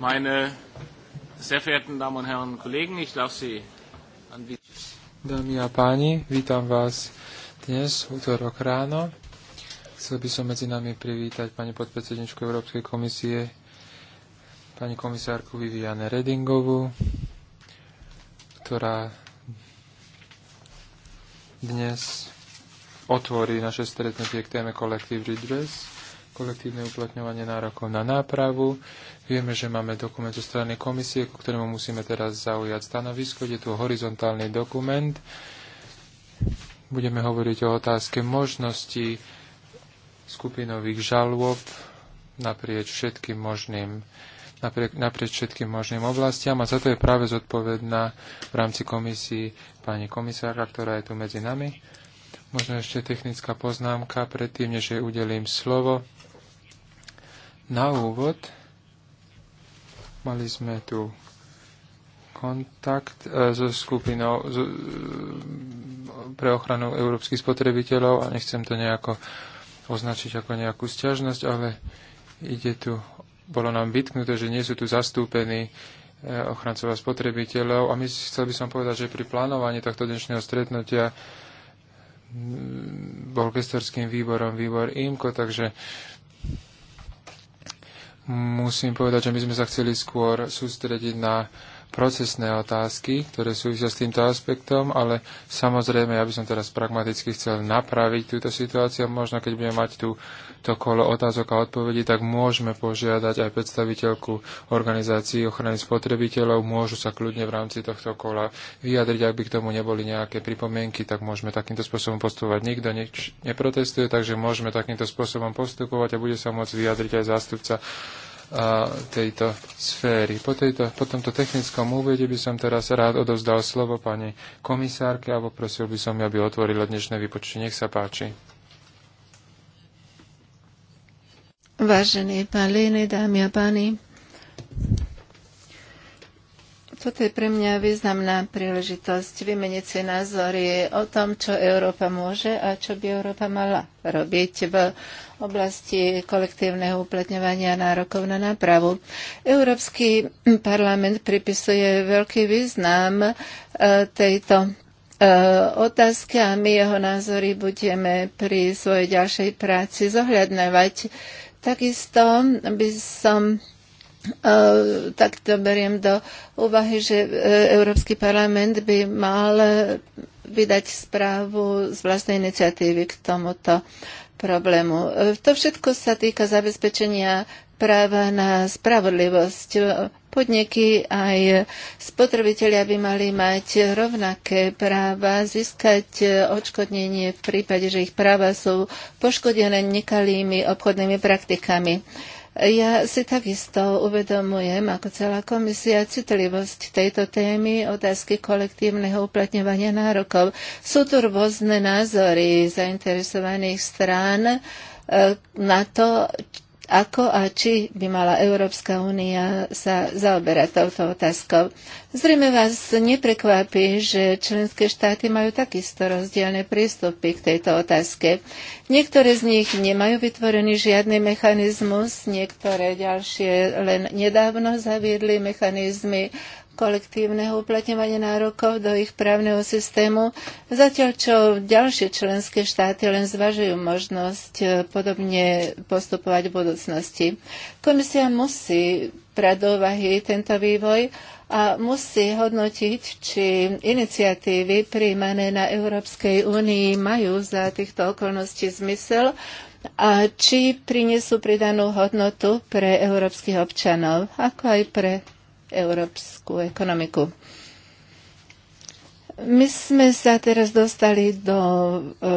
meine sehr verehrten Damen und Herren Kollegen, ich darf Sie anbieten. Dámy a páni, vítam vás dnes, útorok ráno. Chcel by som medzi nami privítať pani podpredsedničku Európskej komisie, pani komisárku Viviane Redingovu, ktorá dnes otvorí naše stretnutie k téme Collective Redress kolektívne uplatňovanie nárokov na nápravu. Vieme, že máme dokument zo strany komisie, ku ktorému musíme teraz zaujať stanovisko. Je tu horizontálny dokument. Budeme hovoriť o otázke možnosti skupinových žalôb naprieč všetkým možným napriek, naprieč všetkým možným oblastiam a za to je práve zodpovedná v rámci komisii pani komisárka, ktorá je tu medzi nami. Možno ešte technická poznámka predtým, než jej udelím slovo. Na úvod mali sme tu kontakt e, so skupinou e, pre ochranu európskych spotrebiteľov a nechcem to nejako označiť ako nejakú stiažnosť, ale ide tu, bolo nám vytknuté, že nie sú tu zastúpení e, ochrancovia spotrebiteľov a my chcel by som povedať, že pri plánovaní tohto dnešného stretnutia bol gestorským výborom výbor IMKO, takže musím povedať, že my sme sa chceli skôr sústrediť na procesné otázky, ktoré súvisia s týmto aspektom, ale samozrejme, ja by som teraz pragmaticky chcel napraviť túto situáciu. Možno keď budeme mať tu to kolo otázok a odpovedí, tak môžeme požiadať aj predstaviteľku organizácií ochrany spotrebiteľov. Môžu sa kľudne v rámci tohto kola vyjadriť, ak by k tomu neboli nejaké pripomienky, tak môžeme takýmto spôsobom postupovať. Nikto nič neprotestuje, takže môžeme takýmto spôsobom postupovať a bude sa môcť vyjadriť aj zástupca tejto sféry. Po, tejto, po tomto technickom úvede by som teraz rád odovzdal slovo pani komisárke a poprosil by som, aby otvorila dnešné vypočutie. Nech sa páči. Vážený pán dámy a páni, toto je pre mňa významná príležitosť vymeniť si názory o tom, čo Európa môže a čo by Európa mala robiť v oblasti kolektívneho uplatňovania nárokov na nápravu. Európsky parlament pripisuje veľký význam e, tejto e, otázky a my jeho názory budeme pri svojej ďalšej práci zohľadňovať. Takisto by som tak to beriem do úvahy, že e, Európsky parlament by mal vydať správu z vlastnej iniciatívy k tomuto problému. E, to všetko sa týka zabezpečenia práva na spravodlivosť. Podniky aj spotrebitelia by mali mať rovnaké práva získať odškodnenie v prípade, že ich práva sú poškodené nekalými obchodnými praktikami. Uh, ja si takisto uvedomujem, ako celá komisia, citlivosť tejto témy, otázky kolektívneho uplatňovania nárokov. Sú tu rôzne názory zainteresovaných strán eh, na to, ako a či by mala Európska únia sa zaoberať touto otázkou? Zrejme vás neprekvapí, že členské štáty majú takisto rozdielne prístupy k tejto otázke. Niektoré z nich nemajú vytvorený žiadny mechanizmus, niektoré ďalšie len nedávno zaviedli mechanizmy kolektívneho uplatňovania nárokov do ich právneho systému, zatiaľ čo ďalšie členské štáty len zvažujú možnosť e, podobne postupovať v budúcnosti. Komisia musí brať do úvahy tento vývoj a musí hodnotiť, či iniciatívy príjmané na Európskej únii majú za týchto okolností zmysel a či prinesú pridanú hodnotu pre európskych občanov, ako aj pre európsku ekonomiku. My sme sa teraz dostali do e,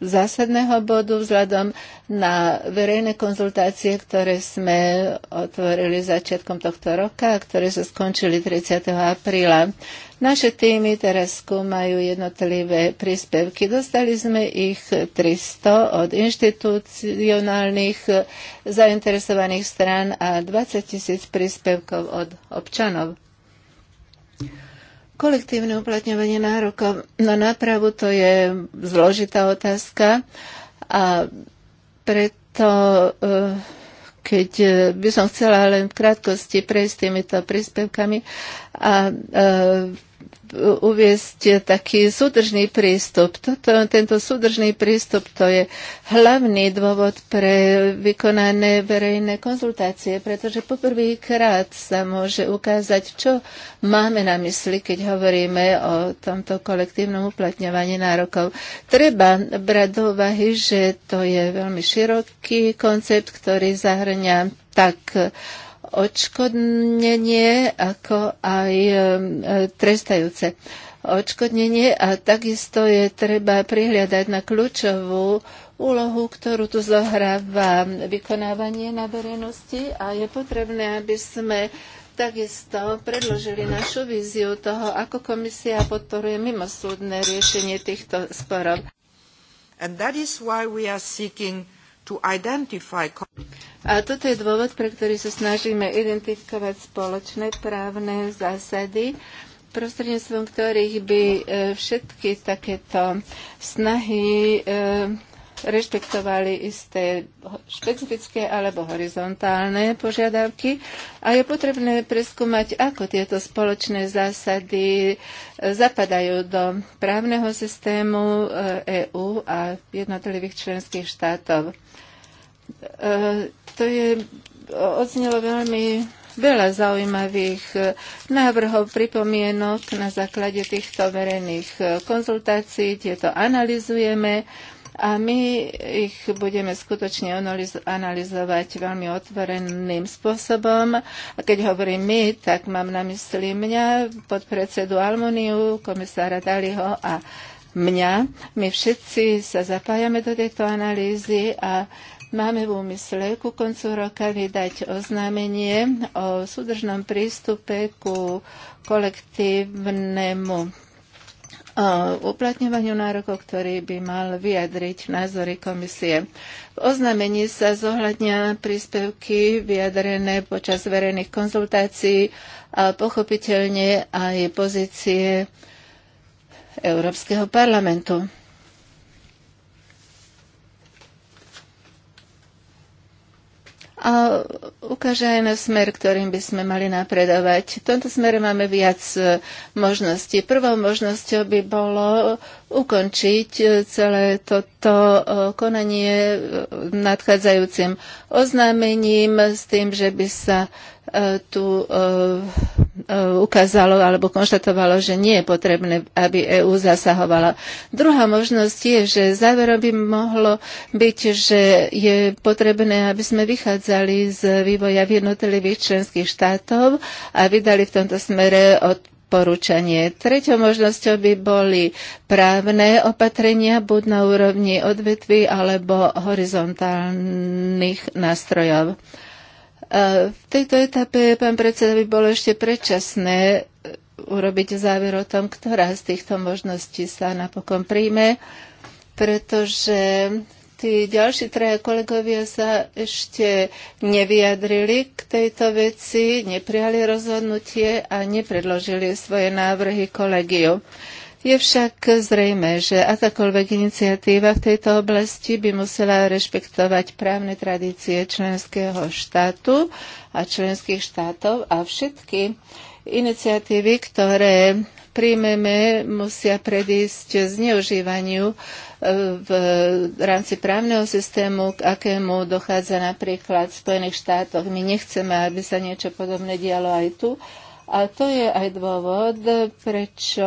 zásadného bodu vzhľadom na verejné konzultácie, ktoré sme otvorili začiatkom tohto roka, ktoré sa skončili 30. apríla. Naše týmy teraz skúmajú jednotlivé príspevky. Dostali sme ich 300 od inštitucionálnych zainteresovaných strán a 20 tisíc príspevkov od občanov. Kolektívne uplatňovanie nárokov na nápravu to je zložitá otázka a preto eh, keď eh, by som chcela len v krátkosti prejsť týmito príspevkami a eh, uviesť taký súdržný prístup. Toto, tento súdržný prístup to je hlavný dôvod pre vykonané verejné konzultácie, pretože poprvýkrát sa môže ukázať, čo máme na mysli, keď hovoríme o tomto kolektívnom uplatňovaní nárokov. Treba brať do úvahy, že to je veľmi široký koncept, ktorý zahrňa tak odškodnenie, ako aj trestajúce odškodnenie a takisto je treba prihliadať na kľúčovú úlohu, ktorú tu zohráva vykonávanie na verejnosti a je potrebné, aby sme takisto predložili našu víziu toho, ako komisia podporuje mimosúdne riešenie týchto sporov. And that is why we are seeking a toto je dôvod, pre ktorý sa snažíme identifikovať spoločné právne zásady, prostredníctvom ktorých by e, všetky takéto snahy e, rešpektovali isté špecifické alebo horizontálne požiadavky a je potrebné preskúmať, ako tieto spoločné zásady eh, zapadajú do právneho systému EÚ eh, e a jednotlivých členských štátov. Eh, to je odznelo veľmi veľa zaujímavých návrhov, pripomienok na základe týchto verejných konzultácií. Tieto analizujeme a my ich budeme skutočne analyzovať veľmi otvoreným spôsobom. A keď hovorím my, tak mám na mysli mňa, podpredsedu Almuniu, komisára Daliho a mňa. My všetci sa zapájame do tejto analýzy a Máme v úmysle ku koncu roka vydať oznámenie o súdržnom prístupe ku kolektívnemu o uplatňovaniu nárokov, ktorý by mal vyjadriť názory komisie. V oznámení sa zohľadňa príspevky vyjadrené počas verejných konzultácií a pochopiteľne aj pozície Európskeho parlamentu. a ukáže aj na smer, ktorým by sme mali napredovať. V tomto smere máme viac e, možností. Prvou možnosťou by bolo ukončiť e, celé toto e, konanie e, nadchádzajúcim oznámením s tým, že by sa tu ukázalo alebo konštatovalo, že nie je potrebné, aby EÚ zasahovala. Druhá možnosť je, že záverom by mohlo byť, že je potrebné, aby sme vychádzali z vývoja v jednotlivých členských štátov a vydali v tomto smere od odporúčanie. Treťou možnosťou by boli právne opatrenia, buď na úrovni odvetví alebo horizontálnych nástrojov. E, v tejto etape, pán predseda, by bolo ešte predčasné e, urobiť záver o tom, ktorá z týchto možností sa napokon príjme, pretože Tí ďalší traja kolegovia sa ešte nevyjadrili k tejto veci, neprijali rozhodnutie a nepredložili svoje návrhy kolegiu. Je však zrejme, že akákoľvek iniciatíva v tejto oblasti by musela rešpektovať právne tradície členského štátu a členských štátov a všetky iniciatívy, ktoré príjmeme, musia predísť zneužívaniu v rámci právneho systému, k akému dochádza napríklad v Spojených štátoch. My nechceme, aby sa niečo podobné dialo aj tu. A to je aj dôvod, prečo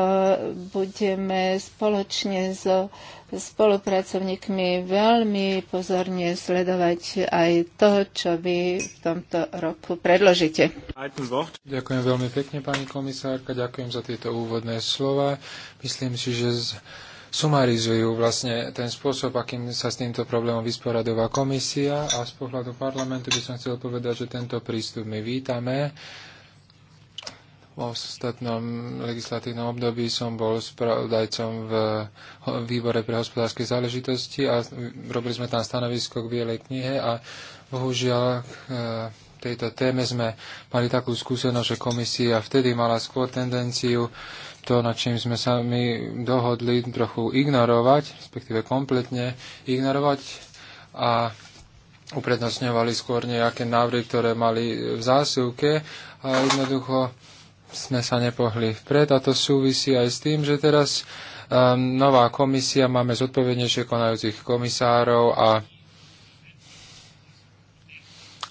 budeme spoločne so spolupracovníkmi veľmi pozorne sledovať aj to, čo vy v tomto roku predložíte. Ďakujem veľmi pekne, pani komisárka, ďakujem za tieto úvodné slova. Myslím si, že z sumarizujú vlastne ten spôsob, akým sa s týmto problémom vysporadová komisia a z pohľadu parlamentu by som chcel povedať, že tento prístup my vítame. V ostatnom legislatívnom období som bol spravodajcom v výbore pre hospodárske záležitosti a robili sme tam stanovisko k Bielej knihe a bohužiaľ e, tejto téme sme mali takú skúsenosť, že komisia vtedy mala skôr tendenciu to, na čím sme sa my dohodli, trochu ignorovať, respektíve kompletne ignorovať a uprednostňovali skôr nejaké návry, ktoré mali v zásuvke a jednoducho sme sa nepohli vpred a to súvisí aj s tým, že teraz um, nová komisia, máme zodpovednejšie konajúcich komisárov a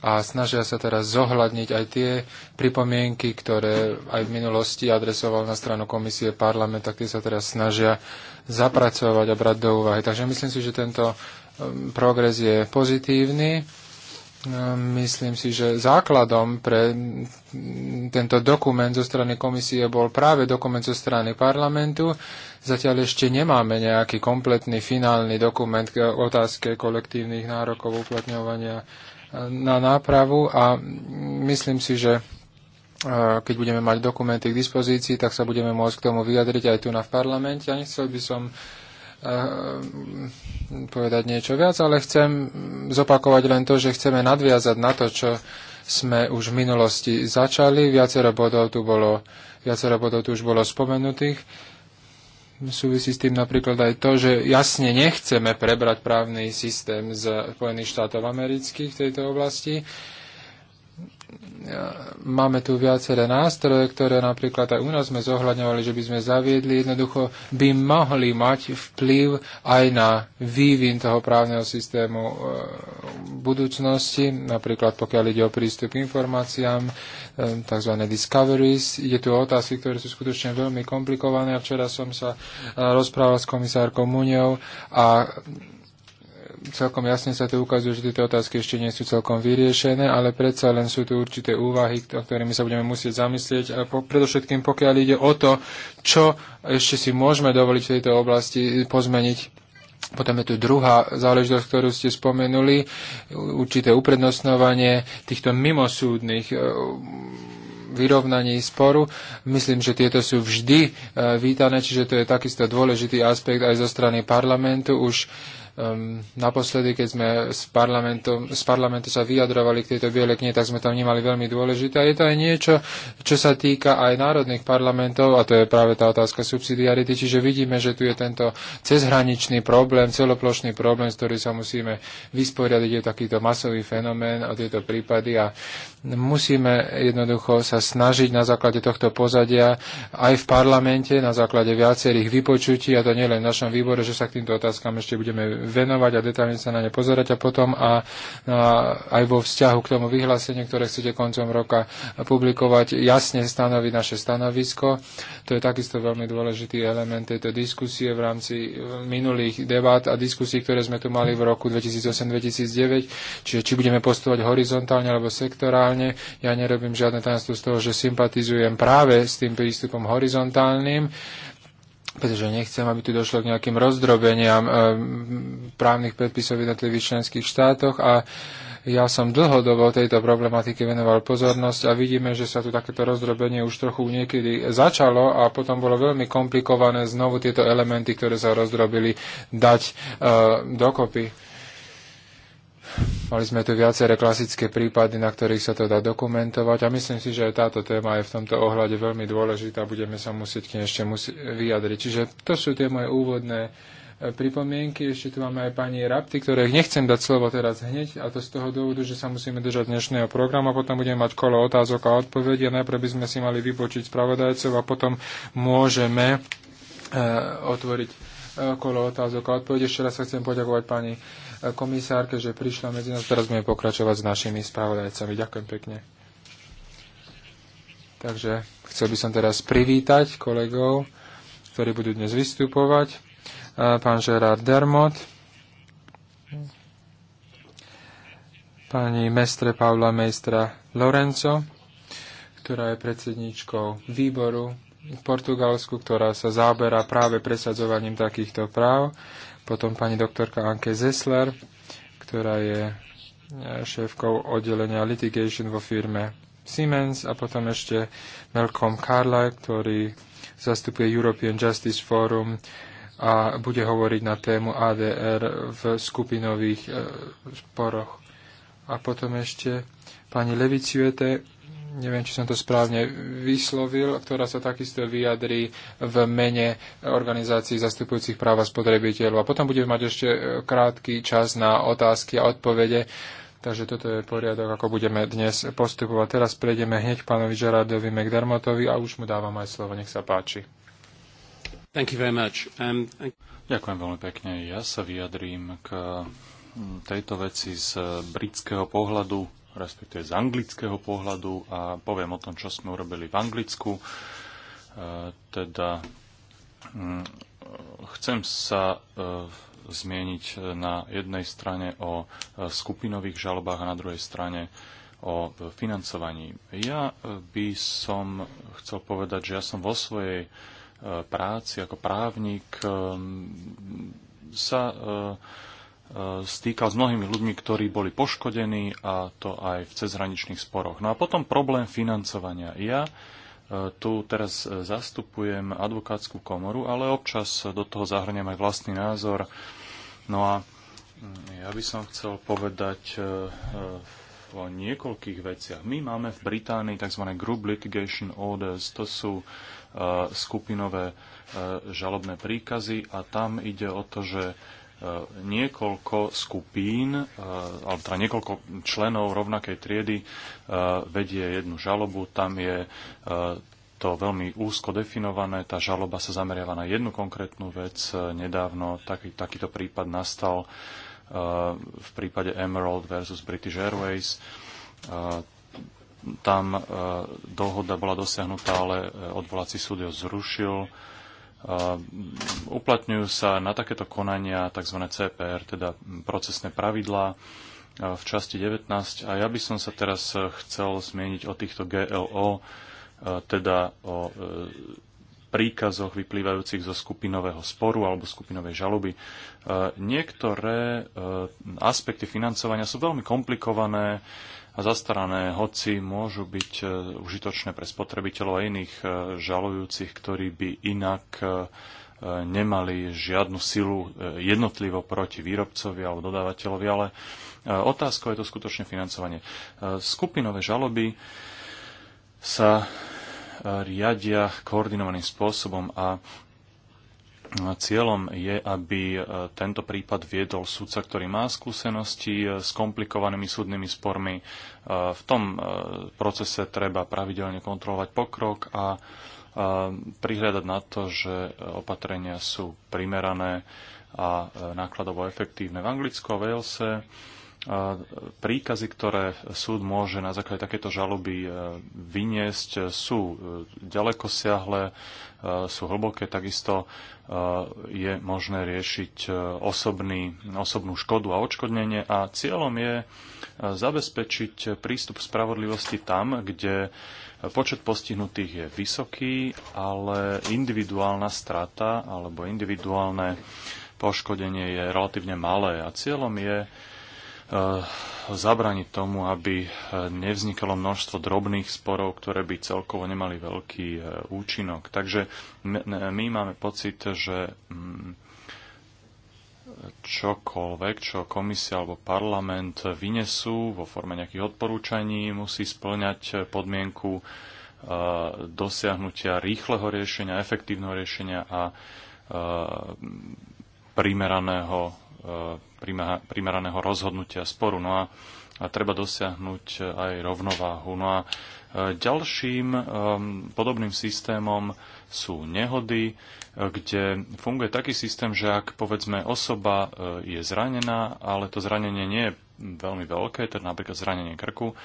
a snažia sa teraz zohľadniť aj tie pripomienky, ktoré aj v minulosti adresoval na stranu komisie parlament, tak tie sa teraz snažia zapracovať a brať do úvahy. Takže myslím si, že tento um, progres je pozitívny. No, myslím si, že základom pre tento dokument zo strany komisie bol práve dokument zo strany parlamentu. Zatiaľ ešte nemáme nejaký kompletný finálny dokument k otázke kolektívnych nárokov uplatňovania na nápravu a myslím si, že keď budeme mať dokumenty k dispozícii, tak sa budeme môcť k tomu vyjadriť aj tu na v parlamente. ja nechcel by som povedať niečo viac, ale chcem zopakovať len to, že chceme nadviazať na to, čo sme už v minulosti začali. Viacero bodov tu, bolo, viacero bodov tu už bolo spomenutých súvisí s tým napríklad aj to, že jasne nechceme prebrať právny systém z Spojených štátov amerických v tejto oblasti, máme tu viaceré nástroje, ktoré napríklad aj u nás sme zohľadňovali, že by sme zaviedli, jednoducho by mohli mať vplyv aj na vývin toho právneho systému e, v budúcnosti, napríklad pokiaľ ide o prístup k informáciám, e, tzv. discoveries. Ide tu o otázky, ktoré sú skutočne veľmi komplikované. Včera som sa e, rozprával s komisárkou Muňou a celkom jasne sa to ukazuje, že tieto otázky ešte nie sú celkom vyriešené, ale predsa len sú tu určité úvahy, o ktorými sa budeme musieť zamyslieť. A po, predovšetkým, pokiaľ ide o to, čo ešte si môžeme dovoliť v tejto oblasti pozmeniť. Potom je tu druhá záležitosť, ktorú ste spomenuli, určité uprednostňovanie týchto mimosúdnych e, vyrovnaní sporu. Myslím, že tieto sú vždy e, vítané, čiže to je takisto dôležitý aspekt aj zo strany parlamentu. Už uh, Um, naposledy, keď sme z parlamentu, z parlamentu sa vyjadrovali k tejto bielej knihe, tak sme tam nemali veľmi dôležité. A je to aj niečo, čo sa týka aj národných parlamentov, a to je práve tá otázka subsidiarity, čiže vidíme, že tu je tento cezhraničný problém, celoplošný problém, s ktorým sa musíme vysporiadať. Je takýto masový fenomén a tieto prípady a musíme jednoducho sa snažiť na základe tohto pozadia aj v parlamente, na základe viacerých vypočutí, a to nielen v našom výbore, že sa k týmto otázkam ešte budeme venovať a detailne sa na ne pozerať a potom a, a aj vo vzťahu k tomu vyhláseniu, ktoré chcete koncom roka publikovať, jasne stanoviť naše stanovisko. To je takisto veľmi dôležitý element tejto diskusie v rámci minulých debát a diskusí, ktoré sme tu mali v roku 2008-2009, čiže či budeme postovať horizontálne alebo sektorálne horizontálne. Ja nerobím žiadne tajomstvo z toho, že sympatizujem práve s tým prístupom horizontálnym, pretože nechcem, aby tu došlo k nejakým rozdrobeniam eh, právnych predpisov v jednotlivých členských štátoch a ja som dlhodobo tejto problematike venoval pozornosť a vidíme, že sa tu takéto rozdrobenie už trochu niekedy začalo a potom bolo veľmi komplikované znovu tieto elementy, ktoré sa rozdrobili, dať eh, dokopy. Mali sme tu viaceré klasické prípady, na ktorých sa to dá dokumentovať a myslím si, že aj táto téma je v tomto ohľade veľmi dôležitá. Budeme sa musieť k nej ešte musí vyjadriť. Čiže to sú tie moje úvodné e, pripomienky. Ešte tu máme aj pani Rapty, ktorých nechcem dať slovo teraz hneď, a to z toho dôvodu, že sa musíme držať dnešného programu, potom budeme mať kolo otázok a odpovedí a najprv by sme si mali vypočiť spravodajcov a potom môžeme e, otvoriť Eh, okolo otázok a odpovede. Ešte raz sa chcem poďakovať pani eh, komisárke, že prišla medzi nás. Teraz budeme pokračovať s našimi spravodajcami. Ďakujem pekne. Takže chcel by som teraz privítať kolegov, ktorí budú dnes vystupovať. Eh, pán Gerard Dermot, pani mestre Pavla Mejstra Lorenzo, ktorá je predsedničkou výboru v Portugalsku, ktorá sa záberá práve presadzovaním takýchto práv. Potom pani doktorka Anke Zessler, ktorá je e, šéfkou oddelenia litigation vo firme Siemens a potom ešte Malcolm Carlyle, ktorý zastupuje European Justice Forum a bude hovoriť na tému ADR v skupinových e, sporoch. A potom ešte pani Leviciuete, neviem, či som to správne vyslovil, ktorá sa takisto vyjadrí v mene organizácií zastupujúcich práva spotrebiteľov. A potom budeme mať ešte e, krátky čas na otázky a odpovede. Takže toto je poriadok, ako budeme dnes postupovať. Teraz prejdeme hneď k pánovi Žeradovi McDermottovi a už mu dávam aj slovo. Nech sa páči. Thank you very much. Um, thank... Ďakujem veľmi pekne. Ja sa vyjadrím k tejto veci z e, britského pohľadu respektíve z anglického pohľadu a poviem o tom, čo sme urobili v Anglicku. E, teda mm, chcem sa e, zmieniť na jednej strane o e, skupinových žalobách a na druhej strane o financovaní. Ja by som chcel povedať, že ja som vo svojej práci ako právnik sa E, stýkal s mnohými ľuďmi, ktorí boli poškodení a to aj v cezhraničných sporoch. No a potom problém financovania. Ja e, tu teraz e, zastupujem advokátsku komoru, ale občas do toho zahrňam aj vlastný názor. No a mm, ja by som chcel povedať o niekoľkých veciach. My máme v Británii tzv. group litigation orders, to sú skupinové žalobné príkazy a tam ide o to, že E, niekoľko skupín, e, alebo teda niekoľko členov rovnakej triedy e, vedie jednu žalobu. Tam je to veľmi úzko definované. Tá žaloba sa zameriava na jednu konkrétnu vec. Nedávno taký, takýto prípad nastal v prípade Emerald versus British Airways. tam dohoda bola dosiahnutá, ale odvolací súd ju zrušil Mm, uplatňujú sa na takéto konania tzv. CPR, teda procesné pravidlá v časti 19. A ja by som sa teraz e, chcel zmieniť o týchto GLO, e, teda o e, príkazoch vyplývajúcich zo skupinového sporu alebo skupinovej žaloby. Niektoré aspekty financovania sú veľmi komplikované, zastarané, hoci môžu byť e, užitočné pre spotrebiteľov a iných e, žalujúcich, ktorí by inak e, nemali žiadnu silu jednotlivo proti výrobcovi alebo dodávateľovi, ale otázkou je to skutočne financovanie. Skupinové žaloby sa riadia koordinovaným spôsobom a No cieľom je, aby e, tento prípad viedol sudca, ktorý má skúsenosti e, s komplikovanými súdnymi spormi. E, v tom procese treba pravidelne kontrolovať pokrok a prihľadať na to, že opatrenia sú primerané a nákladovo efektívne. V Anglicku a Walese príkazy, ktoré súd môže na základe takéto žaloby vyniesť, sú ďaleko siahle, sú hlboké, takisto e, je možné riešiť e, osobný, osobnú škodu a odškodnenie a cieľom je e, zabezpečiť prístup spravodlivosti tam, kde počet postihnutých je vysoký, ale individuálna strata alebo individuálne poškodenie je relatívne malé a cieľom je Eh, zabraniť tomu, aby eh, nevznikalo množstvo drobných sporov, ktoré by celkovo nemali veľký eh, účinok. Takže my máme pocit, že mm, čokoľvek, čo komisia alebo parlament vynesú vo forme nejakých odporúčaní, musí splňať podmienku dosiahnutia rýchleho riešenia, efektívneho riešenia a primeraného primeraného rozhodnutia sporu. No a, a treba dosiahnuť e, aj rovnováhu. No a e, ďalším um, podobným systémom sú nehody, kde funguje taký systém, že ak povedzme osoba je zranená, ale to zranenie nie je veľmi veľké, teda napríklad zranenie krku,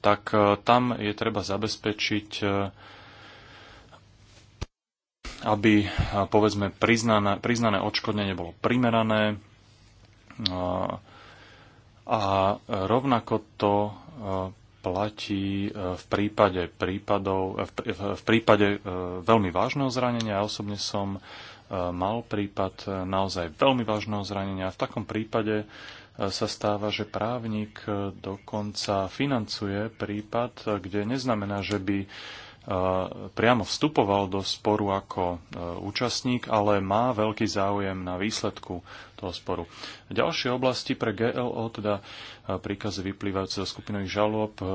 tak tam je treba zabezpečiť aby povedzme priznané, priznané odškodnenie bolo primerané, a rovnako to e, platí e, v prípade prípadov, e, v prípade veľmi vážneho zranenia. Ja osobne som mal prípad naozaj veľmi vážneho zranenia. V takom prípade sa stáva, že právnik dokonca financuje prípad, kde neznamená, že by priamo vstupoval do sporu ako e, účastník, ale má veľký záujem na výsledku toho sporu. Ďalšie oblasti pre GLO, teda e, príkazy vyplývajúce zo skupinových žalob, e,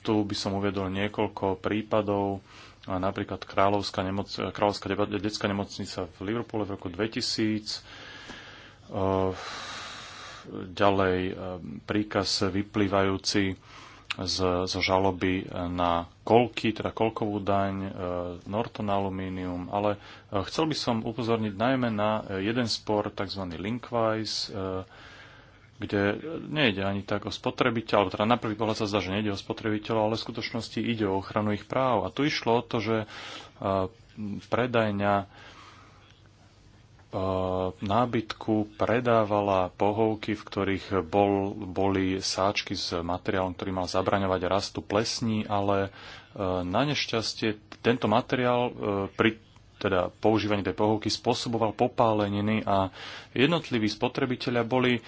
tu by som uvedol niekoľko prípadov, napríklad Kráľovská, nemoc, Kráľovská detská nemocnica v Liverpoole v roku 2000, ďalej príkaz vyplývajúci z, z žaloby na kolky, teda kolkovú daň, e, Norton Aluminium, ale e, chcel by som upozorniť najmä na jeden spor, tzv. Linkwise, e, kde nejde ani tak o spotrebiteľa, alebo teda na prvý pohľad sa zdá, že nejde o spotrebiteľa, ale v skutočnosti ide o ochranu ich práv. A tu išlo o to, že predajňa nábytku predávala pohovky, v ktorých bol, boli sáčky s materiálom, ktorý mal zabraňovať rastu plesní, ale e, na nešťastie tento materiál e, pri teda používaní tej pohovky spôsoboval popáleniny a jednotliví spotrebitelia boli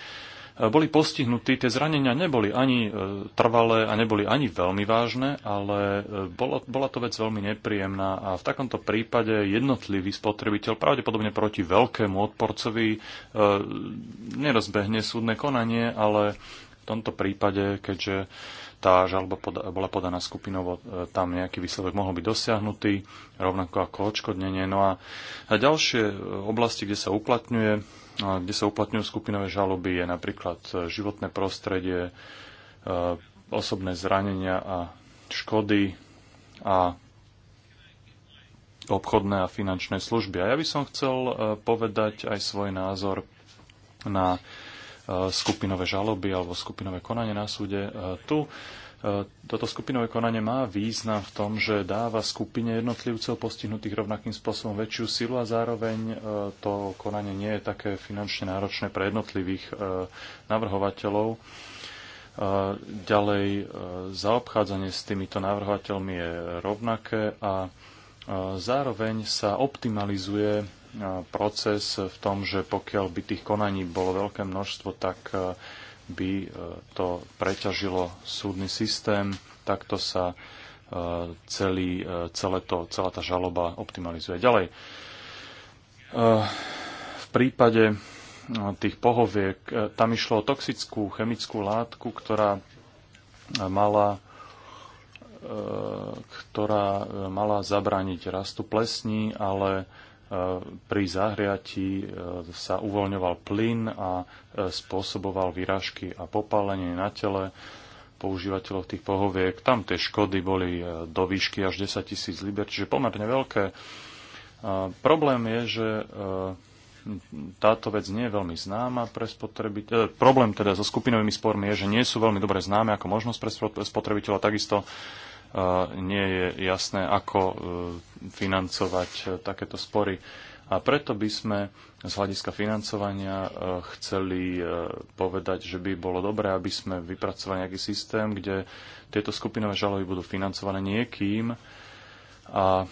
boli postihnutí, tie zranenia neboli ani e, trvalé a neboli ani veľmi vážne, ale e, bola, bola to vec veľmi nepríjemná a v takomto prípade jednotlivý spotrebiteľ pravdepodobne proti veľkému odporcovi e, nerozbehne súdne konanie, ale v tomto prípade, keďže tá žalba poda- bola podaná skupinovo, tam nejaký výsledok mohol byť dosiahnutý, rovnako ako odškodnenie. No a, a ďalšie oblasti, kde sa uplatňuje kde sa uplatňujú skupinové žaloby, je napríklad e, životné prostredie, e, osobné zranenia a škody a obchodné a finančné služby. A ja by som chcel e, povedať aj svoj názor na skupinové žaloby alebo skupinové konanie na súde. Tu E, toto skupinové konanie má význam v tom, že dáva skupine jednotlivcov postihnutých rovnakým spôsobom väčšiu silu a zároveň e, to konanie nie je také finančne náročné pre jednotlivých e, navrhovateľov. Ďalej zaobchádzanie s týmito navrhovateľmi je rovnaké a zároveň sa optimalizuje proces v tom, že pokiaľ by tých konaní bolo veľké množstvo, tak by e, to preťažilo súdny systém, takto sa e, celý, e, celé to, celá tá žaloba optimalizuje. Ďalej, v prípade tých pohoviek, tam išlo o toxickú chemickú látku, ktorá mala ktorá mala zabrániť rastu plesní, ale E, pri zahriati e, sa uvoľňoval plyn a e, spôsoboval vyrážky a popálenie na tele používateľov tých pohoviek. Tam tie škody boli do výšky až 10 tisíc liber, čiže pomerne veľké. Problém je, že táto vec nie je veľmi známa pre spotrebiteľa. E, problém teda so skupinovými spormi je, že nie sú veľmi dobre známe ako možnosť pre spotrebiteľa. Takisto nie je jasné, ako e, financovať e, takéto spory. A preto by sme z hľadiska financovania e, chceli povedať, že by bolo dobré, aby sme vypracovali nejaký systém, kde tieto skupinové žaloby budú financované niekým a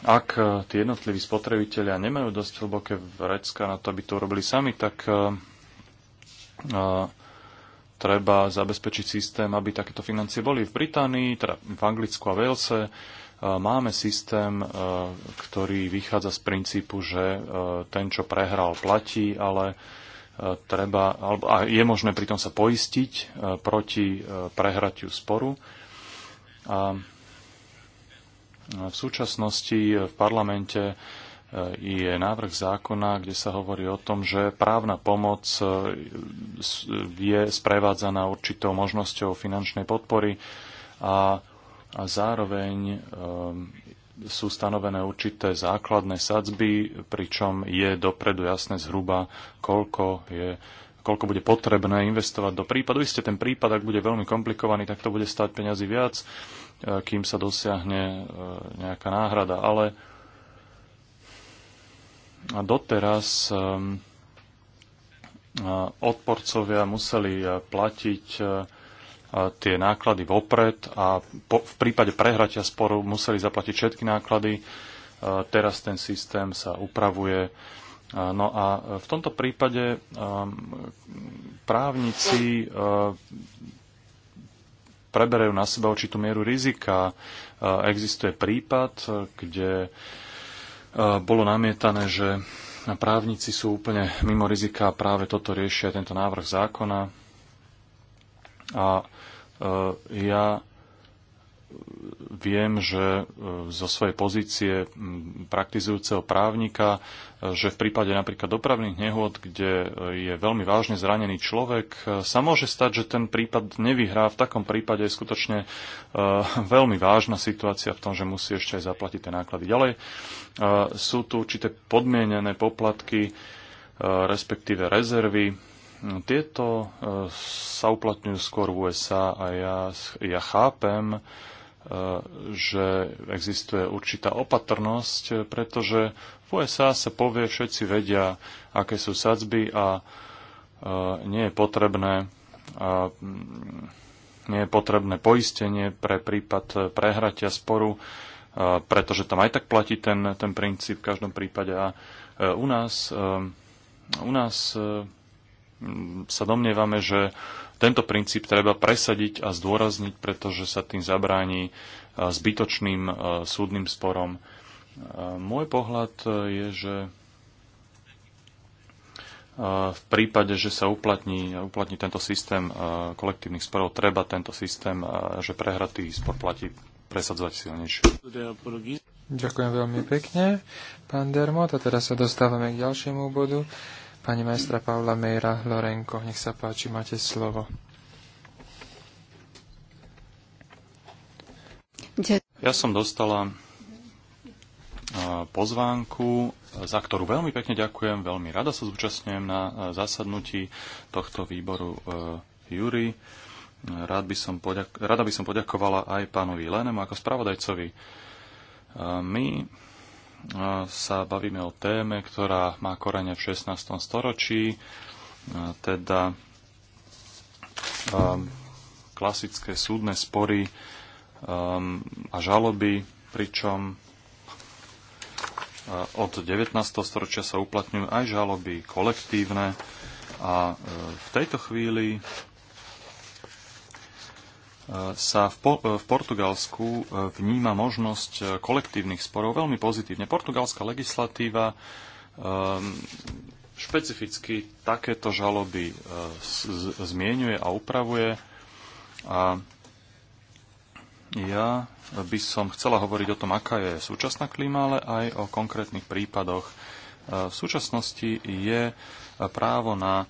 ak tie jednotliví spotrebitelia nemajú dosť hlboké vrecka na to, aby to urobili sami, tak treba zabezpečiť systém, aby takéto financie boli v Británii, teda v Anglicku a Walese. E, máme systém, e, ktorý vychádza z princípu, že e, ten, čo prehral, platí, ale treba, alebo, a je možné pritom sa poistiť proti prehratiu sporu. A v súčasnosti v parlamente je návrh zákona, kde sa hovorí o tom, že právna pomoc e, je sprevádzaná určitou možnosťou finančnej podpory a, zároveň e, sú stanovené určité základné sadzby, pričom je dopredu jasné zhruba, koľko, je, koľko bude potrebné investovať do prípadu. Isté ten prípad, ak bude veľmi komplikovaný, tak to bude stať peňazí viac, e, kým sa dosiahne nejaká náhrada. Ale doteraz ehm, odporcovia museli e, platiť e, tie náklady vopred a po, v prípade prehratia sporu museli zaplatiť všetky náklady. E, teraz ten systém sa upravuje. No a v tomto prípade ehm, právnici preberajú na seba určitú mieru rizika. Existuje prípad, kde bolo namietané, že právnici sú úplne mimo rizika a práve toto riešia tento návrh zákona. A e, ja viem, že e, zo svojej pozície praktizujúceho právnika, e, že v prípade napríklad dopravných nehôd, kde e, je veľmi vážne zranený človek, sa môže stať, že ten prípad nevyhrá. V takom prípade je skutočne veľmi vážna situácia v tom, že musí ešte aj zaplatiť tie náklady. Ďalej sú tu určité podmienené poplatky, respektíve rezervy, tieto sa uplatňujú skôr v USA a ja, ja chápem že existuje určitá opatrnosť, pretože v USA sa povie, všetci vedia, aké sú sadzby a e, nie je potrebné mm, nie je potrebné poistenie pre prípad prehratia sporu, pretože tam aj tak platí ten, ten princíp v každom prípade. A e, u nás, e, u nás sa domnievame, že tento princíp treba presadiť a zdôrazniť, pretože sa tým zabráni e, zbytočným e, súdnym sporom. E, môj pohľad je, že v prípade, že sa uplatní, uplatní tento systém kolektívnych sporov, treba tento systém, že prehratý spor platí presadzovať silnejšie. Ďakujem veľmi pekne, pán Dermot. A teraz sa dostávame k ďalšiemu bodu pani majstra Paula Mejra Lorenko. Nech sa páči, máte slovo. Ja som dostala pozvánku, za ktorú veľmi pekne ďakujem. Veľmi rada sa zúčastňujem na zasadnutí tohto výboru Júri. Rád by som poďak- rada by som poďakovala aj pánovi Lenemu ako spravodajcovi. My sa bavíme o téme, ktorá má korene v 16. storočí, teda um, klasické súdne spory um, a žaloby, pričom od 19. storočia sa uplatňujú aj žaloby kolektívne a e, v tejto chvíli sa v, po, v Portugalsku e, vníma možnosť e, kolektívnych sporov veľmi pozitívne. Portugalská legislatíva um, špecificky takéto žaloby zmienuje a upravuje. A ja by som chcela hovoriť o tom, aká je súčasná klíma, ale aj o konkrétnych prípadoch v súčasnosti je právo na e,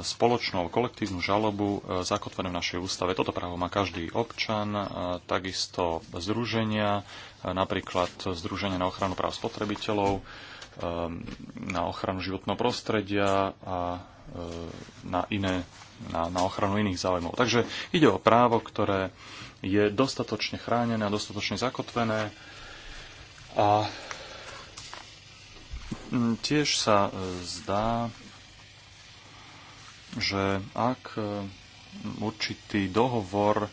spoločnú kolektívnu žalobu e, zakotvenú v našej ústave. Toto právo má každý občan, e, takisto združenia, napríklad Združenie na ochranu práv spotrebiteľov, na ochranu životného prostredia a na, iné, na, na ochranu iných záujmov. Takže ide o právo, ktoré je dostatočne chránené a dostatočne zakotvené a Mm, tiež sa e, zdá, že ak e, určitý dohovor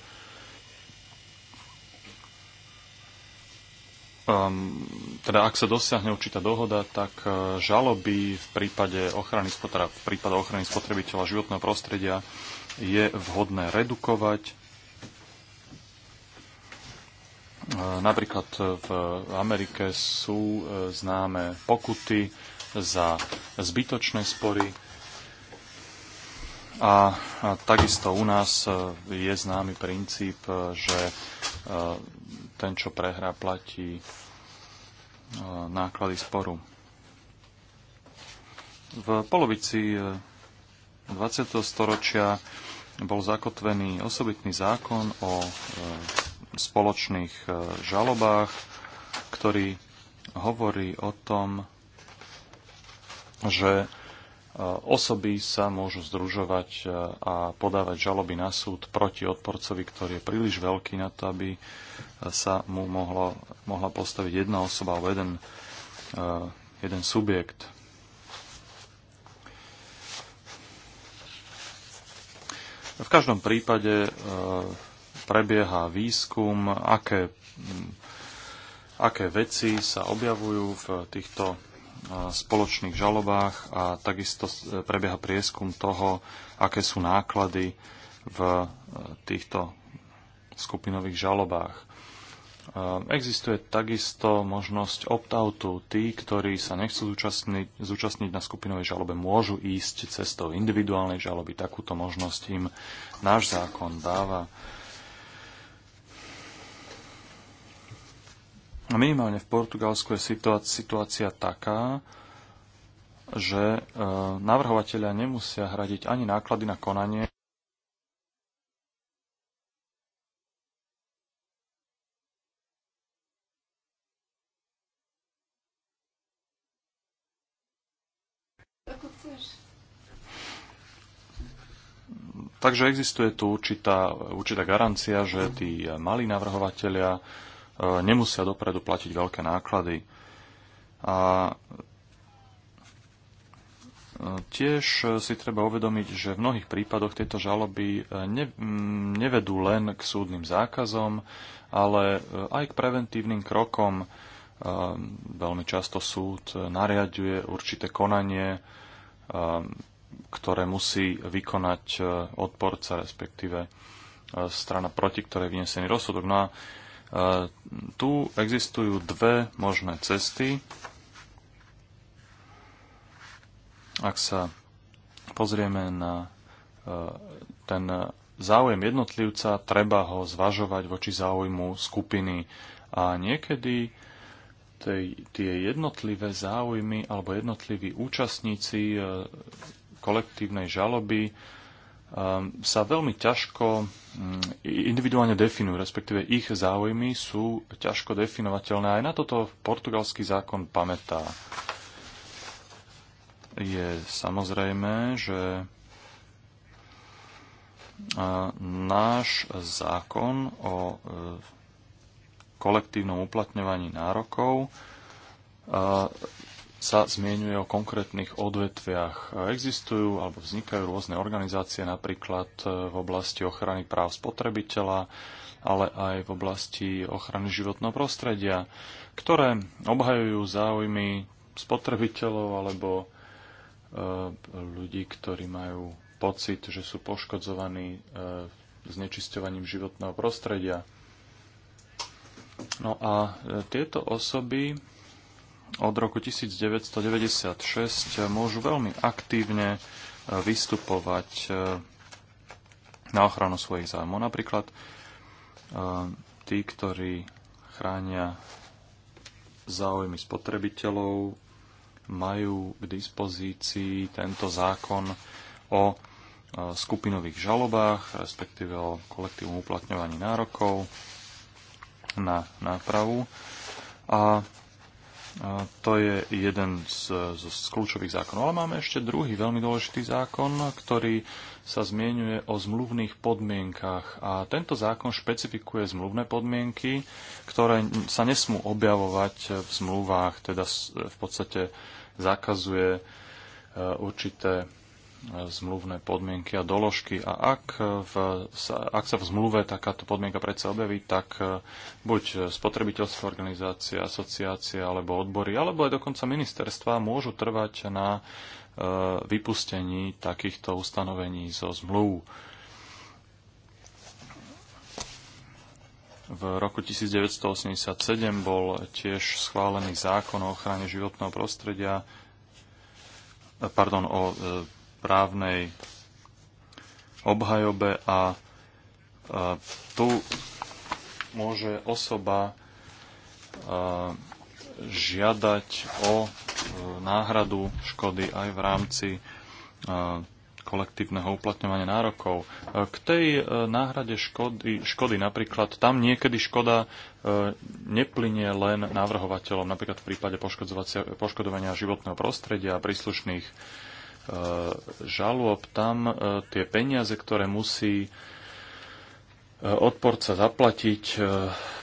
um, teda ak sa dosiahne určitá dohoda, tak e, žaloby v prípade ochrany, teda v prípade ochrany spotrebiteľa životného prostredia je vhodné redukovať Eh, napríklad eh, v Amerike sú eh, známe pokuty za zbytočné spory a takisto u nás je známy princíp, že ten, čo prehrá, platí náklady sporu. V polovici 20. storočia bol zakotvený osobitný zákon o spoločných e, žalobách, ktorý hovorí o tom, že e, osoby sa môžu združovať e, a podávať žaloby na súd proti odporcovi, ktorý je príliš veľký na to, aby sa mu mohlo, mohla postaviť jedna osoba alebo jeden, jeden subjekt. V každom prípade prebieha výskum, aké, aké veci sa objavujú v týchto e, spoločných žalobách a takisto e, prebieha prieskum toho, aké sú náklady v e, týchto skupinových žalobách. Existuje takisto možnosť opt-outu. Tí, ktorí sa nechcú zúčastniť, zúčastniť na skupinovej žalobe, môžu ísť cestou individuálnej žaloby. Takúto možnosť im náš zákon dáva. minimálne v Portugalsku je situácia taká, že e, navrhovateľia nemusia hradiť ani náklady na konanie, Takže existuje tu určitá, určitá garancia, že tí malí navrhovateľia E, nemusia dopredu platiť veľké náklady. A e, Tiež si treba uvedomiť, že v mnohých prípadoch tieto žaloby e, ne, nevedú len k súdnym zákazom, ale aj k preventívnym krokom. Veľmi často súd nariaduje určité konanie, ktoré musí vykonať odporca, respektíve strana proti ktorej vyniesený rozsudok. No a tu existujú dve možné cesty. Ak sa pozrieme na e, ten záujem jednotlivca, treba ho zvažovať voči záujmu skupiny. A niekedy tej, tie jednotlivé záujmy alebo jednotliví účastníci e, kolektívnej žaloby Ehm, sa veľmi ťažko mm, individuálne definujú, respektíve ich záujmy sú ťažko definovateľné. Aj na toto portugalský zákon pamätá. Je samozrejme, že náš zákon o e, kolektívnom uplatňovaní nárokov sa zmienuje o konkrétnych odvetviach. Existujú alebo vznikajú rôzne organizácie, napríklad e, v oblasti ochrany práv spotrebiteľa, ale aj v oblasti ochrany životného prostredia, ktoré obhajujú záujmy spotrebiteľov alebo e, ľudí, ktorí majú pocit, že sú poškodzovaní e, znečisťovaním životného prostredia. No a tieto osoby od roku 1996 môžu veľmi aktívne e, vystupovať e, na ochranu svojich zájmov. Napríklad e, tí, ktorí chránia záujmy spotrebiteľov, majú k dispozícii tento zákon o skupinových žalobách, respektíve o kolektívnom uplatňovaní nárokov na nápravu. A to je jeden z, z, z kľúčových zákonov. Ale máme ešte druhý veľmi dôležitý zákon, ktorý sa zmienuje o zmluvných podmienkach. A tento zákon špecifikuje zmluvné podmienky, ktoré sa nesmú objavovať v zmluvách, teda v podstate zakazuje e, určité zmluvné podmienky a doložky a ak, v, ak sa v zmluve takáto podmienka predsa objaví, tak e, buď spotrebiteľská organizácia, asociácia alebo odbory, alebo aj dokonca ministerstva môžu trvať na e, vypustení takýchto ustanovení zo zmluv. V roku 1987 bol tiež schválený zákon o ochrane životného prostredia, pardon, o e, právnej obhajobe a tu môže osoba žiadať o e, náhradu škody aj v rámci e, kolektívneho uplatňovania nárokov. E, k tej náhrade škody, škody napríklad tam niekedy škoda neplynie len navrhovateľom, napríklad v prípade poškodovania životného prostredia a príslušných E, žalob, tam e, tie peniaze, ktoré musí e, odporca zaplatiť,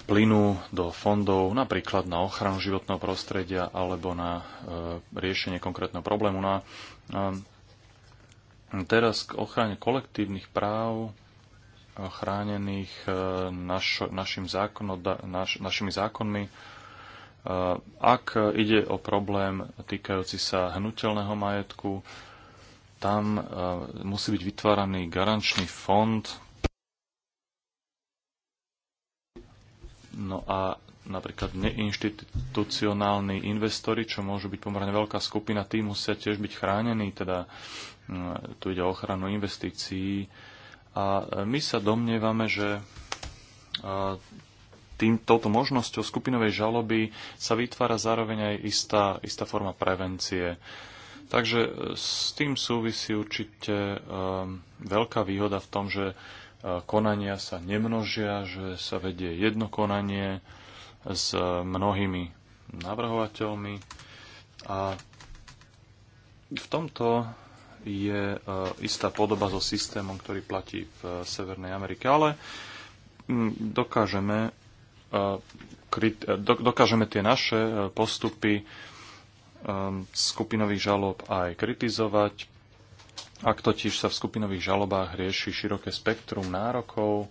plynú do fondov napríklad na ochranu životného prostredia alebo na riešenie konkrétneho problému. No a teraz k ochrane kolektívnych práv chránených naš, našim naš, našimi zákonmi. Ak ide o problém týkajúci sa hnutelného majetku, tam e, musí byť vytváraný garančný fond. No a napríklad neinstitucionálni investori, čo môžu byť pomerne veľká skupina, tí musia tiež byť chránení, teda e, tu ide o ochranu investícií. A e, my sa domnievame, že tým, touto možnosťou skupinovej žaloby sa vytvára zároveň aj istá, istá forma prevencie. Uh, Takže e, s tým súvisí určite e, veľká výhoda v tom, že e, konania sa nemnožia, že sa vedie jedno konanie s mnohými navrhovateľmi a v tomto je istá podoba so systémom, ktorý platí v Severnej Amerike, ale dokážeme, dokážeme tie naše postupy Um, skupinových žalob aj kritizovať. Ak totiž sa v skupinových žalobách rieši široké spektrum nárokov,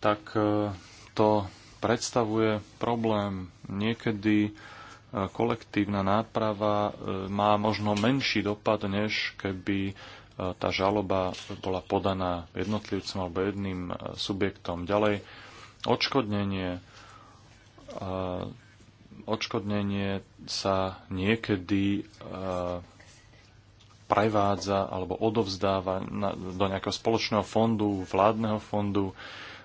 tak uh, to predstavuje problém. Niekedy uh, kolektívna náprava uh, má možno menší dopad, než keby tá žaloba bola podaná jednotlivcom alebo jedným subjektom. Ďalej, odškodnenie odškodnenie sa niekedy eh, prevádza alebo odovzdáva do nejakého spoločného fondu, vládneho fondu.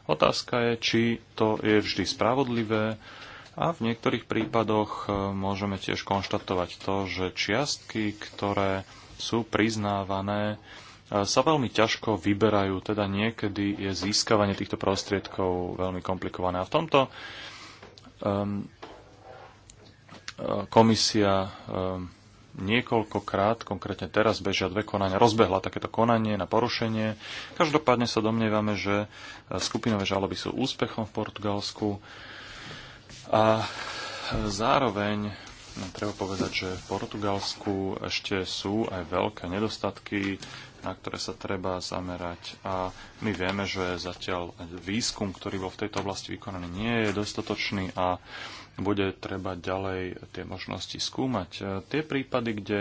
Otázka je, či to je vždy spravodlivé a v niektorých prípadoch eh, môžeme tiež konštatovať to, že čiastky, ktoré sú priznávané, eh, sa veľmi ťažko vyberajú, teda niekedy je získavanie týchto prostriedkov veľmi komplikované. A v tomto um, komisia ehm, niekoľkokrát, konkrétne teraz bežia dve konania, rozbehla takéto konanie na porušenie. Každopádne sa domnievame, že e, skupinové žaloby sú úspechom v Portugalsku a e, zároveň treba povedať, že v Portugalsku ešte sú aj veľké nedostatky, na ktoré sa treba zamerať. A my vieme, že zatiaľ výskum, ktorý bol v tejto oblasti vykonaný, nie je dostatočný a bude treba ďalej tie možnosti skúmať. E, tie prípady, kde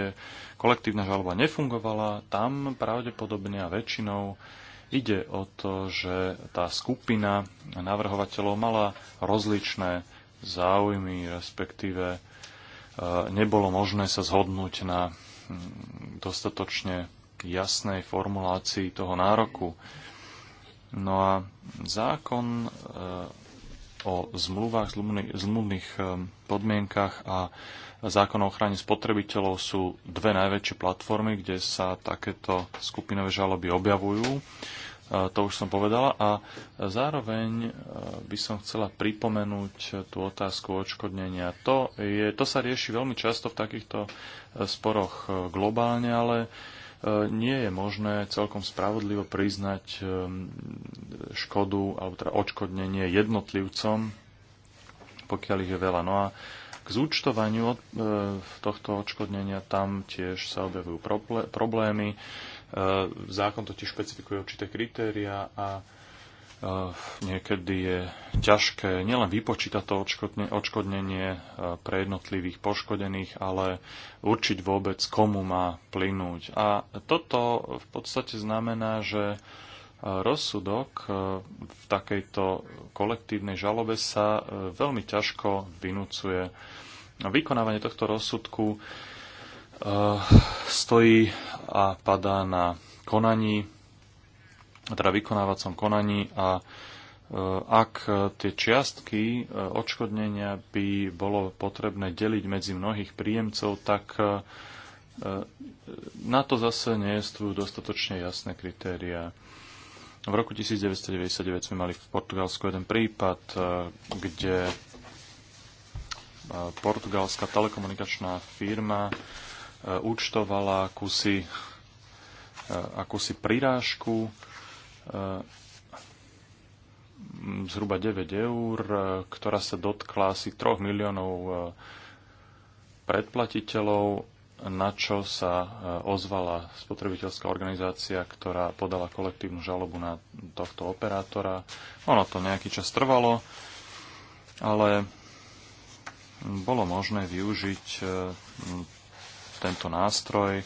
kolektívna žaloba nefungovala, tam pravdepodobne a väčšinou ide o to, že tá skupina navrhovateľov mala rozličné záujmy, respektíve e, nebolo možné sa zhodnúť na dostatočne jasnej formulácii toho nároku. No a zákon e, o zmluvách, zmluvných ehm, podmienkach a zákon o ochrane spotrebiteľov sú dve najväčšie platformy, kde sa takéto skupinové žaloby objavujú. E, to už som povedala. A zároveň e, by som chcela pripomenúť tú otázku odškodnenia. To, je, to sa rieši veľmi často v takýchto e, sporoch globálne, ale E, nie je možné celkom spravodlivo priznať e, škodu alebo teda odškodnenie jednotlivcom, pokiaľ ich je veľa. No a k zúčtovaniu e, tohto odškodnenia tam tiež sa objavujú problémy. Zákon totiž špecifikuje určité kritéria a niekedy je ťažké nielen vypočítať to odškodnenie e, pre jednotlivých poškodených, ale určiť vôbec, komu má plynúť. A toto v podstate znamená, že e, rozsudok e, v takejto kolektívnej žalobe sa veľmi ťažko vynúcuje. Vykonávanie tohto rozsudku stojí a padá na konaní teda vykonávacom konaní a e, ak tie čiastky e, odškodnenia by bolo potrebné deliť medzi mnohých príjemcov, tak e, na to zase nie sú dostatočne jasné kritériá. V roku 1999 sme mali v Portugalsku jeden prípad, kde portugalská telekomunikačná firma účtovala akúsi, akúsi prirážku Eh, zhruba 9 eur, eh, ktorá sa dotkla asi 3 miliónov eh, predplatiteľov, na čo sa ozvala spotrebiteľská organizácia, ktorá podala kolektívnu žalobu na tohto operátora. Ono to nejaký čas trvalo, ale bolo možné využiť tento nástroj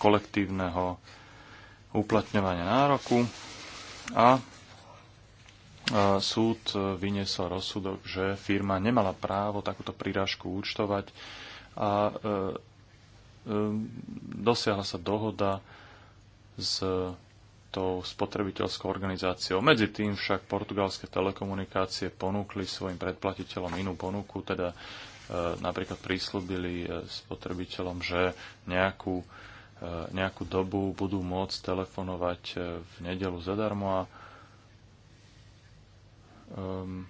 kolektívneho uplatňovania nároku a súd vyniesol rozsudok, že firma nemala právo takúto prírážku účtovať a e, e, dosiahla sa dohoda s tou spotrebiteľskou organizáciou. Medzi tým však portugalské telekomunikácie ponúkli svojim predplatiteľom inú ponuku, teda e, napríklad prislúbili e, spotrebiteľom, že nejakú E, nejakú dobu budú môcť telefonovať e, v nedelu zadarmo a um,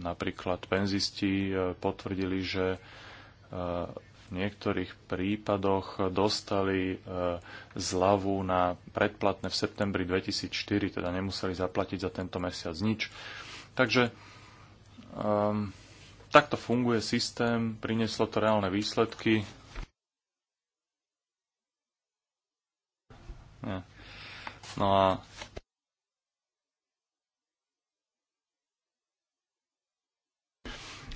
napríklad penzisti e, potvrdili, že v niektorých prípadoch dostali zľavu na predplatné v septembri 2004, teda nemuseli zaplatiť za tento mesiac nič. Takže um, takto funguje systém, prinieslo to reálne výsledky, No a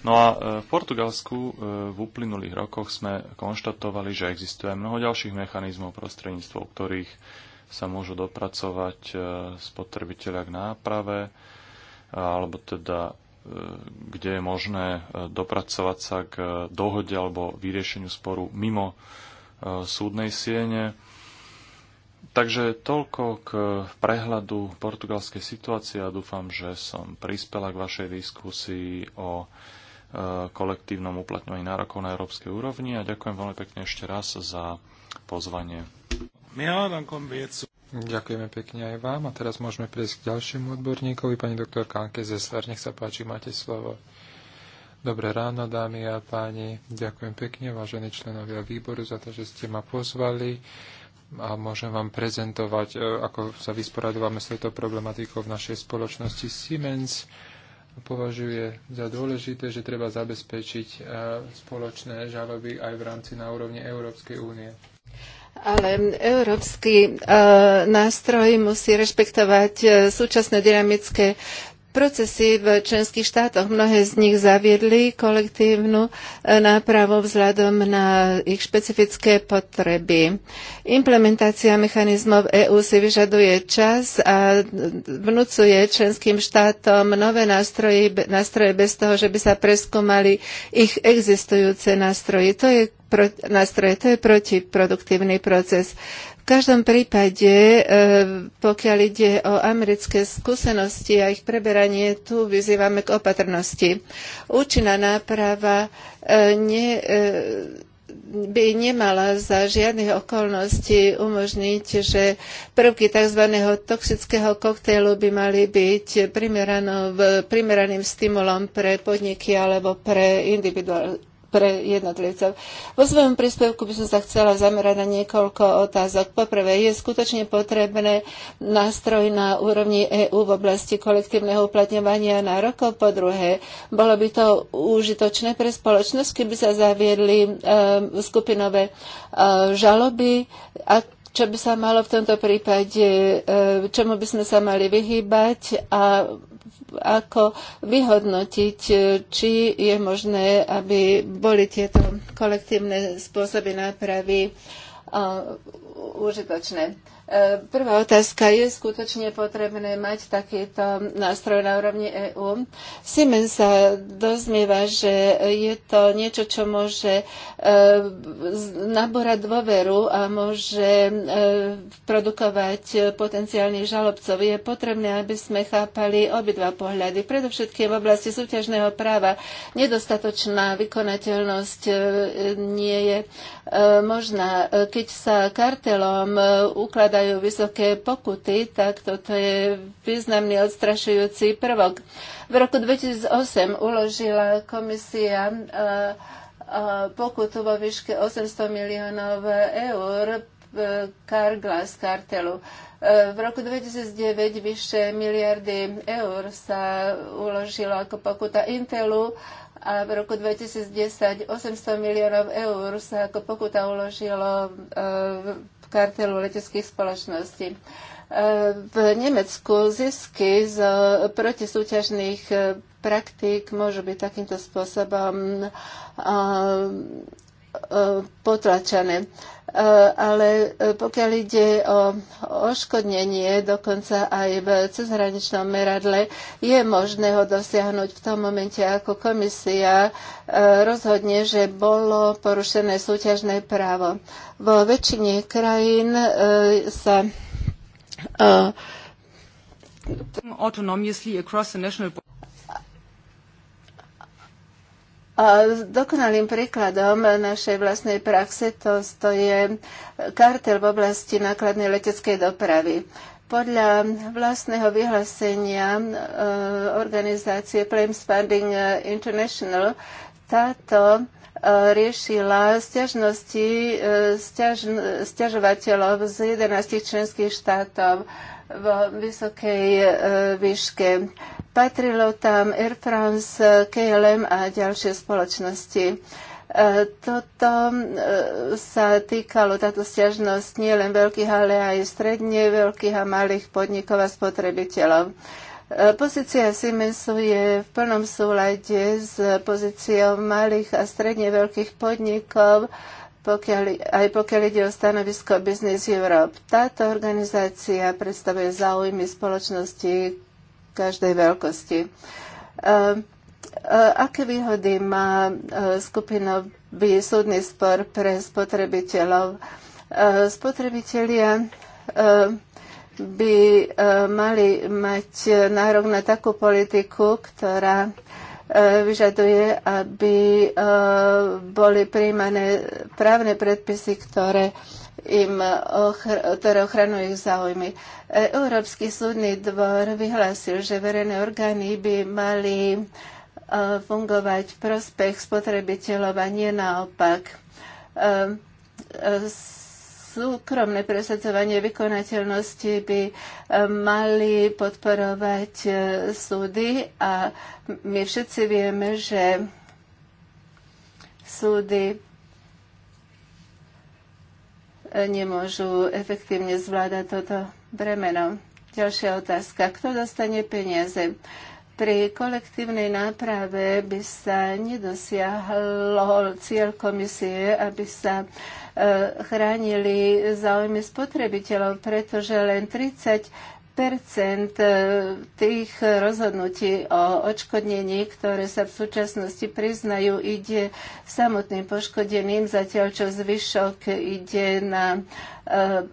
No a e, v Portugalsku e, v uplynulých rokoch sme konštatovali, že existuje mnoho ďalších mechanizmov prostredníctvom, ktorých sa môžu dopracovať e, spotrebiteľa k náprave, alebo teda kde je možné dopracovať sa k dohode alebo vyriešeniu sporu mimo súdnej siene. Takže toľko k prehľadu portugalskej situácie a dúfam, že som prispela k vašej diskusii o e, kolektívnom uplatňovaní nárokov na európskej úrovni a ďakujem veľmi pekne ešte raz za pozvanie. Ďakujeme pekne aj vám a teraz môžeme prejsť k ďalšiemu odborníkovi, pani doktor Kanke Zesler. Nech sa páči, máte slovo. Dobré ráno, dámy a páni. Ďakujem pekne, vážení členovia výboru, za to, že ste ma pozvali a môžem vám prezentovať, e, ako sa vysporadovame s touto problematikou v našej spoločnosti. Siemens považuje za dôležité, že treba zabezpečiť e, spoločné žaloby aj v rámci na úrovni Európskej únie. Ale európsky e, nástroj musí rešpektovať e, súčasné dynamické procesy v členských štátoch. Mnohé z nich zaviedli kolektívnu e, nápravu vzhľadom na ich špecifické potreby. Implementácia mechanizmov EÚ si vyžaduje čas a vnúcuje členským štátom nové nástroje, nástroje bez toho, že by sa preskúmali ich existujúce nástroje. To je nástroje. To je protiproduktívny proces. V každom prípade, e, pokiaľ ide o americké skúsenosti a ich preberanie, tu vyzývame k opatrnosti. Účinná náprava e, ne, e, by nemala za žiadnych okolností umožniť, že prvky tzv. toxického koktejlu by mali byť primeraným stimulom pre podniky alebo pre individuálne pre jednotlivcov. Vo svojom príspevku by som sa chcela zamerať na niekoľko otázok. Poprvé, je skutočne potrebné nástroj na úrovni EÚ v oblasti kolektívneho uplatňovania nárokov? Po druhé, bolo by to užitočné pre spoločnosť, keby sa zaviedli e, skupinové e, žaloby? A čo by sa malo v tomto prípade, e, čomu by sme sa mali vyhýbať a ako vyhodnotiť, e, či je možné, aby boli tieto kolektívne spôsoby nápravy e, užitočné. E, prvá otázka. Je skutočne potrebné mať takýto nástroj na úrovni EÚ? Siemens sa dozmieva, že je to niečo, čo môže e, naborať dôveru a môže e, produkovať potenciálnych žalobcov. Je potrebné, aby sme chápali obidva pohľady. Predovšetkým v oblasti súťažného práva nedostatočná vykonateľnosť nie je možná. Keď sa kartelom ukladá dajú vysoké pokuty, tak toto je významný odstrašujúci prvok. V roku 2008 uložila komisia eh, eh, pokutu vo výške 800 miliónov eur eh, Carglass kartelu. V roku 2009 vyše miliardy eur sa uložilo ako pokuta Intelu a v roku 2010 800 miliónov eur sa ako pokuta uložilo kartelu leteckých spoločností. E, v Nemecku zisky z protisúťažných e, praktík môžu byť takýmto spôsobom potlačané. E, ale pokiaľ ide o oškodnenie, dokonca aj v cezhraničnom meradle, je možné ho dosiahnuť v tom momente, ako komisia e, rozhodne, že bolo porušené súťažné právo. Vo väčšine krajín e, sa autonomously across the national a dokonalým príkladom našej vlastnej praxe to, to je kartel v oblasti nákladnej leteckej dopravy. Podľa vlastného vyhlásenia e, organizácie Claims Funding International táto e, riešila stiažnosti e, stiaž, stiažovateľov z 11 členských štátov v vysokej e, výške. Patrilo tam Air France, KLM a ďalšie spoločnosti. E, toto e, sa týkalo, táto stiažnosť nie len veľkých, ale aj stredne veľkých a malých podnikov a spotrebiteľov. Pozícia Siemensu je v plnom súlade s pozíciou malých a stredne veľkých podnikov, pokiaľ, aj pokiaľ ide o stanovisko Business Europe. Táto organizácia predstavuje záujmy spoločnosti každej veľkosti. Ehm, e, aké výhody má e, skupinový súdny spor pre spotrebiteľov? E, spotrebitelia by mali mať nárok na takú politiku, ktorá E, vyžaduje, aby e, boli príjmané právne predpisy, ktoré im ochr- ktoré ochranujú ich záujmy. E, Európsky súdny dvor vyhlásil, že verejné orgány by mali fungovať v prospech spotrebiteľov a nie naopak súkromné presadzovanie vykonateľnosti by e, mali podporovať e, súdy a my všetci vieme, že súdy e, nemôžu efektívne zvládať toto bremeno. Ďalšia otázka. Kto dostane peniaze? Pri kolektívnej náprave by sa nedosiahlo cieľ komisie, aby sa uh, E, chránili záujmy spotrebiteľov, pretože len 30 percent e, tých rozhodnutí o odškodnení, ktoré sa v súčasnosti priznajú, ide samotným poškodeným, zatiaľ čo zvyšok ide na e,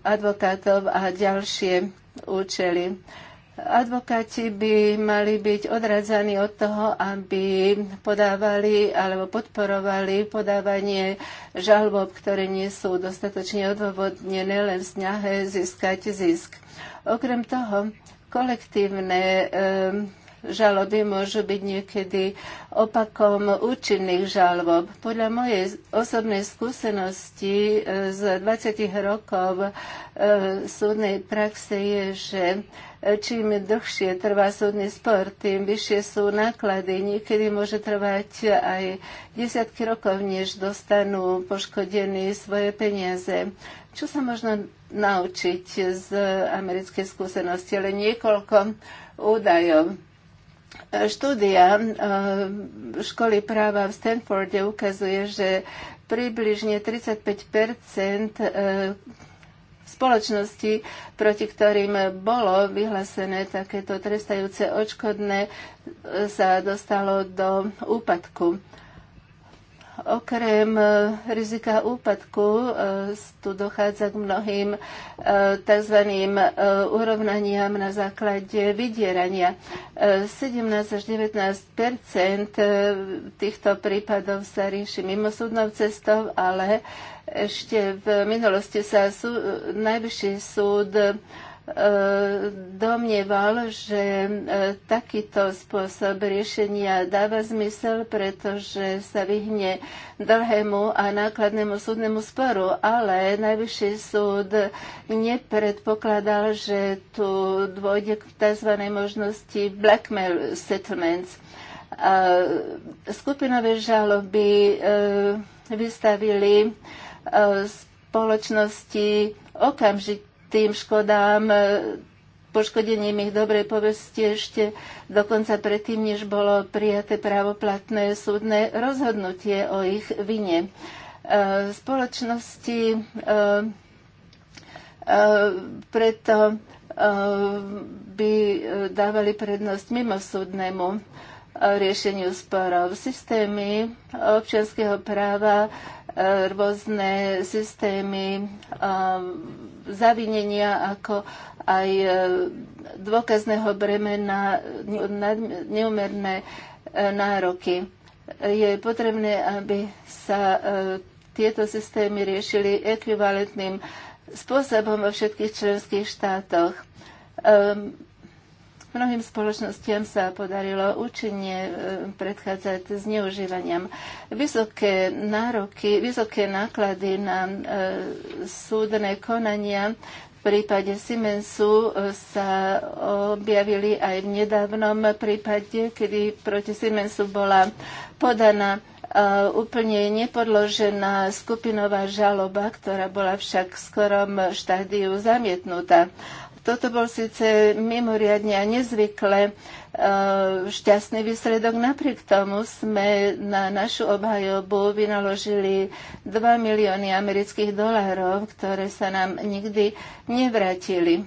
advokátov a ďalšie účely. Advokáti by mali byť odradzaní od toho, aby podávali alebo podporovali podávanie žalbob, ktoré nie sú dostatočne odôvodnené len v snahe získať zisk. Okrem toho, kolektívne e, žaloby môžu byť niekedy opakom účinných žalob. Podľa mojej osobnej skúsenosti e, z 20 rokov e, súdnej praxe je, že e, čím dlhšie trvá súdny spor, tým vyššie sú náklady. Niekedy môže trvať aj desiatky rokov, než dostanú poškodení svoje peniaze. Čo sa možno naučiť z americkej skúsenosti, ale niekoľko údajov Štúdia eh, školy práva v Stanforde ukazuje, že približne 35 eh, spoločnosti, proti ktorým bolo vyhlásené takéto trestajúce očkodné, eh, sa dostalo do úpadku. Okrem e, rizika úpadku e, tu dochádza k mnohým e, tzv. urovnaniam na základe vydierania. 17 až 19 týchto prípadov sa rieši mimosúdnou cestou, ale ešte v minulosti sa sú, najvyšší súd E, domnieval, že e, takýto spôsob riešenia dáva zmysel, pretože sa vyhne dlhému a nákladnému súdnemu sporu, ale Najvyšší súd nepredpokladal, že tu dôjde k tzv. možnosti blackmail settlements. skupinové žaloby e, vystavili spoločnosti okamžite tým škodám, e, poškodením ich dobrej povesti ešte dokonca predtým, než bolo prijaté právoplatné súdne rozhodnutie o ich vine. E, spoločnosti e, preto by dávali prednosť mimosúdnemu riešeniu sporov. Systémy občianského práva, rôzne systémy zavinenia, ako aj e, dôkazného bremena neumerné e, nároky. Je potrebné, aby sa e, tieto systémy riešili ekvivalentným spôsobom vo všetkých členských štátoch. Ehm, Mnohým spoločnostiam sa podarilo účinne e, predchádzať zneužívaniam. Vysoké nároky, vysoké náklady na e, súdne konania v prípade Siemensu e, sa objavili aj v nedávnom prípade, kedy proti Siemensu bola podaná úplne nepodložená skupinová žaloba, ktorá bola však v skorom štádiu zamietnutá. Toto bol síce mimoriadne a nezvykle e, šťastný výsledok. Napriek tomu sme na našu obhajobu vynaložili 2 milióny amerických dolárov, ktoré sa nám nikdy nevrátili.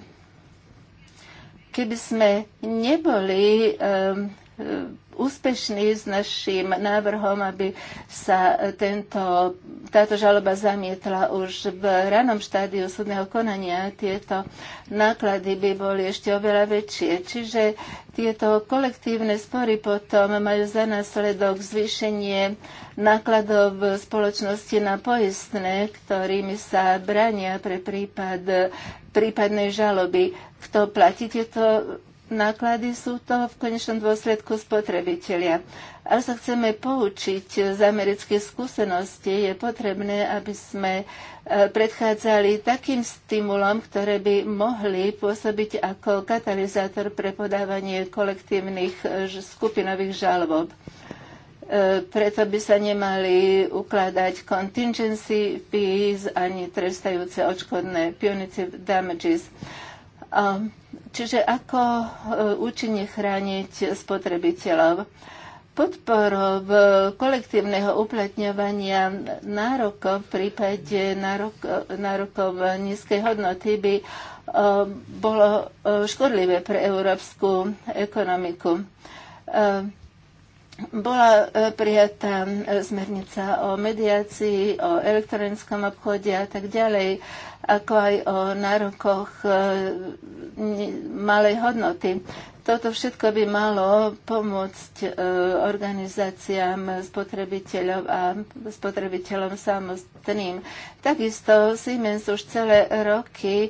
Keby sme neboli e, úspešní s našim návrhom, aby sa tento, táto žaloba zamietla už v ranom štádiu súdneho konania. Tieto náklady by boli ešte oveľa väčšie. Čiže tieto kolektívne spory potom majú za následok zvýšenie nákladov spoločnosti na poistné, ktorými sa brania pre prípad prípadnej žaloby. Kto platí tieto náklady sú to v konečnom dôsledku spotrebitelia. Ak sa chceme poučiť z amerických skúseností, je potrebné, aby sme e, predchádzali takým stimulom, ktoré by mohli pôsobiť ako katalizátor pre podávanie kolektívnych e, skupinových žalob e, preto by sa nemali ukladať contingency fees ani trestajúce odškodné punitive damages. Čiže ako e, účinne chrániť spotrebiteľov? Podporou kolektívneho uplatňovania nárokov v prípade nárok, e, nárokov nízkej hodnoty by e, bolo škodlivé pre európsku ekonomiku bola prijatá smernica o mediácii, o elektronickom obchode a tak ďalej ako aj o nárokoch e, malej hodnoty. Toto všetko by malo pomôcť e, organizáciám spotrebiteľov a spotrebiteľom samotným. Takisto Siemens už celé roky e,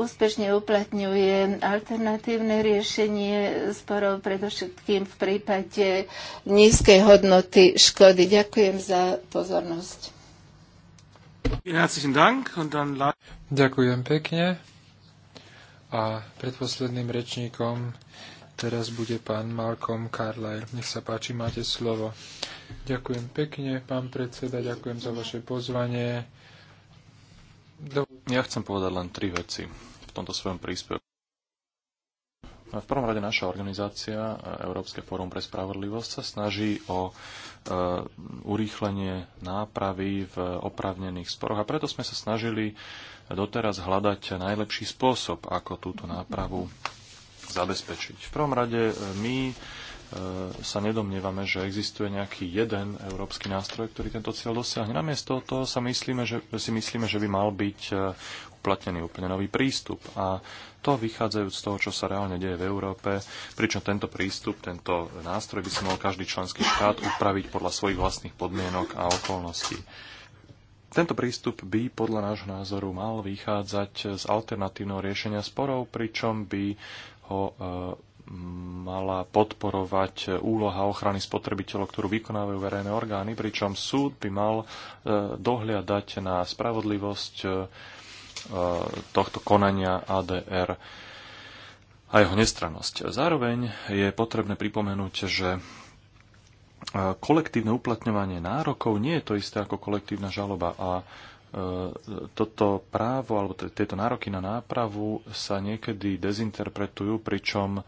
úspešne uplatňuje alternatívne riešenie sporov, predovšetkým v prípade nízkej hodnoty škody. Ďakujem za pozornosť. Ďakujem pekne. A predposledným rečníkom teraz bude pán Malcolm Carlyle. Nech sa páči, máte slovo. Ďakujem pekne, pán predseda, ďakujem za vaše pozvanie. Do... Ja chcem povedať len tri veci v tomto svojom príspevku. V prvom rade naša organizácia, Európske fórum pre spravodlivosť, sa snaží o Eh, urýchlenie nápravy v opravnených sporoch. A preto sme sa snažili doteraz hľadať najlepší spôsob, ako túto nápravu zabezpečiť. V prvom rade eh, my eh, sa nedomnievame, že existuje nejaký jeden európsky nástroj, ktorý tento cieľ dosiahne. Namiesto toho sa myslíme, že, si myslíme, že by mal byť uplatnený úplne nový prístup. A to vychádzajúc z toho, čo sa reálne deje v Európe, pričom tento prístup, tento nástroj by si mohol každý členský štát upraviť podľa svojich vlastných podmienok a okolností. Tento prístup by podľa nášho názoru mal vychádzať z alternatívneho riešenia sporov, pričom by ho e, mala podporovať úloha ochrany spotrebiteľov, ktorú vykonávajú verejné orgány, pričom súd by mal e, dohliadať na spravodlivosť e, E, tohto konania ADR a jeho nestrannosť. Zároveň je potrebné pripomenúť, že e, kolektívne uplatňovanie nárokov nie je to isté ako kolektívna žaloba a e, toto právo alebo tieto nároky na nápravu sa niekedy dezinterpretujú, pričom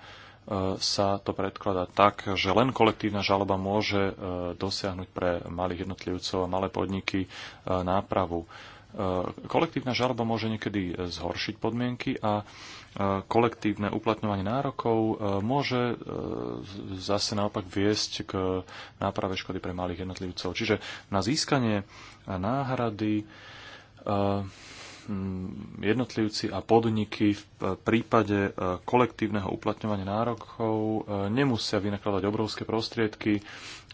sa to predkladá tak, že len kolektívna žaloba môže dosiahnuť pre malých jednotlivcov a malé podniky nápravu. E, kolektívna žaloba môže niekedy e, zhoršiť podmienky a e, kolektívne uplatňovanie nárokov môže zase naopak viesť k náprave škody pre malých jednotlivcov. Čiže na získanie náhrady Mm, jednotlivci a podniky v e, prípade e, kolektívneho uplatňovania nárokov e, nemusia vynakladať obrovské prostriedky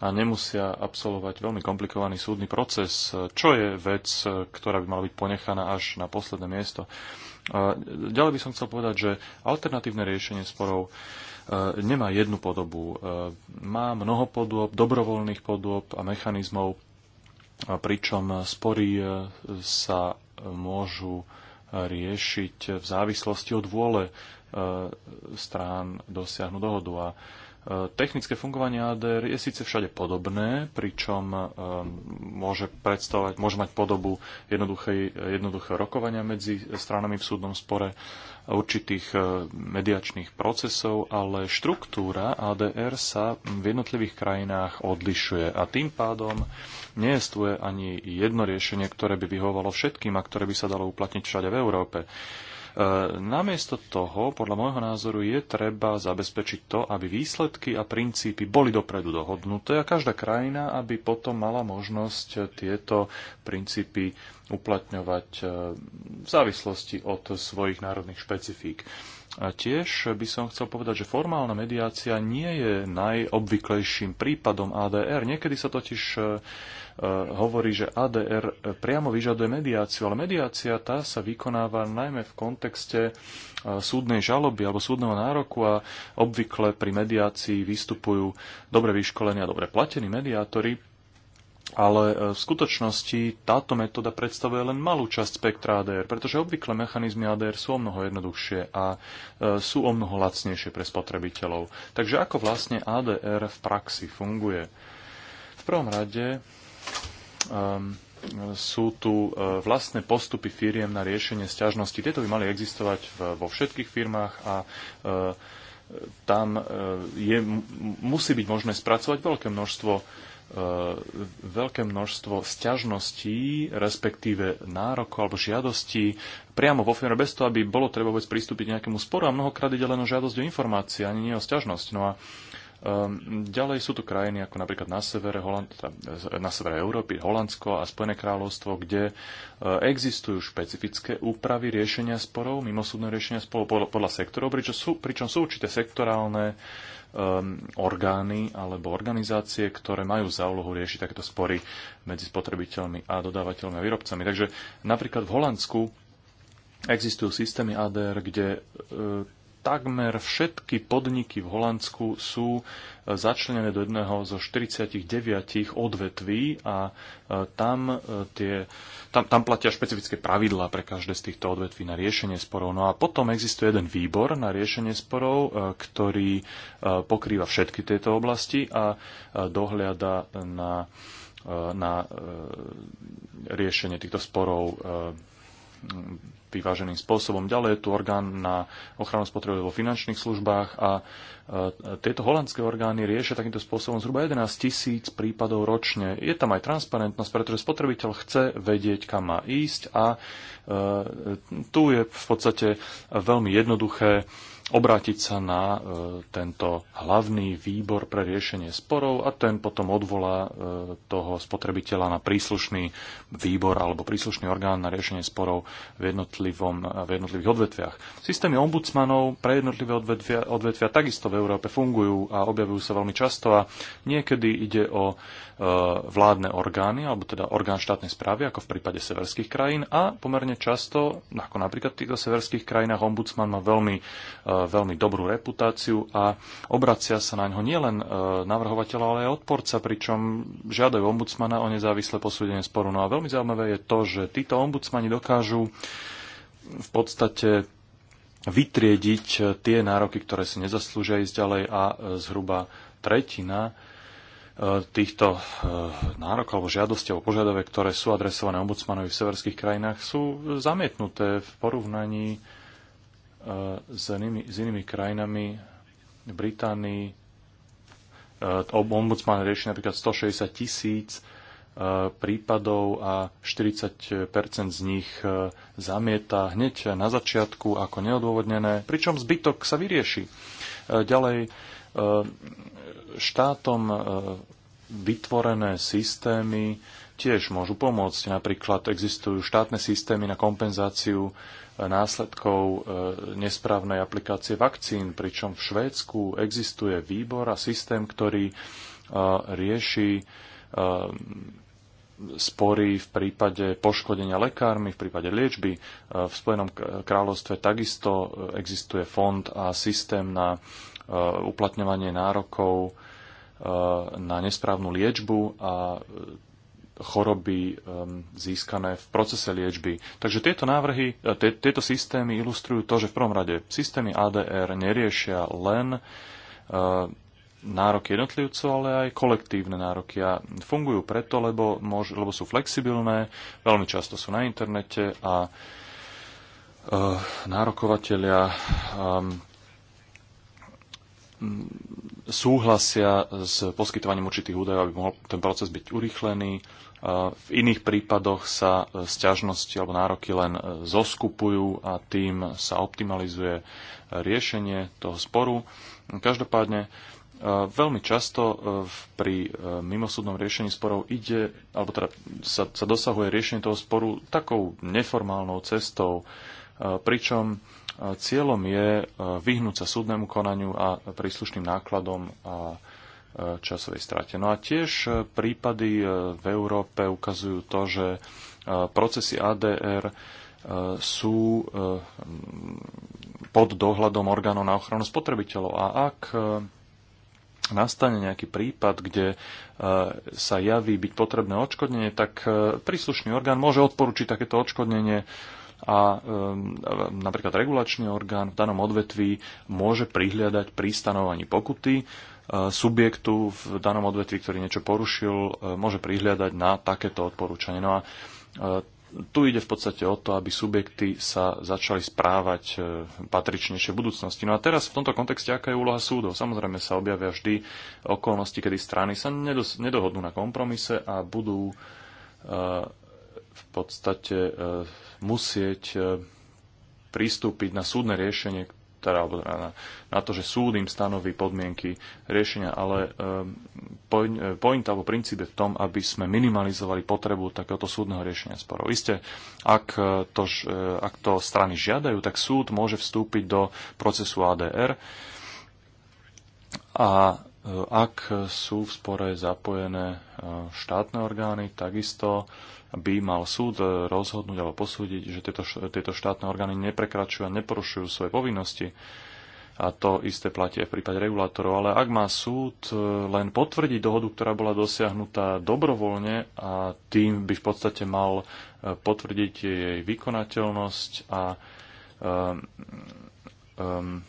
a nemusia absolvovať veľmi komplikovaný súdny proces, čo je vec, ktorá by mala byť ponechaná až na posledné miesto. Ďalej by som chcel povedať, že alternatívne riešenie sporov nemá jednu podobu. Má mnoho podôb, dobrovoľných podôb a mechanizmov, pričom spory sa môžu riešiť v závislosti od vôle e, strán dosiahnu dohodu. A e, technické fungovanie ADR je síce všade podobné, pričom e, môže, predstavovať, môže mať podobu jednoduchého rokovania medzi stranami v súdnom spore, určitých e, mediačných procesov, ale štruktúra ADR sa v jednotlivých krajinách odlišuje a tým pádom nie je stvoje ani jedno riešenie, ktoré by vyhovovalo všetkým a ktoré by sa dalo uplatniť všade v Európe. E, namiesto toho, podľa môjho názoru, je treba zabezpečiť to, aby výsledky a princípy boli dopredu dohodnuté a každá krajina, aby potom mala možnosť tieto princípy uplatňovať e, v závislosti od svojich národných špecifík. A tiež by som chcel povedať, že formálna mediácia nie je najobvyklejším prípadom ADR. Niekedy sa totiž e, e, hovorí, že ADR priamo vyžaduje mediáciu, ale mediácia tá sa vykonáva najmä v kontexte súdnej žaloby alebo súdneho nároku a obvykle pri mediácii vystupujú dobre vyškolení a dobre platení mediátori, ale e, v skutočnosti táto metóda predstavuje len malú časť spektra ADR, pretože obvykle mechanizmy ADR sú o mnoho jednoduchšie a e, sú o mnoho lacnejšie pre spotrebiteľov. Takže ako vlastne ADR v praxi funguje? V prvom rade um, sú tu e, vlastné postupy firiem na riešenie sťažnosti. Tieto by mali existovať vo všetkých firmách a tam je, musí byť možné spracovať veľké množstvo E, veľké množstvo sťažností, respektíve nárokov alebo žiadostí priamo vo firme, bez toho, aby bolo treba vôbec pristúpiť nejakému sporu a mnohokrát ide len o žiadosť o informácie, ani nie o sťažnosť. No a um, Ďalej sú tu krajiny ako napríklad na severe, Holand, teda, e, na severe Európy, Holandsko a Spojené kráľovstvo, kde existujú špecifické úpravy riešenia sporov, mimosúdne riešenia sporov podľa, podľa sektorov, pričom sú, pričom sú určité sektorálne um, orgány alebo organizácie, ktoré majú za úlohu riešiť takéto spory medzi spotrebiteľmi a dodávateľmi a výrobcami. Takže napríklad v Holandsku existujú systémy ADR, kde uh, takmer všetky podniky v Holandsku sú e, začlenené do jedného zo 49 odvetví a e, tam, e, tie, tam, tam platia špecifické pravidlá pre každé z týchto odvetví na riešenie sporov. No a potom existuje jeden výbor na riešenie sporov, ktorý pokrýva všetky tieto oblasti a dohliada na na riešenie týchto sporov vyváženým spôsobom. Ďalej je tu orgán na ochranu spotreby vo finančných službách a e, tieto holandské orgány riešia takýmto spôsobom zhruba 11 tisíc prípadov ročne. Je tam aj transparentnosť, pretože spotrebiteľ chce vedieť, kam má ísť a e, tu je v podstate veľmi jednoduché obrátiť sa na e, tento hlavný výbor pre riešenie sporov a ten potom odvolá e, toho spotrebiteľa na príslušný výbor alebo príslušný orgán na riešenie sporov v, jednotlivom, e, v jednotlivých odvetviach. Systémy ombudsmanov pre jednotlivé odvetvia, odvetvia takisto v Európe fungujú a objavujú sa veľmi často a niekedy ide o E, vládne orgány, alebo teda orgán štátnej správy, ako v prípade severských krajín. A pomerne často, ako napríklad v týchto severských krajinách, ombudsman má veľmi, e, veľmi dobrú reputáciu a obracia sa na ňo nielen e, navrhovateľ, ale aj odporca, pričom žiadajú ombudsmana o nezávislé posúdenie sporu. No a veľmi zaujímavé je to, že títo ombudsmani dokážu v podstate vytriediť tie nároky, ktoré si nezaslúžia ísť ďalej a zhruba tretina E, týchto e, nárokov alebo žiadosti alebo požiadavek, ktoré sú adresované ombudsmanovi v severských krajinách, sú zamietnuté v porovnaní e, s inými, s inými krajinami Británii. Ombudsman rieši napríklad 160 tisíc prípadov a 40 z nich zamieta hneď na začiatku ako neodôvodnené, pričom zbytok sa vyrieši. Ďalej štátom e, vytvorené systémy tiež môžu pomôcť. Napríklad existujú štátne systémy na kompenzáciu e, následkov e, nesprávnej aplikácie vakcín, pričom v Švédsku existuje výbor a systém, ktorý rieši spory v prípade poškodenia lekármi, v prípade liečby. V Spojenom kráľovstve takisto existuje fond a systém na uplatňovanie nárokov Eh, na nesprávnu liečbu a eh, choroby eh, získané v procese liečby. Takže tieto návrhy, tieto systémy ilustrujú to, že v prvom rade systémy ADR neriešia len nároky jednotlivcov, ale aj kolektívne nároky. A fungujú preto, lebo, môž, lebo sú flexibilné, veľmi často sú na internete a nárokovateľia súhlasia s poskytovaním určitých údajov, aby mohol ten proces byť urýchlený. V iných prípadoch sa e, sťažnosti alebo nároky len e, zoskupujú a tým sa optimalizuje e, riešenie toho sporu. Každopádne veľmi často pri mimosúdnom riešení sporov ide, alebo teda sa, sa dosahuje riešenie toho sporu takou neformálnou cestou, pričom Cieľom je e, vyhnúť sa súdnemu konaniu a príslušným nákladom a e, časovej strate. No a tiež e, prípady v Európe ukazujú to, že procesy ADR sú pod dohľadom orgánov na ochranu spotrebiteľov. A ak nastane nejaký prípad, kde sa javí byť potrebné odškodnenie, tak príslušný orgán môže odporučiť takéto odškodnenie a um, napríklad regulačný orgán v danom odvetví môže prihliadať pri stanovaní pokuty e, subjektu v danom odvetví, ktorý niečo porušil, e, môže prihliadať na takéto odporúčanie. No a e, tu ide v podstate o to, aby subjekty sa začali správať patričnejšie v budúcnosti. No a teraz v tomto kontexte, aká je úloha súdov? Samozrejme sa objavia vždy okolnosti, kedy strany sa nedohodnú na kompromise a budú v podstate e, musieť e, pristúpiť na súdne riešenie, teda, alebo na, na to, že súd im stanoví podmienky riešenia, ale e, point, point alebo princíp je v tom, aby sme minimalizovali potrebu takéhoto súdneho riešenia sporov. Isté, ak to, ak to strany žiadajú, tak súd môže vstúpiť do procesu ADR a E, ak sú v spore zapojené e, štátne orgány, takisto by mal súd e, rozhodnúť alebo posúdiť, že tieto, tieto štátne orgány neprekračujú a neporušujú svoje povinnosti. A to isté platí aj v prípade regulátorov. Ale ak má súd len potvrdiť dohodu, ktorá bola dosiahnutá dobrovoľne a tým by v podstate mal potvrdiť jej vykonateľnosť a um, um,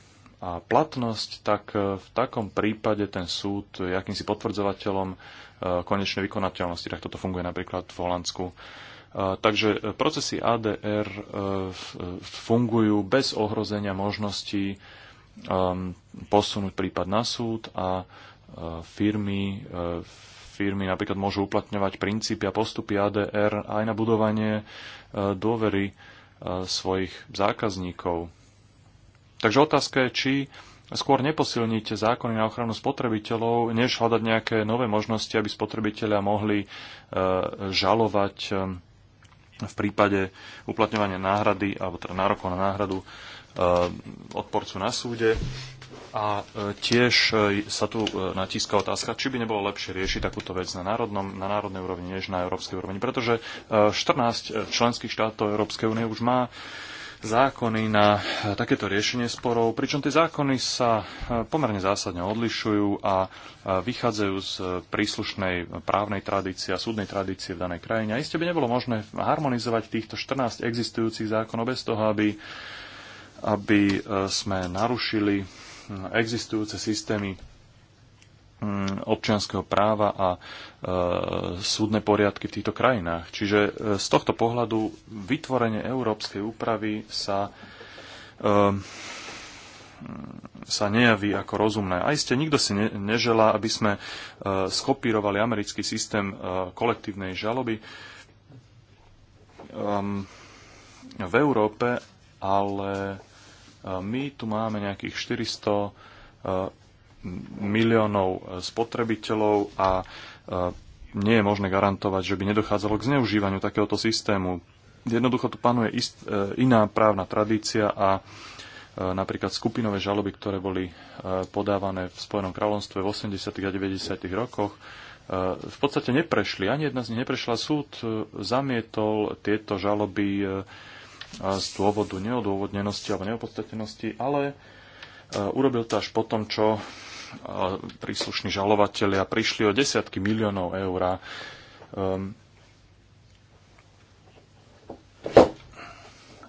a platnosť, tak e, v takom prípade ten súd je akýmsi potvrdzovateľom e, konečnej vykonateľnosti. Tak toto funguje napríklad v Holandsku. E, takže procesy ADR fungujú bez ohrozenia možností posunúť prípad na súd a firmy, firmy napríklad môžu uplatňovať princípy a postupy ADR aj na budovanie dôvery svojich zákazníkov Takže otázka je, či skôr neposilníte zákony na ochranu spotrebiteľov, než hľadať nejaké nové možnosti, aby spotrebitelia mohli e, žalovať e, v prípade uplatňovania náhrady, alebo teda nárokov na náhradu e, odporcu na súde. A tiež sa tu natíska otázka, či by nebolo lepšie riešiť takúto vec na, národnom, na národnej úrovni, než na európskej úrovni. Pretože 14 členských štátov Európskej únie už má zákony na e, takéto riešenie sporov, pričom tie zákony sa e, pomerne zásadne odlišujú a e, vychádzajú z príslušnej právnej tradície a súdnej tradície v danej krajine. A iste by nebolo možné harmonizovať týchto 14 existujúcich zákonov bez toho, aby, aby sme narušili existujúce systémy Mm, občianského práva a e, súdne poriadky v týchto krajinách. Čiže e, z tohto pohľadu vytvorenie európskej úpravy sa, e, sa nejaví ako rozumné. A iste nikto si neželá, aby sme skopírovali americký systém kolektívnej žaloby ehm, v Európe, ale my tu máme nejakých 400 miliónov eh, spotrebiteľov a eh, nie je možné garantovať, že by nedochádzalo k zneužívaniu takéhoto systému. Jednoducho tu panuje ist, eh, iná právna tradícia a napríklad skupinové žaloby, ktoré boli podávané v Spojenom kráľovstve v 80. a 90. rokoch, v podstate neprešli. Ani jedna z nich neprešla. Súd zamietol tieto žaloby z dôvodu neodôvodnenosti alebo neopodstatnenosti, ale urobil to až po tom, čo príslušní žalovateľia prišli o desiatky miliónov eur. A um,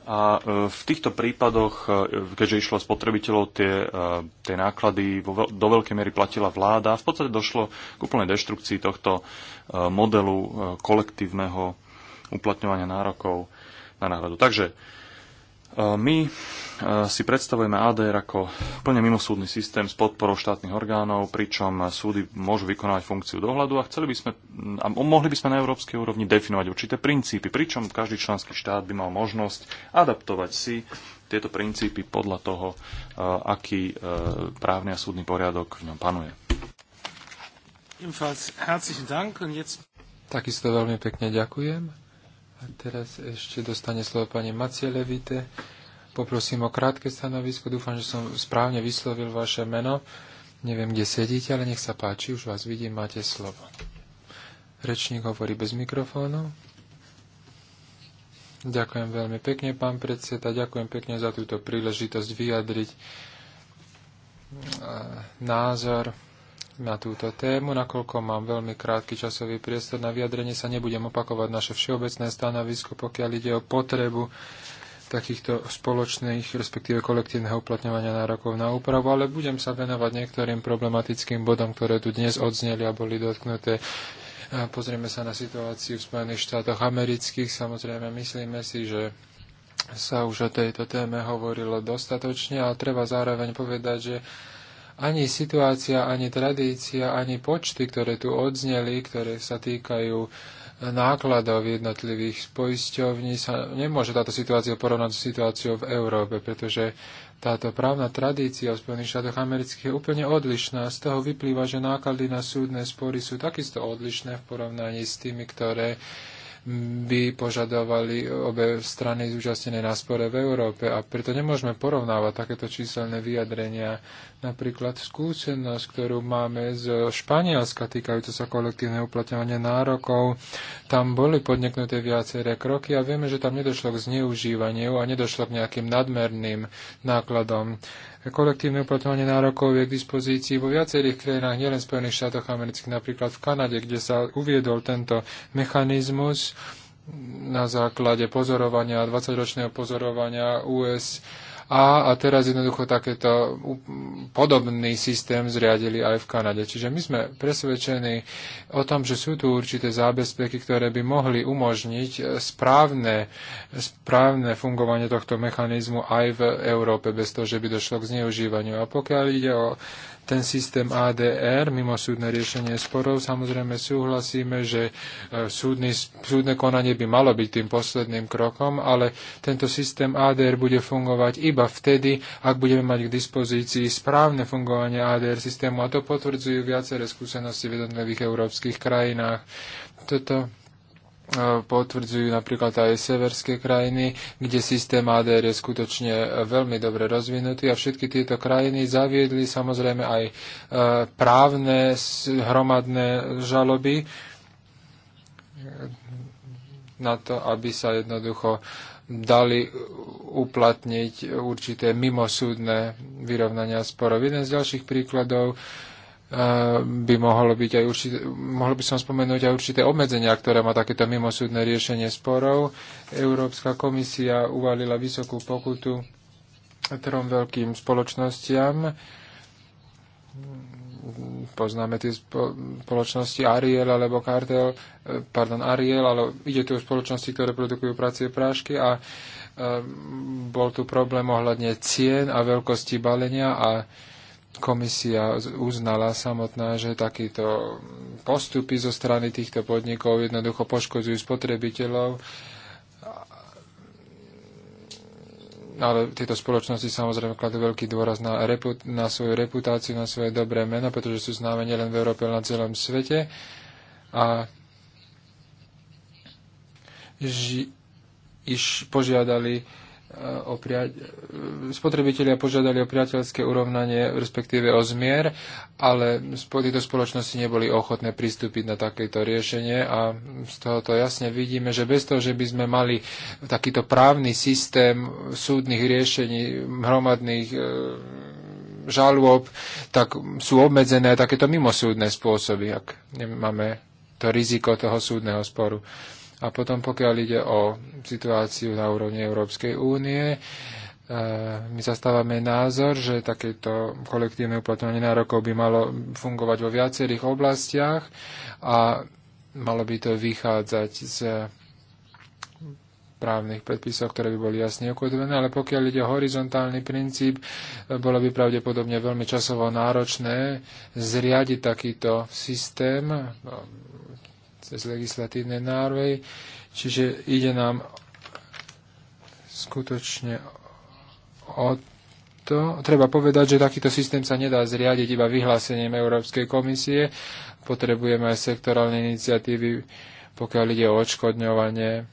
e, v týchto prípadoch, e, keďže išlo spotrebiteľov, tie, e, tie náklady do veľkej miery platila vláda. V podstate došlo k úplnej deštrukcii tohto modelu kolektívneho uplatňovania nárokov na náhradu. Takže E, my e, si predstavujeme ADR ako plne mimosúdny systém s podporou štátnych orgánov, pričom súdy môžu vykonávať funkciu dohľadu a chceli by sme, a mohli by sme na európskej úrovni definovať určité princípy, pričom každý členský štát by mal možnosť adaptovať si tieto princípy podľa toho, e, aký právny a súdny poriadok v ňom panuje. Takisto veľmi pekne ďakujem teraz ešte dostane slovo pani Macie Levite. Poprosím o krátke stanovisko. Dúfam, že som správne vyslovil vaše meno. Neviem, kde sedíte, ale nech sa páči, už vás vidím, máte slovo. Rečník hovorí bez mikrofónu. Ďakujem veľmi pekne, pán predseda. Ďakujem pekne za túto príležitosť vyjadriť eh, názor na túto tému, nakoľko mám veľmi krátky časový priestor na vyjadrenie, sa nebudem opakovať naše všeobecné stanovisko, pokiaľ ide o potrebu takýchto spoločných, respektíve kolektívneho uplatňovania nárokov na úpravu, ale budem sa venovať niektorým problematickým bodom, ktoré tu dnes odzneli a boli dotknuté. Pozrieme sa na situáciu v Spojených štátoch amerických. Samozrejme, myslíme si, že sa už o tejto téme hovorilo dostatočne, ale treba zároveň povedať, že ani situácia, ani tradícia, ani počty, ktoré tu odzneli, ktoré sa týkajú nákladov jednotlivých poisťovní, sa nemôže táto situácia porovnať s situáciou v Európe, pretože táto právna tradícia v Spojených štátoch amerických je úplne odlišná. Z toho vyplýva, že náklady na súdne spory sú takisto odlišné v porovnaní s tými, ktoré by požadovali obe strany zúčastnené na spore v Európe a preto nemôžeme porovnávať takéto číselné vyjadrenia Napríklad skúsenosť, ktorú máme z Španielska týkajúca sa kolektívne uplatňovania nárokov, tam boli podniknuté viaceré kroky a vieme, že tam nedošlo k zneužívaniu a nedošlo k nejakým nadmerným nákladom. Kolektívne uplatňovanie nárokov je k dispozícii vo viacerých krajinách, nielen v Spojených štátoch amerických, napríklad v Kanade, kde sa uviedol tento mechanizmus na základe pozorovania, 20-ročného pozorovania US a, a teraz jednoducho takéto podobný systém zriadili aj v Kanade. Čiže my sme presvedčení o tom, že sú tu určité zábezpeky, ktoré by mohli umožniť správne, správne fungovanie tohto mechanizmu aj v Európe, bez toho, že by došlo k zneužívaniu. A pokiaľ ide o ten systém ADR, mimosúdne riešenie sporov, samozrejme súhlasíme, že e, súdny, súdne konanie by malo byť tým posledným krokom, ale tento systém ADR bude fungovať iba vtedy, ak budeme mať k dispozícii správne fungovanie ADR systému a to potvrdzujú viaceré skúsenosti v jednotlivých európskych krajinách. Toto E, potvrdzujú napríklad aj severské krajiny, kde systém ADR je skutočne e, veľmi dobre rozvinutý a všetky tieto krajiny zaviedli samozrejme aj e, právne hromadné žaloby na to, aby sa jednoducho dali uplatniť určité mimosúdne vyrovnania sporov. Jeden z ďalších príkladov by mohlo byť aj určité, Mohol by som spomenúť aj určité obmedzenia, ktoré má takéto mimosúdne riešenie sporov. Európska komisia uvalila vysokú pokutu trom veľkým spoločnostiam. Poznáme tie spoločnosti Ariel alebo Kartel, e, pardon, Ariel, ale ide tu o spoločnosti, ktoré produkujú pracie prášky a e, bol tu problém ohľadne cien a veľkosti balenia a komisia uznala samotná, že takýto postupy zo strany týchto podnikov jednoducho poškodzujú spotrebiteľov. Ale tieto spoločnosti samozrejme kladú veľký dôraz na, repu- na svoju reputáciu, na svoje dobré meno, pretože sú známe nielen v Európe, ale na celom svete. A ži- iš požiadali o pria... spotrebitelia požiadali o priateľské urovnanie, respektíve o zmier, ale tieto spoločnosti neboli ochotné pristúpiť na takéto riešenie a z tohoto jasne vidíme, že bez toho, že by sme mali takýto právny systém súdnych riešení hromadných e, žalôb, tak sú obmedzené takéto mimosúdne spôsoby, ak nemáme to riziko toho súdneho sporu. A potom, pokiaľ ide o situáciu na úrovni Európskej únie, e, my zastávame názor, že takéto kolektívne uplatňovanie nárokov by malo fungovať vo viacerých oblastiach a malo by to vychádzať z právnych predpisov, ktoré by boli jasne ukotvené, ale pokiaľ ide o horizontálny princíp, bolo by pravdepodobne veľmi časovo náročné zriadiť takýto systém cez legislatívne nárvej. Čiže ide nám skutočne o to. Treba povedať, že takýto systém sa nedá zriadiť iba vyhlásením Európskej komisie. Potrebujeme aj sektorálne iniciatívy, pokiaľ ide o odškodňovanie.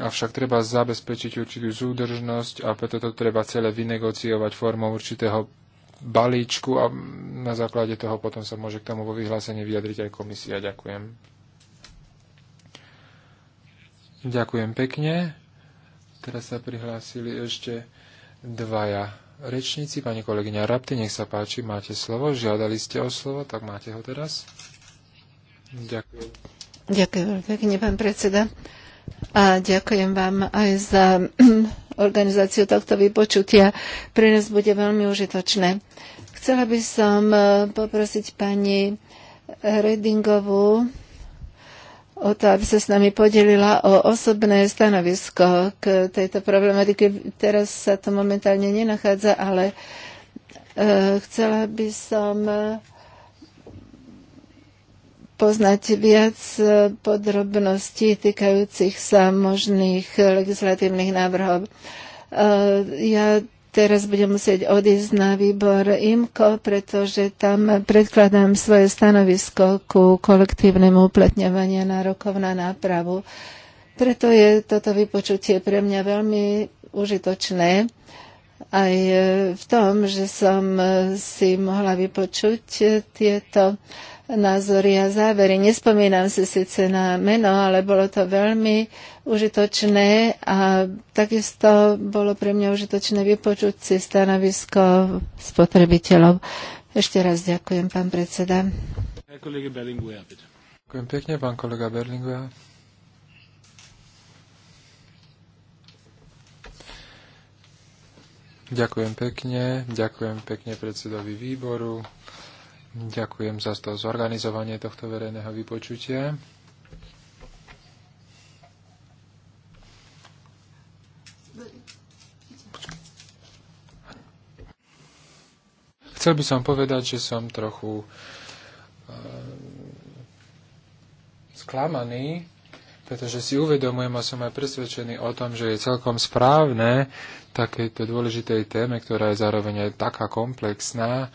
Avšak treba zabezpečiť určitú súdržnosť a preto to treba celé vynegociovať formou určitého balíčku a na základe toho potom sa môže k tomu vo vyhlásení vyjadriť aj komisia. Ďakujem. Ďakujem pekne. Teraz sa prihlásili ešte dvaja rečníci. Pani kolegyňa Rapty, nech sa páči, máte slovo. Žiadali ste o slovo, tak máte ho teraz. Ďakujem. Ďakujem pekne, pán predseda. A ďakujem vám aj za organizáciu tohto vypočutia. Pre nás bude veľmi užitočné. Chcela by som e, poprosiť pani Redingovú o to, aby sa s nami podelila o osobné stanovisko k tejto problematike. Teraz sa to momentálne nenachádza, ale e, chcela by som e, poznať viac e, podrobností týkajúcich sa možných legislatívnych návrhov. E, ja teraz budem musieť odísť na výbor IMKO, pretože tam predkladám svoje stanovisko ku kolektívnemu uplatňovaniu nárokov na nápravu. Preto je toto vypočutie pre mňa veľmi užitočné aj e, v tom, že som si mohla vypočuť tieto názory a závery. Nespomínam si síce na meno, ale bolo to veľmi užitočné a takisto bolo pre mňa užitočné vypočuť si stanovisko spotrebiteľov. Ešte raz ďakujem, pán predseda. Ďakujem pekne, pán kolega Berlinguer. Ďakujem pekne, ďakujem pekne predsedovi výboru Ďakujem za to zorganizovanie tohto verejného vypočutia. Chcel by som povedať, že som trochu eh, sklamaný, pretože si uvedomujem a som aj presvedčený o tom, že je celkom správne takéto dôležitej téme, ktorá je zároveň aj taká komplexná,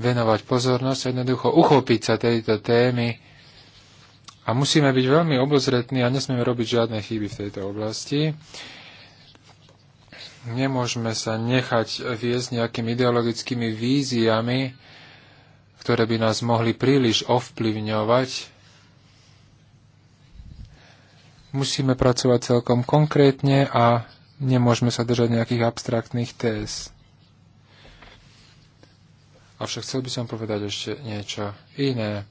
venovať pozornosť, jednoducho uchopiť sa tejto témy a musíme byť veľmi obozretní a nesmieme robiť žiadne chyby v tejto oblasti. Nemôžeme sa nechať viesť nejakými ideologickými víziami, ktoré by nás mohli príliš ovplyvňovať. Musíme pracovať celkom konkrétne a nemôžeme sa držať nejakých abstraktných téz. Avšak chcel by som povedať ešte niečo iné.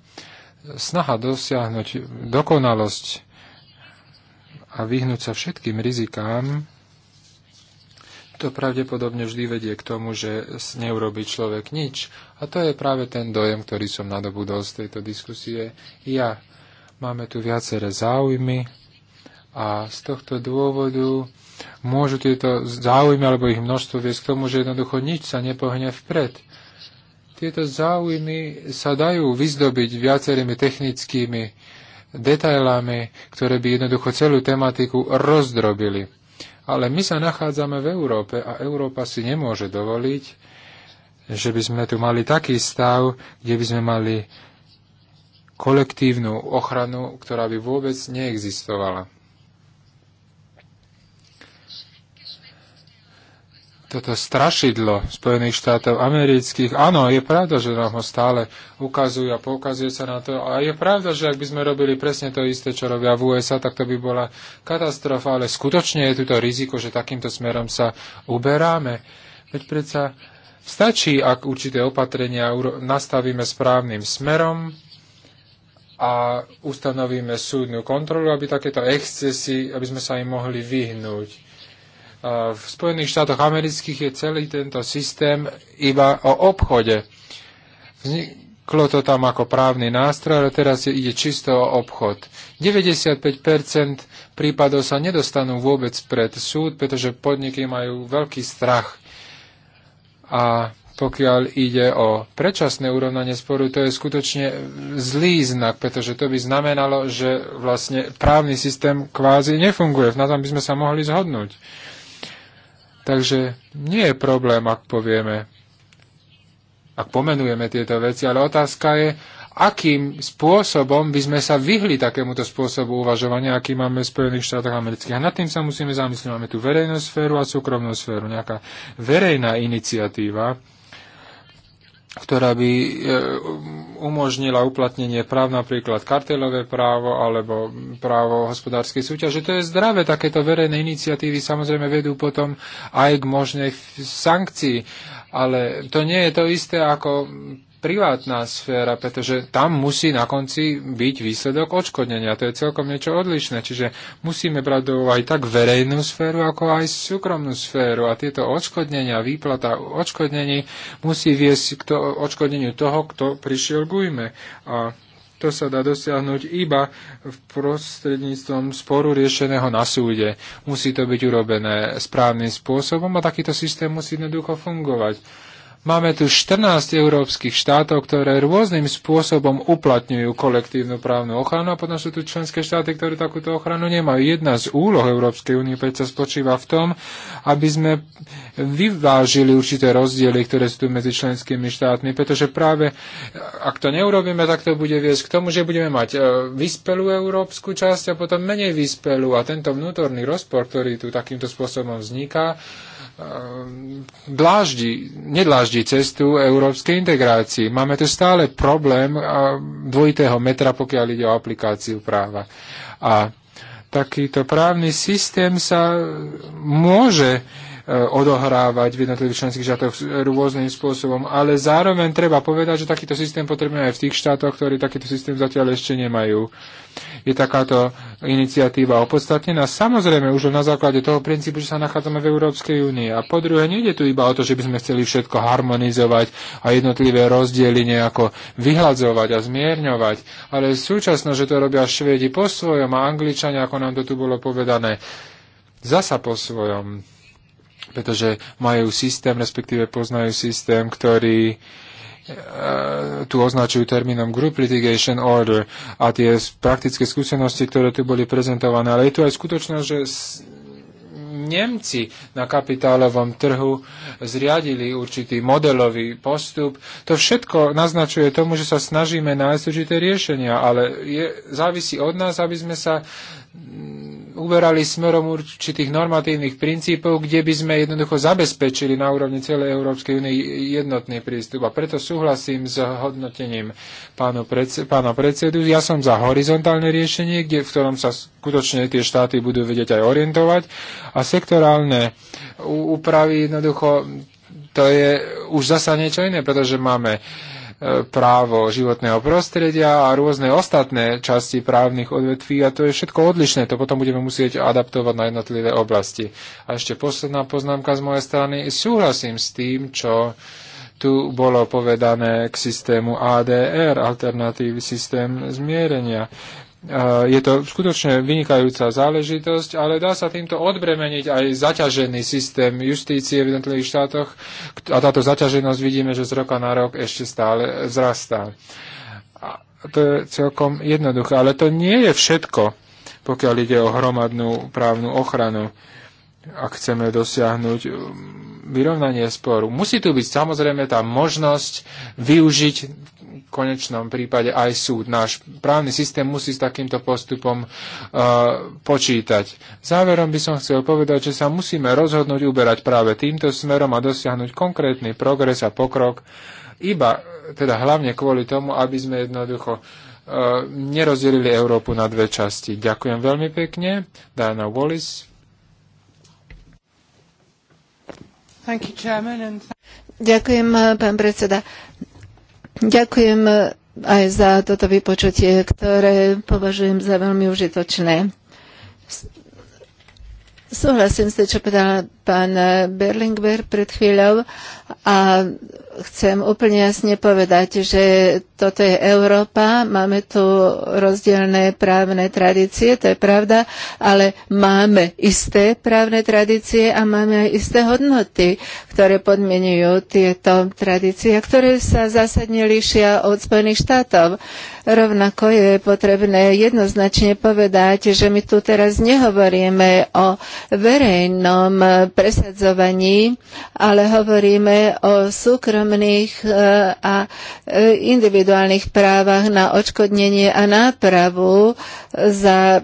Snaha dosiahnuť dokonalosť a vyhnúť sa všetkým rizikám, to pravdepodobne vždy vedie k tomu, že neurobi človek nič. A to je práve ten dojem, ktorý som nadobudol z tejto diskusie. Ja. Máme tu viaceré záujmy a z tohto dôvodu môžu tieto záujmy alebo ich množstvo viesť k tomu, že jednoducho nič sa nepohne vpred. Tieto záujmy sa dajú vyzdobiť viacerými technickými detailami, ktoré by jednoducho celú tematiku rozdrobili. Ale my sa nachádzame v Európe a Európa si nemôže dovoliť, že by sme tu mali taký stav, kde by sme mali kolektívnu ochranu, ktorá by vôbec neexistovala. toto strašidlo Spojených štátov amerických. Áno, je pravda, že nám ho stále ukazujú a poukazuje sa na to. A je pravda, že ak by sme robili presne to isté, čo robia v USA, tak to by bola katastrofa. Ale skutočne je tu to riziko, že takýmto smerom sa uberáme. Veď predsa stačí, ak určité opatrenia nastavíme správnym smerom, a ustanovíme súdnu kontrolu, aby takéto excesy, aby sme sa im mohli vyhnúť. V Spojených štátoch amerických je celý tento systém iba o obchode. Vzniklo to tam ako právny nástroj, ale teraz ide čisto o obchod. 95% prípadov sa nedostanú vôbec pred súd, pretože podniky majú veľký strach. A pokiaľ ide o predčasné urovnanie sporu, to je skutočne zlý znak, pretože to by znamenalo, že vlastne právny systém kvázi nefunguje. Na tom by sme sa mohli zhodnúť. Takže nie je problém, ak povieme, ak pomenujeme tieto veci, ale otázka je, akým spôsobom by sme sa vyhli takémuto spôsobu uvažovania, aký máme v Spojených štátoch amerických. A nad tým sa musíme zamyslieť. Máme tu verejnú sféru a súkromnú sféru. Nejaká verejná iniciatíva, ktorá by e, um, umožnila uplatnenie práv, napríklad kartelové právo alebo právo hospodárskej súťaže. To je zdravé, takéto verejné iniciatívy samozrejme vedú potom aj k možnej sankcii, ale to nie je to isté ako privátna sféra, pretože tam musí na konci byť výsledok odškodnenia. To je celkom niečo odlišné. Čiže musíme brať do úvahy tak verejnú sféru, ako aj súkromnú sféru. A tieto odškodnenia, výplata odškodnení musí viesť k to, odškodneniu toho, kto prišiel k újme. A to sa dá dosiahnuť iba v prostredníctvom sporu riešeného na súde. Musí to byť urobené správnym spôsobom a takýto systém musí jednoducho fungovať Máme tu 14 európskych štátov, ktoré rôznym spôsobom uplatňujú kolektívnu právnu ochranu a potom sú tu členské štáty, ktoré takúto ochranu nemajú. Jedna z úloh Európskej únie predsa spočíva v tom, aby sme vyvážili určité rozdiely, ktoré sú tu medzi členskými štátmi, pretože práve ak to neurobíme, tak to bude viesť k tomu, že budeme mať e, vyspelú európsku časť a potom menej vyspelú a tento vnútorný rozpor, ktorý tu takýmto spôsobom vzniká, Ehm, dláždi, nedláždi cestu európskej integrácii. Máme tu stále problém dvojitého metra, pokiaľ ide o aplikáciu práva. A takýto právny systém sa môže uh, Eh, odohrávať v jednotlivých členských štátoch rôznym spôsobom, ale zároveň treba povedať, že takýto systém potrebujeme aj v tých štátoch, ktorí takýto systém zatiaľ ešte nemajú. Je takáto iniciatíva opodstatnená. Samozrejme, už na základe toho princípu, že sa nachádzame v Európskej únii. A po druhé, nejde tu iba o to, že by sme chceli všetko harmonizovať a jednotlivé rozdiely nejako vyhľadzovať a zmierňovať, ale súčasno, že to robia Švédi po svojom a Angličania, ako nám to tu bolo povedané, zasa po svojom pretože majú systém, respektíve poznajú systém, ktorý e, tu označujú termínom Group Litigation Order a tie praktické skúsenosti, ktoré tu boli prezentované. Ale je tu aj skutočnosť, že Nemci na kapitálovom trhu zriadili určitý modelový postup. To všetko naznačuje tomu, že sa snažíme nájsť určité riešenia, ale je, závisí od nás, aby sme sa uberali smerom určitých normatívnych princípov, kde by sme jednoducho zabezpečili na úrovni celej Európskej únie jednotný prístup. A preto súhlasím s hodnotením pánu predse- pána predsedu. Ja som za horizontálne riešenie, kde, v ktorom sa skutočne tie štáty budú vedieť aj orientovať. A sektorálne úpravy jednoducho to je už zasa niečo iné, pretože máme uh, právo životného prostredia a rôzne ostatné časti právnych odvetví a to je všetko odlišné. To potom budeme musieť adaptovať na jednotlivé oblasti. A ešte posledná poznámka z mojej strany. Súhlasím s tým, čo tu bolo povedané k systému ADR, alternatívny systém zmierenia. Eh, je to skutočne vynikajúca záležitosť, ale dá sa týmto odbremeniť aj zaťažený systém justície v jednotlivých štátoch a táto zaťaženosť vidíme, že z roka na rok ešte stále vzrastá. A to je celkom jednoduché, ale to nie je všetko, pokiaľ ide o hromadnú právnu ochranu, ak chceme dosiahnuť um, vyrovnanie sporu. Musí tu byť samozrejme tá možnosť využiť konečnom prípade aj súd. Náš právny systém musí s takýmto postupom e, počítať. Záverom by som chcel povedať, že sa musíme rozhodnúť uberať práve týmto smerom a dosiahnuť konkrétny progres a pokrok, iba teda hlavne kvôli tomu, aby sme jednoducho e, nerozdelili Európu na dve časti. Ďakujem veľmi pekne. Diana Wallis. Thank you, chairman, and... Ďakujem, pán predseda. Ďakujem e, aj za toto vypočutie, ktoré považujem za veľmi užitočné. Súhlasím s tým, čo povedala pán Berlingber pred chvíľou a chcem úplne jasne povedať, že toto je Európa, máme tu rozdielne právne tradície, to je pravda, ale máme isté právne tradície a máme aj isté hodnoty, ktoré podmienujú tieto tradície, ktoré sa zásadne líšia od Spojených štátov. Rovnako je potrebné jednoznačne povedať, že my tu teraz nehovoríme o verejnom presadzovaní, ale hovoríme o súkromných e, a e, individuálnych právach na odškodnenie a nápravu za e,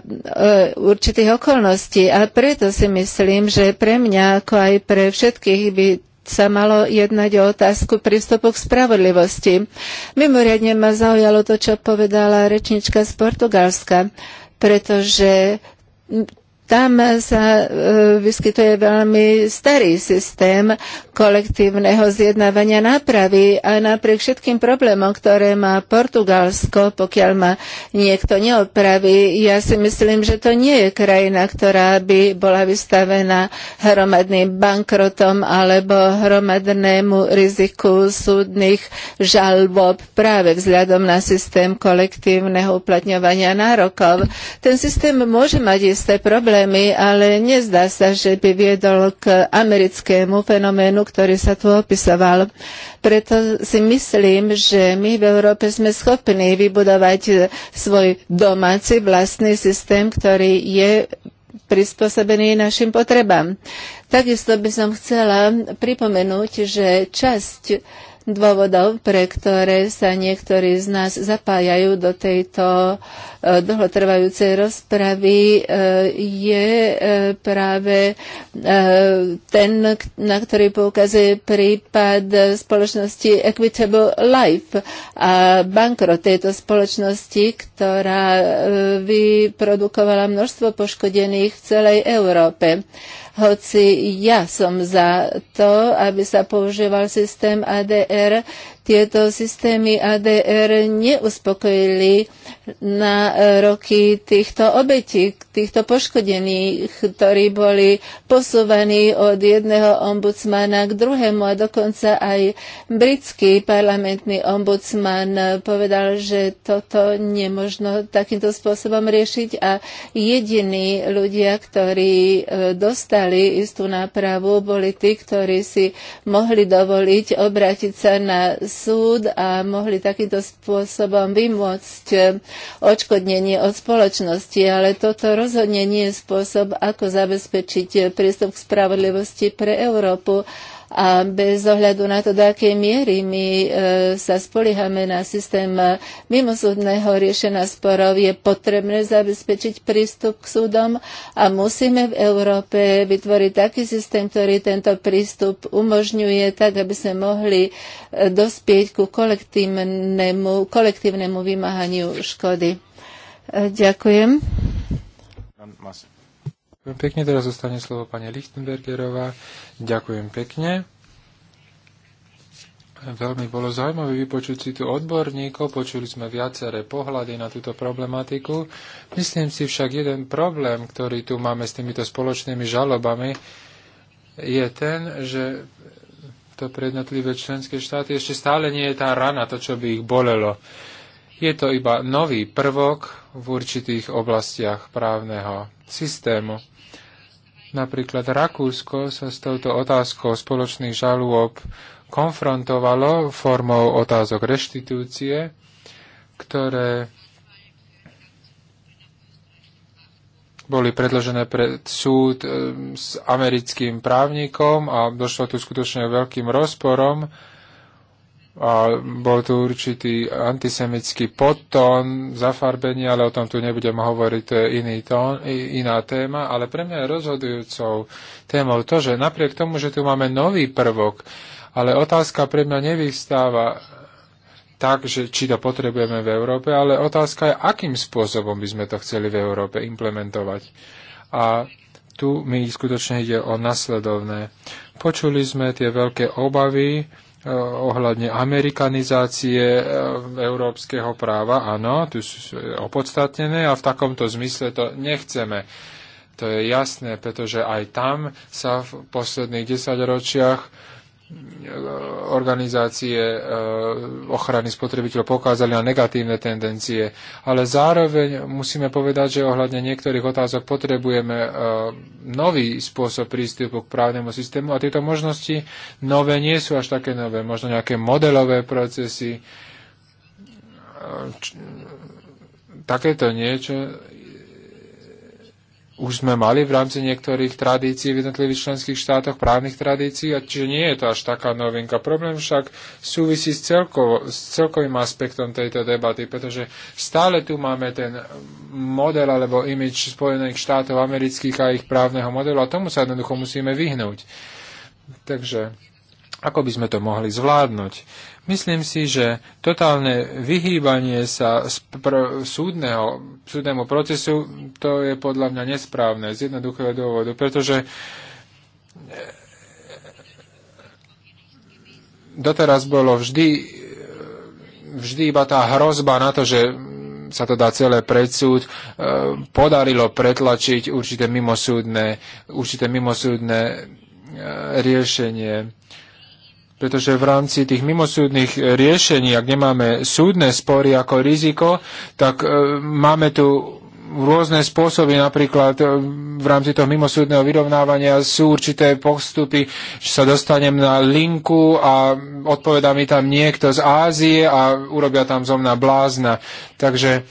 určitých okolností. A preto si myslím, že pre mňa, ako aj pre všetkých by sa malo jednať o otázku prístupu k spravodlivosti. Mimoriadne ma zaujalo to, čo povedala rečnička z Portugalska, pretože tam sa e, vyskytuje veľmi starý systém kolektívneho zjednávania nápravy a napriek všetkým problémom, ktoré má Portugalsko, pokiaľ ma niekto neopraví, ja si myslím, že to nie je krajina, ktorá by bola vystavená hromadným bankrotom alebo hromadnému riziku súdnych žalbob práve vzhľadom na systém kolektívneho uplatňovania nárokov. Ten systém môže mať isté problémy, problémy, ale nezdá sa, že by viedol k americkému fenoménu, ktorý sa tu opisoval. Preto si myslím, že my v Európe sme schopní vybudovať svoj domáci vlastný systém, ktorý je prispôsobený našim potrebám. Takisto by som chcela pripomenúť, že časť dôvodov, pre ktoré sa niektorí z nás zapájajú do tejto uh, dlhotrvajúcej rozpravy eh, je eh, práve eh, ten, na ktorý poukazuje prípad spoločnosti Equitable Life a bankrot tejto spoločnosti, ktorá vyprodukovala množstvo poškodených v celej Európe hoci ja som za to, aby sa používal systém ADR, tieto systémy ADR neuspokojili na e, roky týchto obetí, týchto poškodených, ktorí boli posúvaní od jedného ombudsmana k druhému a dokonca aj britský parlamentný ombudsman povedal, že toto nemožno takýmto spôsobom riešiť a jediní ľudia, ktorí e, dostali istú nápravu, boli tí, ktorí si mohli dovoliť obrátiť sa na súd a mohli takýmto spôsobom vymôcť eh, odškodnenie od spoločnosti, ale toto rozhodne nie je spôsob, ako zabezpečiť eh, prístup k spravodlivosti pre Európu. A bez ohľadu na to, do akej miery my e, sa spoliehame na systém e, mimozúdneho riešenia sporov, je potrebné zabezpečiť prístup k súdom a musíme v Európe vytvoriť taký systém, ktorý tento prístup umožňuje, tak aby sme mohli e, dospieť ku kolektívnemu, kolektívnemu vymáhaniu škody. Ďakujem. Ďakujem pekne, teraz zostane slovo pani Lichtenbergerová. Ďakujem pekne. Veľmi bolo zaujímavé vypočuť si tu odborníkov, počuli sme viaceré pohľady na túto problematiku. Myslím si však jeden problém, ktorý tu máme s týmito spoločnými žalobami, je ten, že to pre jednotlivé členské štáty ešte stále nie je tá rana, to, čo by ich bolelo. Je to iba nový prvok v určitých oblastiach právneho systému. Napríklad Rakúsko sa s touto otázkou spoločných žalúb konfrontovalo formou otázok reštitúcie, ktoré boli predložené pred súd eh, s americkým právnikom a došlo tu skutočne veľkým rozporom a bol tu určitý antisemický podtón, zafarbenie, ale o tom tu nebudem hovoriť, to je iný tón, iná téma, ale pre mňa je rozhodujúcou témou to, že napriek tomu, že tu máme nový prvok, ale otázka pre mňa nevystáva tak, že či to potrebujeme v Európe, ale otázka je, akým spôsobom by sme to chceli v Európe implementovať. A tu mi skutočne ide o nasledovné. Počuli sme tie veľké obavy, E, ohľadne amerikanizácie e, európskeho práva, áno, tu sú opodstatnené a v takomto zmysle to nechceme. To je jasné, pretože aj tam sa v posledných desaťročiach ročiach organizácie e, ochrany spotrebiteľov pokázali na negatívne tendencie, ale zároveň musíme povedať, že ohľadne niektorých otázok potrebujeme e, nový spôsob prístupu k právnemu systému a tieto možnosti nové nie sú až také nové, možno nejaké modelové procesy, e, takéto niečo už sme mali v rámci niektorých tradícií v jednotlivých členských štátoch, právnych tradícií, a čiže nie je to až taká novinka. Problém však súvisí s, celkovo, s celkovým aspektom tejto debaty, pretože stále tu máme ten model alebo imič Spojených štátov amerických a ich právneho modelu a tomu sa jednoducho musíme vyhnúť. Takže ako by sme to mohli zvládnuť? Myslím si, že totálne vyhýbanie sa pr- súdneho, súdnemu procesu, to je podľa mňa nesprávne z jednoduchého dôvodu, pretože e, doteraz bolo vždy, e, vždy iba tá hrozba na to, že sa to dá celé predsúd, e, podarilo pretlačiť určité mimosúdne, určité mimosúdne riešenie pretože v rámci tých mimosúdnych e, riešení, ak nemáme súdne spory ako riziko, tak e, máme tu rôzne spôsoby, napríklad e, v rámci toho mimosúdneho vyrovnávania sú určité postupy, že sa dostanem na linku a odpovedá mi tam niekto z Ázie a urobia tam zo mňa blázna. Takže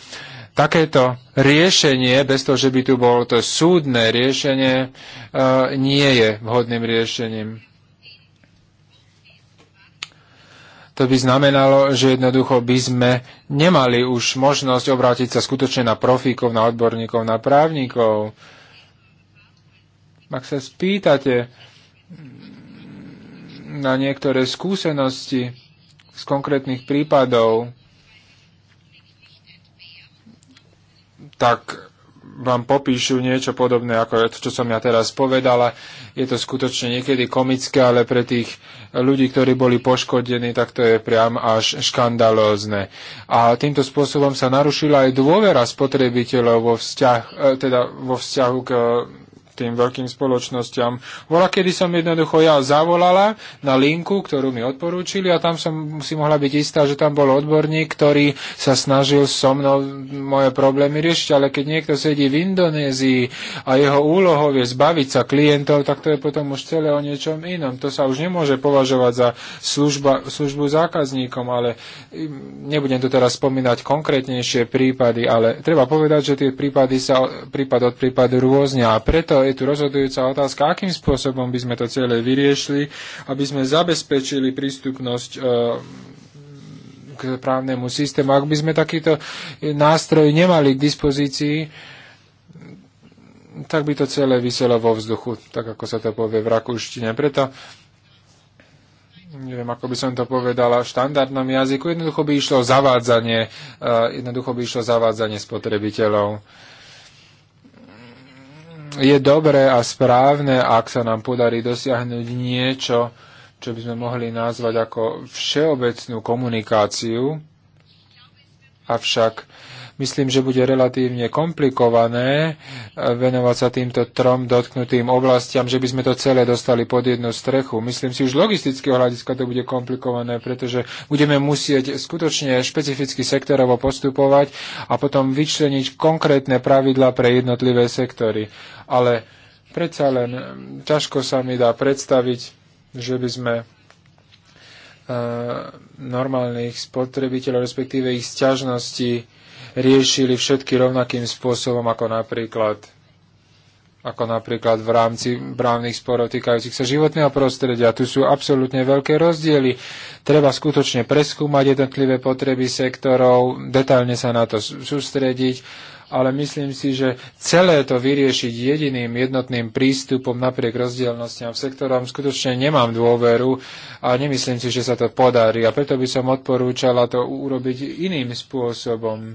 takéto riešenie, bez toho, že by tu bolo to súdne riešenie, e, nie je vhodným riešením. to by znamenalo, že jednoducho by sme nemali už možnosť obrátiť sa skutočne na profíkov, na odborníkov, na právnikov. Ak sa spýtate na niektoré skúsenosti z konkrétnych prípadov, tak vám popíšu niečo podobné, ako to, čo som ja teraz povedala. Je to skutočne niekedy komické, ale pre tých ľudí, ktorí boli poškodení, tak to je priam až škandalózne. A týmto spôsobom sa narušila aj dôvera spotrebiteľov vo, vzťah, e, teda vo vzťahu k tým veľkým spoločnosťam. Bola, kedy som jednoducho ja zavolala na linku, ktorú mi odporúčili a tam som si mohla byť istá, že tam bol odborník, ktorý sa snažil so mnou moje problémy riešiť, ale keď niekto sedí v Indonézii a jeho úlohou je zbaviť sa klientov, tak to je potom už celé o niečom inom. To sa už nemôže považovať za služba, službu zákazníkom, ale nebudem tu teraz spomínať konkrétnejšie prípady, ale treba povedať, že tie prípady sa prípad od prípadu rôzne a preto je tu rozhodujúca otázka, akým spôsobom by sme to celé vyriešili, aby sme zabezpečili prístupnosť e, k právnemu systému. Ak by sme takýto nástroj nemali k dispozícii, tak by to celé vyselo vo vzduchu, tak ako sa to povie v rakúštine. Preto neviem, ako by som to povedala, v štandardnom jazyku, jednoducho by išlo zavádzanie, e, jednoducho by išlo zavádzanie spotrebiteľov je dobré a správne, ak sa nám podarí dosiahnuť niečo, čo by sme mohli nazvať ako všeobecnú komunikáciu, avšak Myslím, že bude relatívne komplikované eh, venovať sa týmto trom dotknutým oblastiam, že by sme to celé dostali pod jednu strechu. Myslím si, už logistického hľadiska to bude komplikované, pretože budeme musieť skutočne špecificky sektorovo postupovať a potom vyčleniť konkrétne pravidla pre jednotlivé sektory. Ale predsa len eh, ťažko sa mi dá predstaviť, že by sme eh, normálnych spotrebiteľov, respektíve ich sťažnosti riešili všetky rovnakým spôsobom ako napríklad ako napríklad v rámci právnych sporov týkajúcich sa životného prostredia. Tu sú absolútne veľké rozdiely. Treba skutočne preskúmať jednotlivé potreby sektorov, detailne sa na to sústrediť, ale myslím si, že celé to vyriešiť jediným jednotným prístupom napriek rozdielnostiam v sektorom skutočne nemám dôveru a nemyslím si, že sa to podarí. A preto by som odporúčala to urobiť iným spôsobom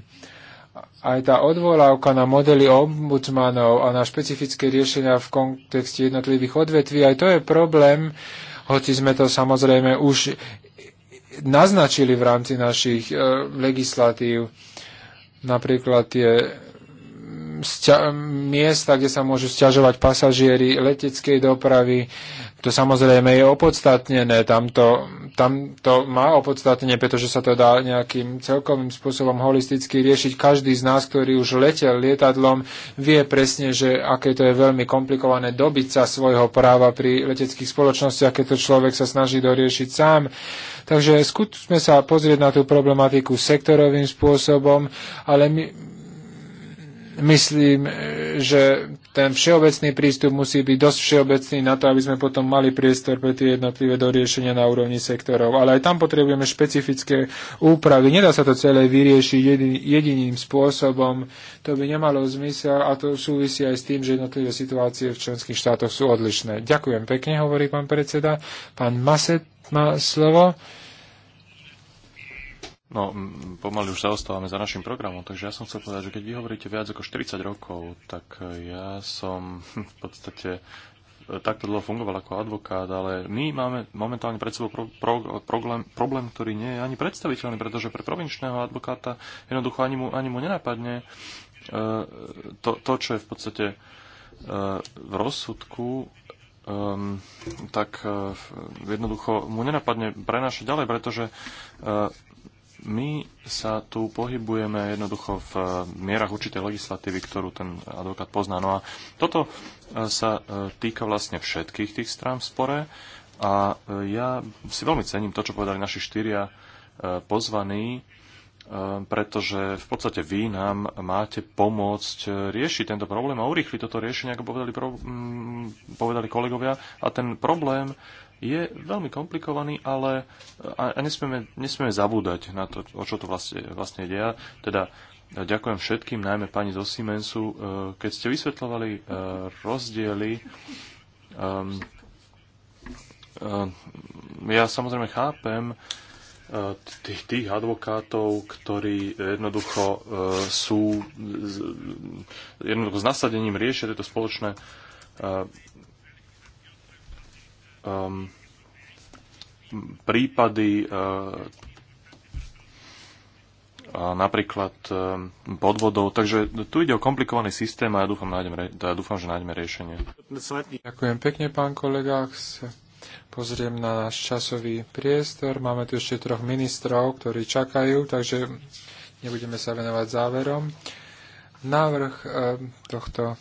aj tá odvolávka na modely ombudsmanov a na špecifické riešenia v kontexte jednotlivých odvetví, aj to je problém, hoci sme to samozrejme už naznačili v rámci našich e, legislatív. Napríklad tie miesta, kde sa môžu sťažovať pasažieri leteckej dopravy. To samozrejme je opodstatnené, tam to, tam to má opodstatnenie, pretože sa to dá nejakým celkovým spôsobom holisticky riešiť. Každý z nás, ktorý už letel lietadlom, vie presne, že aké to je veľmi komplikované dobiť sa svojho práva pri leteckých spoločnostiach, keď to človek sa snaží doriešiť sám. Takže skúsme sa pozrieť na tú problematiku sektorovým spôsobom, ale my, myslím, e, že ten všeobecný prístup musí byť dosť všeobecný na to, aby sme potom mali priestor pre tie jednotlivé doriešenia na úrovni sektorov. Ale aj tam potrebujeme špecifické úpravy. Nedá sa to celé vyriešiť jediným spôsobom. To by nemalo zmysel a to súvisí aj s tým, že jednotlivé situácie v členských štátoch sú odlišné. Ďakujem pekne, hovorí pán predseda. Pán Maset má slovo. No, pomaly už zaostávame za našim programom, takže ja som chcel povedať, že keď vy hovoríte viac ako 40 rokov, tak eh, ja som v podstate eh, takto dlho fungoval ako advokát, ale my máme momentálne pred sebou pro, pro, problém, problém, ktorý nie je ani predstaviteľný, pretože pre provinčného advokáta jednoducho ani mu, ani mu nenapadne eh, to, to, čo je v podstate v rozsudku, um, tak uh, jednoducho mu nenapadne prenášať ďalej, pretože uh, my sa tu pohybujeme jednoducho v eh, mierach určitej legislatívy, ktorú ten advokát pozná. No a toto eh, sa eh, týka vlastne všetkých tých strán v spore. A ja si veľmi cením to, čo povedali naši štyria pozvaní, pretože v podstate vy nám máte pomôcť riešiť tento problém a urýchliť toto riešenie, ako povedali, mm, povedali kolegovia. A ten problém je veľmi komplikovaný, ale a, a nesmieme, nesmieme zabúdať na to, o čo to vlastne, vlastne deja. Teda ďakujem všetkým, najmä pani zo Siemensu, e, keď ste vysvetľovali e, rozdiely. Ehm, ehm, ja samozrejme chápem, e, tých, tých advokátov, ktorí jednoducho sú jednoducho s nasadením riešia tieto spoločné um, prípady uh, a napríklad um, podvodov. Takže tu ide o komplikovaný systém a ja dúfam, nájdem, ja dúfam že nájdeme riešenie. Ďakujem pekne, pán kolega. pozriem na náš časový priestor, máme tu ešte troch ministrov, ktorí čakajú, takže nebudeme sa venovať záverom. Návrh eh, tohto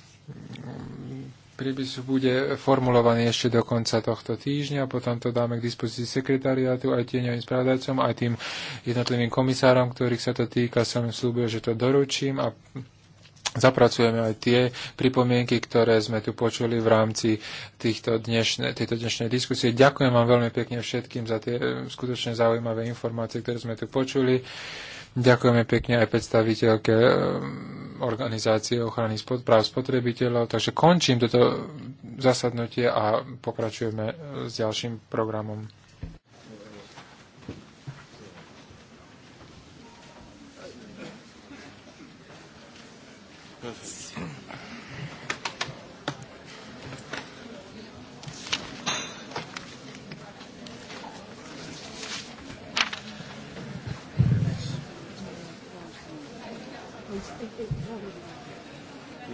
prípis bude formulovaný ešte do konca tohto týždňa, potom to dáme k dispozícii sekretariátu, aj tieňovým správdacom, aj tým jednotlivým komisárom, ktorých sa to týka. Som slúbil, že to doručím a zapracujeme aj tie pripomienky, ktoré sme tu počuli v rámci týchto tejto dnešnej diskusie. Ďakujem vám veľmi pekne všetkým za tie eh, skutočne zaujímavé informácie, ktoré sme tu počuli. Ďakujeme pekne aj predstaviteľke eh, organizácie ochrany spod, práv spotrebiteľov. Takže končím toto zasadnutie a pokračujeme eh, s ďalším programom.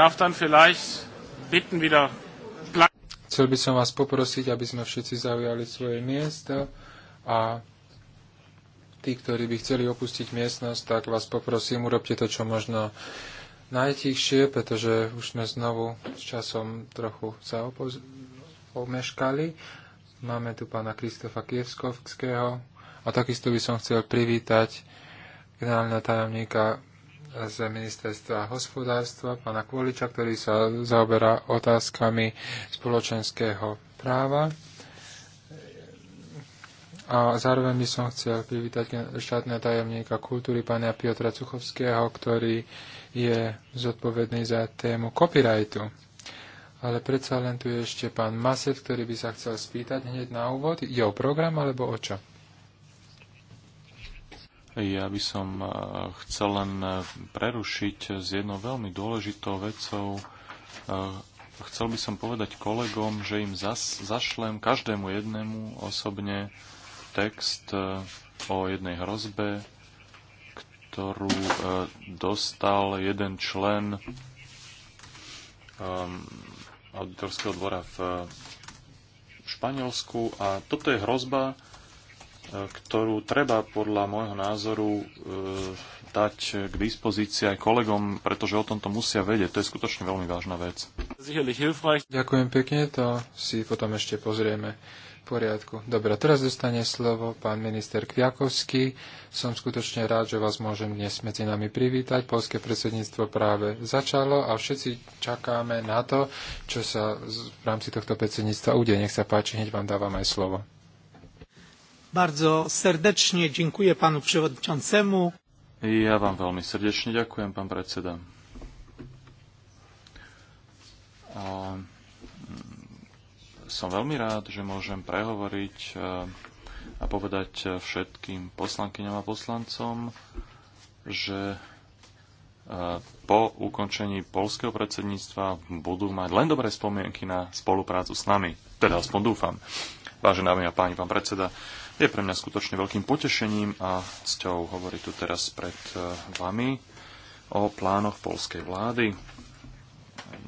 darf dann vielleicht bitten wieder Chcel by som vás poprosiť, aby sme všetci zaujali svoje miesto a tí, ktorí by chceli opustiť miestnosť, tak vás poprosím, urobte to čo možno najtichšie, pretože už sme znovu s časom trochu sa omeškali. Máme tu pána Kristofa Kievskovského a takisto by som chcel privítať generálneho tajomníka z ministerstva hospodárstva, pána Kvoliča, ktorý sa zaoberá otázkami spoločenského práva. A zároveň by som chcel privítať štátneho tajomníka kultúry pána Piotra Cuchovského, ktorý je zodpovedný za tému copyrightu. Ale predsa len tu je ešte pán Masev, ktorý by sa chcel spýtať hneď na úvod. Je o program alebo o čo? Ja by som eh, chcel len eh, prerušiť s jednou veľmi dôležitou vecou. Eh, chcel by som povedať kolegom, že im zas, zašlem každému jednému osobne text o jednej hrozbe, ktorú dostal jeden člen ehm, auditorského dvora v Španielsku. A toto je hrozba, ktorú treba podľa môjho názoru e, dať k dispozícii aj kolegom, pretože o tomto musia vedieť. To je skutočne veľmi vážna vec. Ďakujem pekne, to si potom ešte pozrieme v poriadku. Dobre, teraz dostane slovo pán minister Kviakovský. Som skutočne rád, že vás môžem dnes medzi nami privítať. Polské predsedníctvo práve začalo a všetci čakáme na to, čo sa v rámci tohto predsedníctva udeje. Nech sa páči, hneď vám dávam aj slovo. Bardzo serdecznie dziękuję panu przewodniczącemu. Ja vám veľmi srdečne ďakujem, pán predseda. A mm, som veľmi rád, že môžem prehovoriť a povedať všetkým poslankyňom a poslancom, že po ukončení polského predsedníctva budú mať len dobré spomienky na spoluprácu s nami. Teda aspoň dúfam. Vážená dámy a páni, pán predseda, je pre mňa skutočne veľkým potešením a cťou hovorí tu teraz pred e, vami o plánoch polskej vlády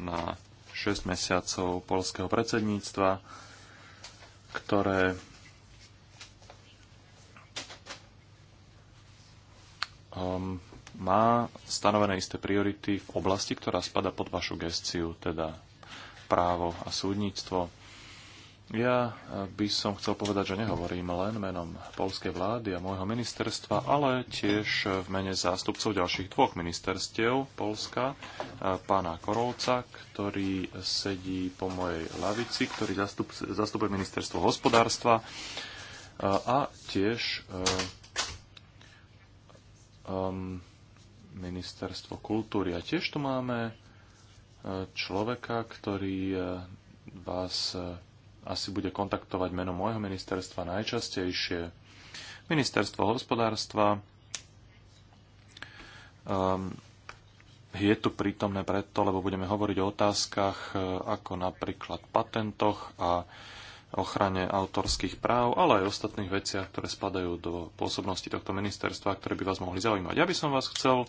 na 6 mesiacov polského predsedníctva, ktoré um, má stanovené isté priority v oblasti, ktorá spada pod vašu gestiu, teda právo a súdnictvo. Ja by som chcel povedať, že nehovorím len menom polskej vlády a môjho ministerstva, ale tiež v mene zástupcov ďalších dvoch ministerstiev Polska, pána Korolca, ktorý sedí po mojej lavici, ktorý zastup, zastupuje ministerstvo hospodárstva a tiež um, ministerstvo kultúry. A tiež tu máme človeka, ktorý vás asi bude kontaktovať meno môjho ministerstva najčastejšie. Ministerstvo hospodárstva um, je tu prítomné preto, lebo budeme hovoriť o otázkach eh, ako napríklad patentoch a ochrane autorských práv, ale aj ostatných veciach, ktoré spadajú do pôsobnosti tohto ministerstva, ktoré by vás mohli zaujímať. Ja by som vás chcel eh,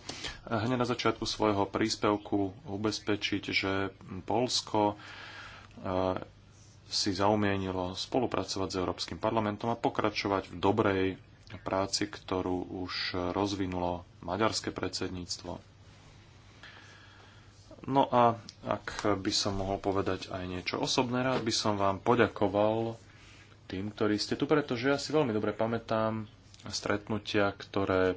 hneď na začiatku svojho príspevku ubezpečiť, že Polsko eh, si zaumienilo spolupracovať s Európskym parlamentom a pokračovať v dobrej práci, ktorú už rozvinulo maďarské predsedníctvo. No a ak by som mohol povedať aj niečo osobné, rád by som vám poďakoval tým, ktorí ste tu, pretože ja si veľmi dobre pamätám stretnutia, ktoré e,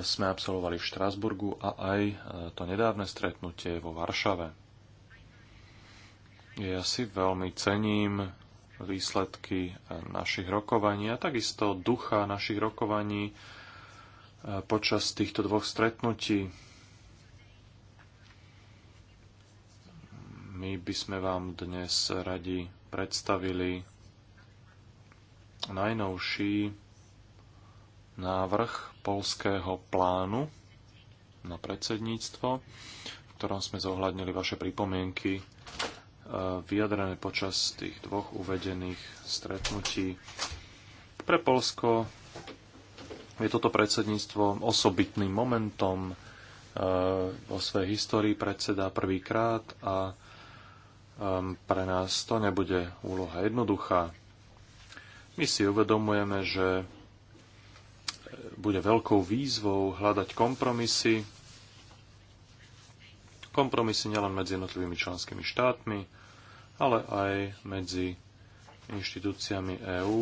sme absolvovali v Štrásburgu a aj e, to nedávne stretnutie vo Varšave. Ja si veľmi cením výsledky našich rokovaní a takisto ducha našich rokovaní e, počas týchto dvoch stretnutí. My by sme vám dnes radi predstavili najnovší návrh polského plánu na predsedníctvo, v ktorom sme zohľadnili vaše pripomienky vyjadrené počas tých dvoch uvedených stretnutí. Pre Polsko je toto predsedníctvo osobitným momentom e, vo svojej histórii predseda prvýkrát a e, pre nás to nebude úloha jednoduchá. My si uvedomujeme, že bude veľkou výzvou hľadať kompromisy kompromisy nielen medzi jednotlivými členskými štátmi, ale aj medzi inštitúciami EÚ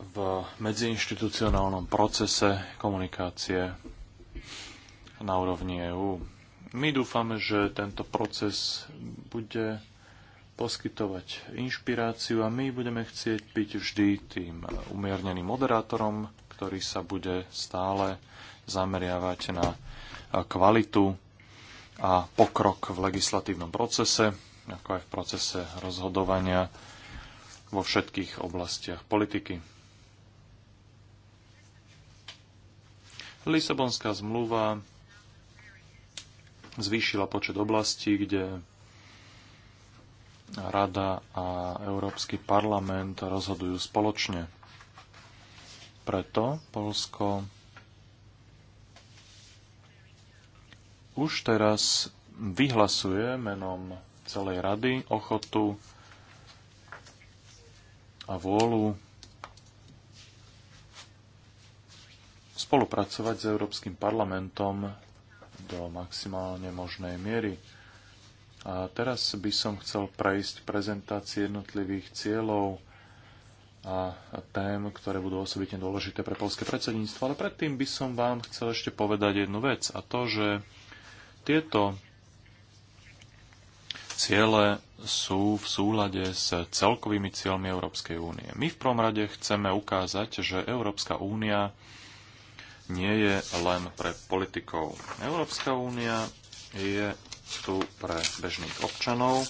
v medziinštitucionálnom procese komunikácie na úrovni EÚ. My dúfame, že tento proces bude poskytovať inšpiráciu a my budeme chcieť byť vždy tým umierneným moderátorom, ktorý sa bude stále zameriavať na e, kvalitu a pokrok v legislatívnom procese, ako aj v procese rozhodovania vo všetkých oblastiach politiky. Lisabonská zmluva zvýšila počet oblastí, kde Rada a Európsky parlament rozhodujú spoločne. Preto Polsko už teraz vyhlasuje menom celej rady ochotu a vôľu spolupracovať s Európskym parlamentom do maximálne možnej miery. A teraz by som chcel prejsť prezentácii jednotlivých cieľov a tém, ktoré budú osobitne dôležité pre polské predsedníctvo. Ale predtým by som vám chcel ešte povedať jednu vec a to, že tieto ciele sú v súlade s celkovými cieľmi Európskej únie. My v prvom rade chceme ukázať, že Európska únia nie je len pre politikov. Európska únia je tu pre bežných občanov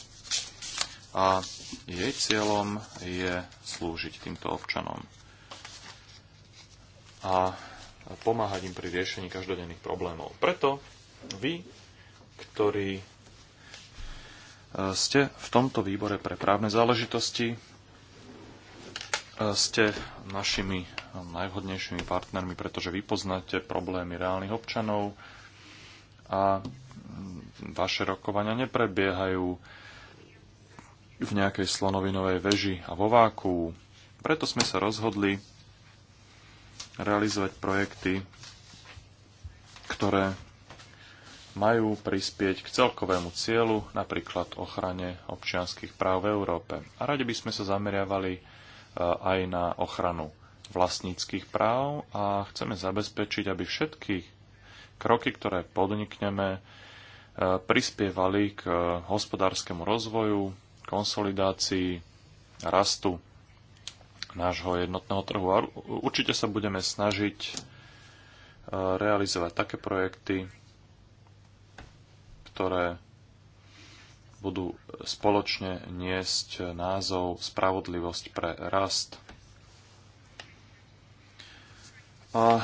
a jej cieľom je slúžiť týmto občanom a pomáhať im pri riešení každodenných problémov. Preto vy ktorý e, ste v tomto výbore pre právne záležitosti e, ste našimi najvhodnejšími partnermi, pretože vy poznáte problémy reálnych občanov a mm, vaše rokovania neprebiehajú v nejakej slonovinovej veži a vo váku. Preto sme sa rozhodli realizovať projekty, ktoré majú prispieť k celkovému cieľu, napríklad ochrane občianských práv v Európe. A radi by sme sa zameriavali e, aj na ochranu vlastníckých práv a chceme zabezpečiť, aby všetky kroky, ktoré podnikneme, e, prispievali k hospodárskemu rozvoju, konsolidácii, rastu nášho jednotného trhu. A určite sa budeme snažiť e, realizovať také projekty, ktoré budú spoločne niesť názov Spravodlivosť pre rast. A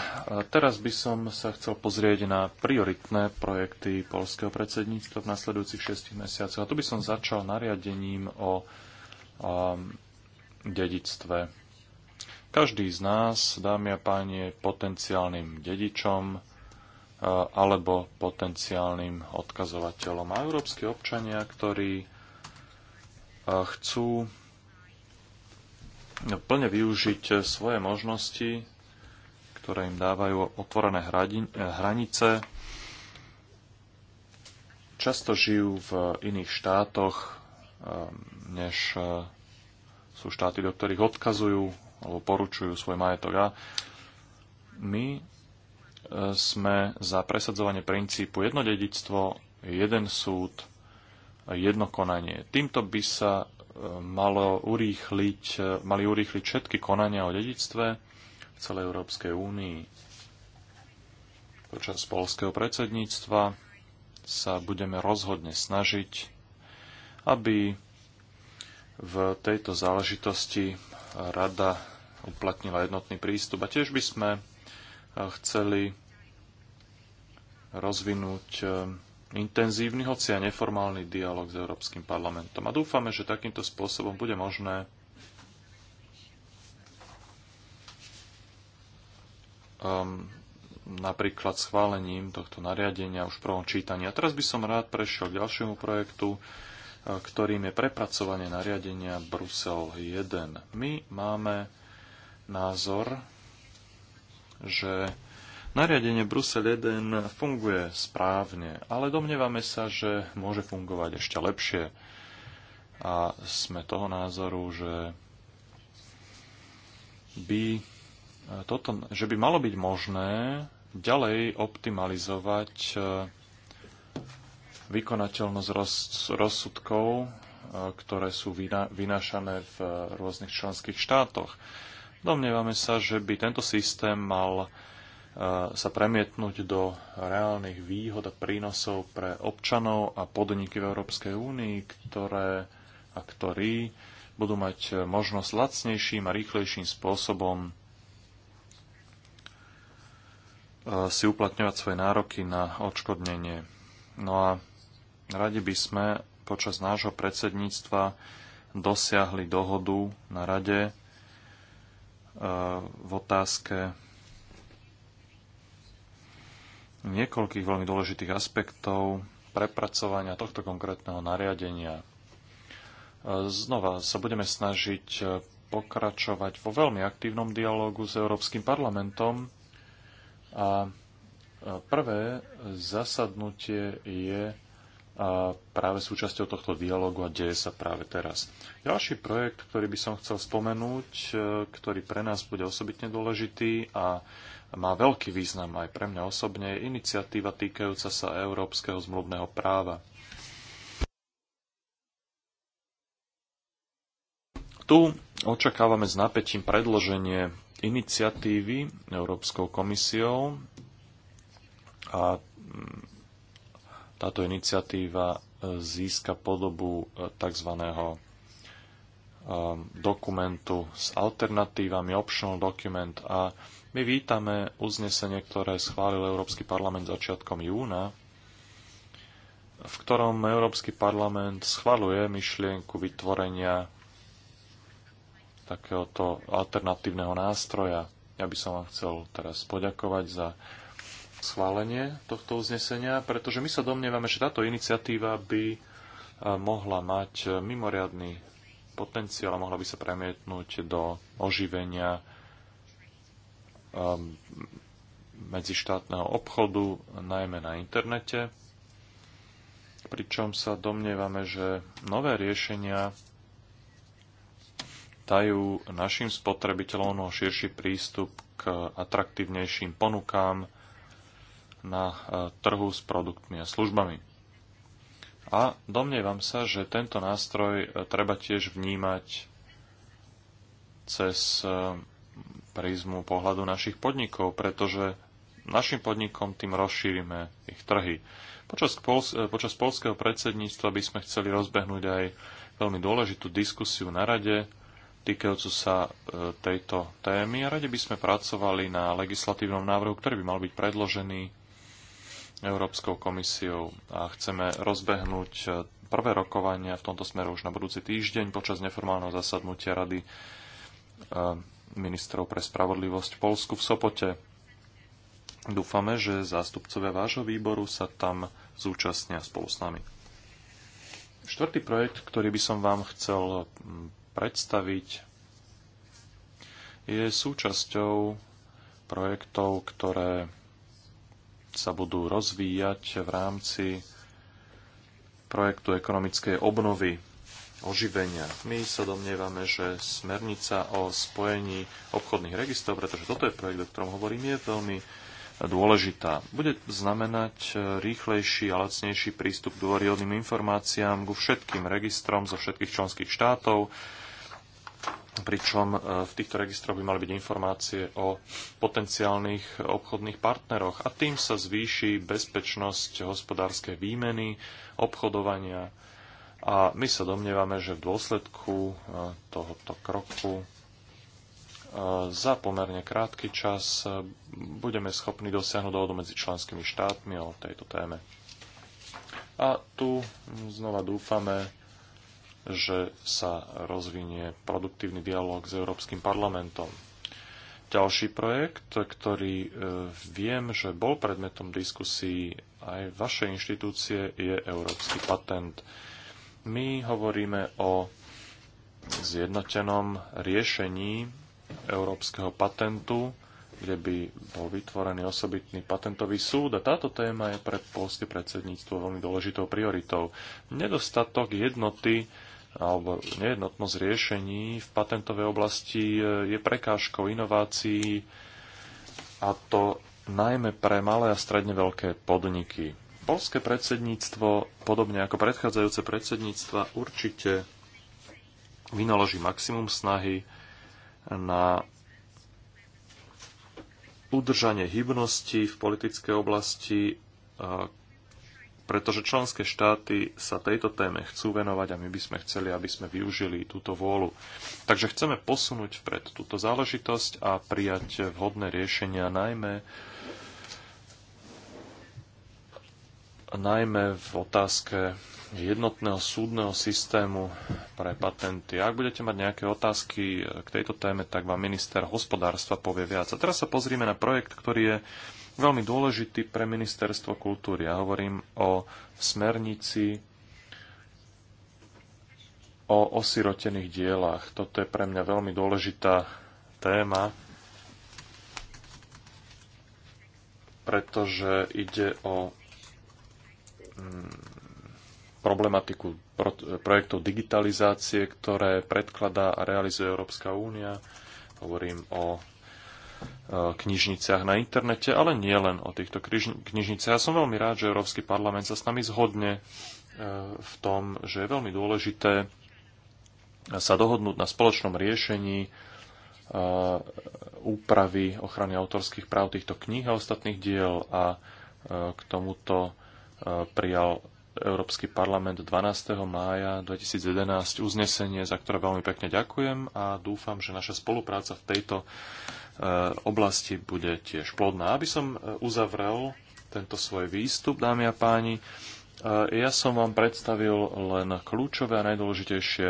teraz by som sa chcel pozrieť na prioritné projekty polského predsedníctva v nasledujúcich 6 mesiacoch. A tu by som začal nariadením o um, dedictve. Každý z nás, dámy a páni, je potenciálnym dedičom alebo potenciálnym odkazovateľom. A európsky občania, ktorí chcú plne využiť svoje možnosti, ktoré im dávajú otvorené hranice, často žijú v iných štátoch, než sú štáty, do ktorých odkazujú alebo poručujú svoj majetok. A my sme za presadzovanie princípu jedno dedictvo, jeden súd, jedno konanie. Týmto by sa e, malo urýchliť, e, mali urýchliť všetky konania o dedictve v celej Európskej únii. Počas polského predsedníctva sa budeme rozhodne snažiť, aby v tejto záležitosti rada uplatnila jednotný prístup. A tiež by sme chceli rozvinúť e, intenzívny, hoci aj neformálny dialog s Európskym parlamentom. A dúfame, že takýmto spôsobom bude možné um, napríklad schválením tohto nariadenia už v prvom čítaní. A teraz by som rád prešiel k ďalšiemu projektu, e, ktorým je prepracovanie nariadenia Brusel 1. My máme názor že nariadenie Brusel 1 funguje správne, ale domnievame sa, že môže fungovať ešte lepšie. A sme toho názoru, že by, e, toto, že by malo byť možné ďalej optimalizovať e, vykonateľnosť roz, rozsudkov, e, ktoré sú vynášané v rôznych členských štátoch. Domnievame sa, že by tento systém mal e, sa premietnúť do reálnych výhod a prínosov pre občanov a podniky v Európskej únii, ktoré a ktorí budú mať možnosť lacnejším a rýchlejším spôsobom e, si uplatňovať svoje nároky na odškodnenie. No a radi by sme počas nášho predsedníctva dosiahli dohodu na rade v otázke niekoľkých veľmi dôležitých aspektov prepracovania tohto konkrétneho nariadenia. Znova sa budeme snažiť pokračovať vo veľmi aktívnom dialogu s Európskym parlamentom a prvé zasadnutie je práve súčasťou tohto dialogu a deje sa práve teraz. Ďalší projekt, ktorý by som chcel spomenúť, e, ktorý pre nás bude osobitne dôležitý a má veľký význam aj pre mňa osobne, je iniciatíva týkajúca sa európskeho zmluvného práva. Tu očakávame s napätím predloženie iniciatívy Európskou komisiou a mm, táto iniciatíva e, získa podobu e, tzv. E, dokumentu s alternatívami, optional document a my vítame uznesenie, ktoré schválil Európsky parlament začiatkom júna, v ktorom Európsky parlament schvaluje myšlienku vytvorenia takéhoto alternatívneho nástroja. Ja by som vám chcel teraz poďakovať za schválenie tohto uznesenia, pretože my sa domnievame, že táto iniciatíva by e, mohla mať e, mimoriadný potenciál a mohla by sa premietnúť do oživenia ehm, medzištátneho obchodu, najmä na internete. Pričom sa domnievame, že nové riešenia dajú našim spotrebiteľom širší prístup k atraktívnejším ponukám na e, trhu s produktmi a službami. A domnievam sa, že tento nástroj e, treba tiež vnímať cez e, prízmu pohľadu našich podnikov, pretože našim podnikom tým rozšírime ich trhy. Počas, Pols- počas polského predsedníctva by sme chceli rozbehnúť aj veľmi dôležitú diskusiu na rade týkajúcu sa tejto témy a rade by sme pracovali na legislatívnom návrhu, ktorý by mal byť predložený Európskou komisiou a chceme rozbehnúť e, prvé rokovania v tomto smeru už na budúci týždeň počas neformálneho zasadnutia Rady e, ministrov pre spravodlivosť v Polsku v Sopote. Dúfame, že zástupcovia vášho výboru sa tam zúčastnia spolu s nami. Štvrtý projekt, ktorý by som vám chcel predstaviť, je súčasťou projektov, ktoré sa budú rozvíjať v rámci projektu ekonomickej obnovy, oživenia. My sa domnievame, že smernica o spojení obchodných registrov, pretože toto je projekt, o ktorom hovorím, je veľmi dôležitá. Bude znamenať rýchlejší a lacnejší prístup k dôveryhodným informáciám ku všetkým registrom zo všetkých členských štátov, pričom e, v týchto registroch by mali byť informácie o potenciálnych obchodných partneroch a tým sa zvýši bezpečnosť hospodárskej výmeny, obchodovania a my sa domnievame, že v dôsledku e, tohoto kroku e, za pomerne krátky čas budeme schopní dosiahnuť dohodu medzi členskými štátmi o tejto téme. A tu znova dúfame, že sa rozvinie produktívny dialog s Európskym parlamentom. Ďalší projekt, ktorý e, viem, že bol predmetom diskusí aj vašej inštitúcie, je Európsky patent. My hovoríme o zjednotenom riešení Európskeho patentu, kde by bol vytvorený osobitný patentový súd a táto téma je pre polské predsedníctvo veľmi dôležitou prioritou. Nedostatok jednoty alebo nejednotnosť riešení v patentovej oblasti e, je prekážkou inovácií a to najmä pre malé a stredne veľké podniky. Polské predsedníctvo, podobne ako predchádzajúce predsedníctva, určite vynaloží maximum snahy na udržanie hybnosti v politickej oblasti, pretože členské štáty sa tejto téme chcú venovať a my by sme chceli, aby sme využili túto vôľu. Takže chceme posunúť vpred túto záležitosť a prijať vhodné riešenia najmä najmä v otázke jednotného súdneho systému pre patenty. Ak budete mať nejaké otázky k tejto téme, tak vám minister hospodárstva povie viac. A teraz sa pozrieme na projekt, ktorý je veľmi dôležitý pre Ministerstvo kultúry. Ja hovorím o smernici o osirotených dielach. Toto je pre mňa veľmi dôležitá téma, pretože ide o mm, problematiku projektov digitalizácie, ktoré predkladá a realizuje Európska únia. Hovorím o E, knižniciach na internete, ale nie len o týchto knižniciach. Ja som veľmi rád, že Európsky parlament sa s nami zhodne e, v tom, že je veľmi dôležité sa dohodnúť na spoločnom riešení e, úpravy ochrany autorských práv týchto kníh a ostatných diel a k tomuto prijal Európsky parlament 12. mája 2011 uznesenie, za ktoré veľmi pekne ďakujem a dúfam, že naša spolupráca v tejto eh, oblasti bude tiež plodná. Aby som eh, uzavrel tento svoj výstup, dámy a páni, eh, ja som vám predstavil len kľúčové a najdôležitejšie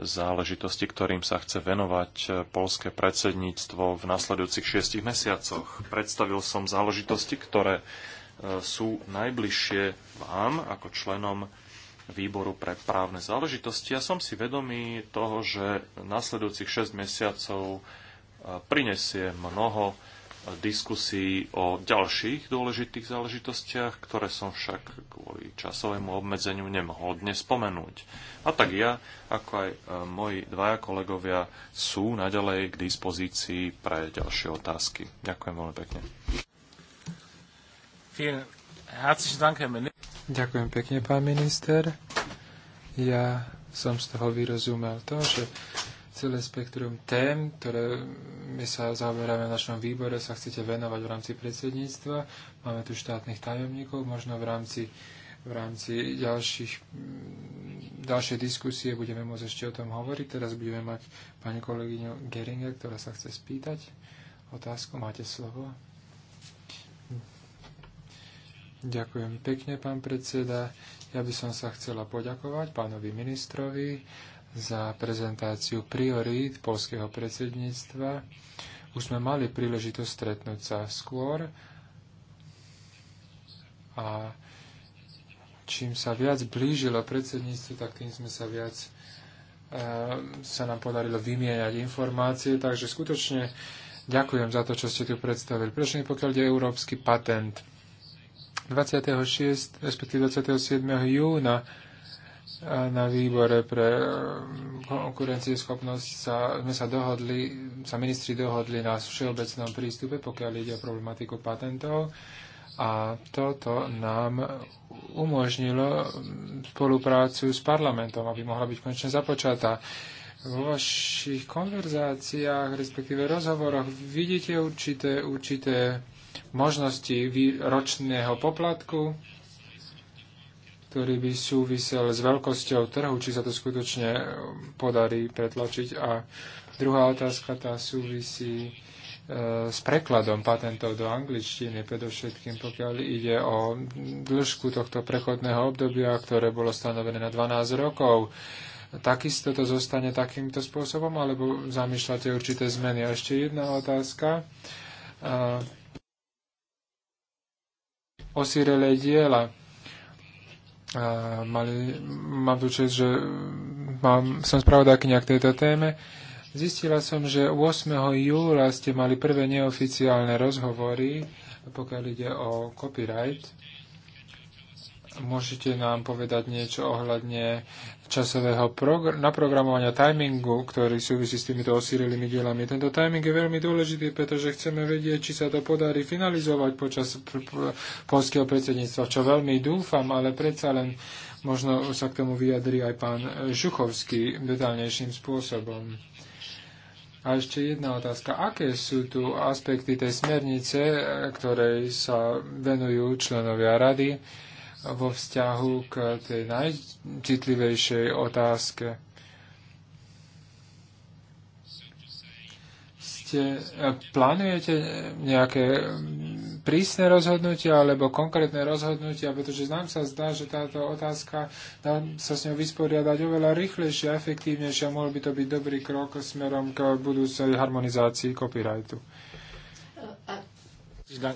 záležitosti, ktorým sa chce venovať polské predsedníctvo v nasledujúcich šiestich mesiacoch. Predstavil som záležitosti, ktoré sú najbližšie vám ako členom výboru pre právne záležitosti. Ja som si vedomý toho, že nasledujúcich 6 mesiacov e, prinesie mnoho diskusí o ďalších dôležitých záležitostiach, ktoré som však kvôli časovému obmedzeniu nemohol dnes spomenúť. A tak ja, ako aj e, moji dvaja kolegovia, sú naďalej k dispozícii pre ďalšie otázky. Ďakujem veľmi pekne. Ďakujem pekne, pán minister. Ja som z toho vyrozumel to, že celé spektrum tém, ktoré my sa zaoberáme v našom výbore, sa chcete venovať v rámci predsedníctva. Máme tu štátnych tajomníkov, možno v rámci, v rámci ďalších, ďalšej diskusie budeme môcť ešte o tom hovoriť. Teraz budeme mať pani kolegyňu Geringer, ktorá sa chce spýtať otázku. Máte slovo. Ďakujem pekne, pán predseda. Ja by som sa chcela poďakovať pánovi ministrovi za prezentáciu priorít polského predsedníctva. Už sme mali príležitosť stretnúť sa skôr a čím sa viac blížilo predsedníctvu, tak tým sme sa viac e, sa nám podarilo vymieňať informácie, takže skutočne ďakujem za to, čo ste tu predstavili. Prečo pokiaľ je európsky patent? 26, respektíve 27. júna e, na výbore pre e, konkurencieschopnosť sa, sme sa dohodli, sa ministri dohodli na všeobecnom prístupe, pokiaľ ide o problematiku patentov. A toto nám umožnilo spoluprácu s parlamentom, aby mohla byť konečne započatá. Vo vašich konverzáciách, respektíve rozhovoroch, vidíte určité, určité možnosti ročného poplatku, ktorý by súvisel s veľkosťou trhu, či sa to skutočne eh, podarí pretlačiť. A druhá otázka tá súvisí e, s prekladom patentov do angličtiny, predovšetkým pokiaľ ide o dĺžku tohto prechodného obdobia, ktoré bolo stanovené na 12 rokov. Takisto to zostane takýmto spôsobom, alebo zamýšľate určité zmeny? A ešte jedna otázka. E, osirelé diela. A mali, mám tu čest, že mám, som spravodajkynia k tejto téme. Zistila som, že 8. júla ste mali prvé neoficiálne rozhovory, pokiaľ ide o copyright Môžete nám povedať niečo ohľadne časového progr- naprogramovania timingu, ktorý súvisí s týmito osírilými dielami. Tento timing je veľmi dôležitý, pretože chceme vedieť, či sa to podarí finalizovať počas pr- pr- polského predsedníctva, čo veľmi dúfam, ale predsa len možno sa k tomu vyjadri aj pán Žuchovský detálnejším spôsobom. A ešte jedna otázka. Aké sú tu aspekty tej smernice, e, ktorej sa venujú členovia rady? vo vzťahu k tej najcitlivejšej otázke. Ste, plánujete nejaké prísne rozhodnutia alebo konkrétne rozhodnutia, pretože nám sa zdá, že táto otázka dá sa s ňou vysporiadať oveľa rýchlejšie a efektívnejšie a mohol by to byť dobrý krok smerom k budúcej harmonizácii copyrightu.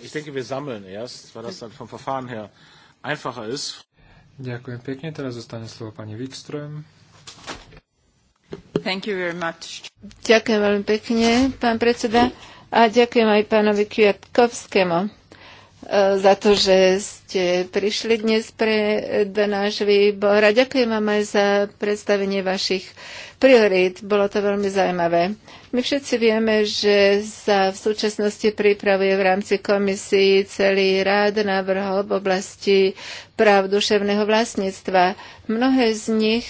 Ich denke, wir sammeln erst, weil das dann vom Verfahren her einfacher ist. Ďakujem pekne. Teraz zostane slovo pani Wikström. Thank you very much. Ďakujem veľmi pekne, pán predseda. A ďakujem aj pánovi Kviatkovskému e, za to, že ste prišli dnes pre, do náš výbor. A ďakujem vám aj za predstavenie vašich priorít. Bolo to veľmi zaujímavé. My všetci vieme, že sa v súčasnosti pripravuje v rámci komisii celý rád návrhov v oblasti práv duševného vlastníctva. Mnohé z nich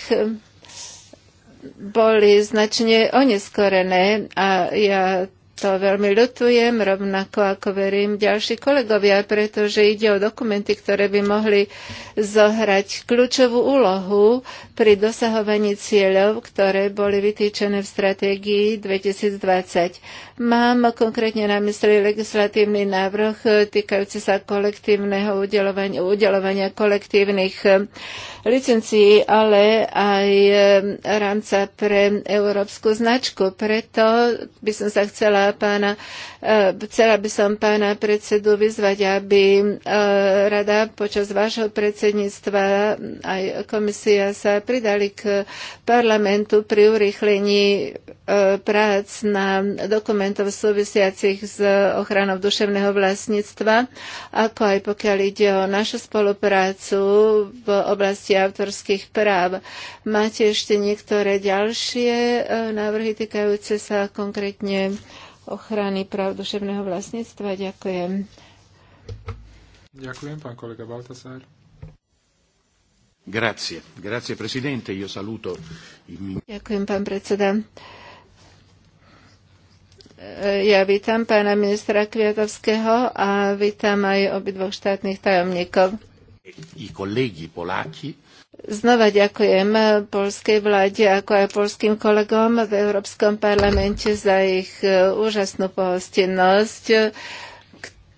boli značne oneskorené a ja to veľmi ľutujem, rovnako ako verím ďalší kolegovia, pretože ide o dokumenty, ktoré by mohli zohrať kľúčovú úlohu pri dosahovaní cieľov, ktoré boli vytýčené v stratégii 2020. Mám konkrétne na mysli legislatívny návrh týkajúci sa kolektívneho udelovania, udelovania kolektívnych eh, licencií, ale aj eh, rámca pre európsku značku. Preto by som sa chcela pána, eh, chcela by som pána predsedu vyzvať, aby rada počas vášho predsedníctva aj komisia sa pridali k parlamentu pri urýchlení prác na dokument dokumentov súvisiacich s ochranou duševného vlastníctva, ako aj pokiaľ ide o našu spoluprácu v oblasti autorských práv. Máte ešte niektoré ďalšie e, návrhy týkajúce sa konkrétne ochrany práv duševného vlastníctva? Ďakujem. Ďakujem, pán kolega Baltasár. Grazie. Grazie, presidente. Io saluto il... Ďakujem, pán predseda. E, ja vítam pána ministra Kviatovského a vítam aj obidvoch štátnych tajomníkov. I kolegi Poláky. Znova ďakujem polskej vláde, ako aj polským kolegom v Európskom parlamente za ich e, úžasnú pohostinnosť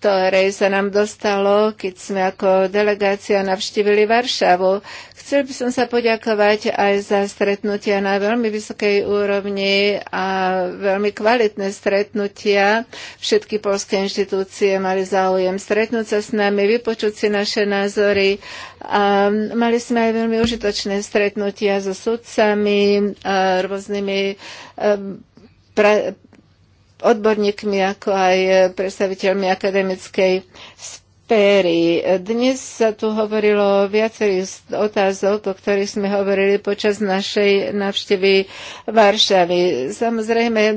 ktoré sa nám dostalo, keď sme ako delegácia navštívili Varšavu. Chcel by som sa poďakovať aj za stretnutia na veľmi vysokej úrovni a veľmi kvalitné stretnutia. Všetky polské inštitúcie mali záujem stretnúť sa s nami, vypočuť si naše názory a mali sme aj veľmi užitočné stretnutia so sudcami, a rôznymi eh, pra, odborníkmi, ako aj e, predstaviteľmi akademickej sféry. Dnes sa tu hovorilo o viacerých otázok, o ktorých sme hovorili počas našej návštevy Varšavy. Samozrejme, e,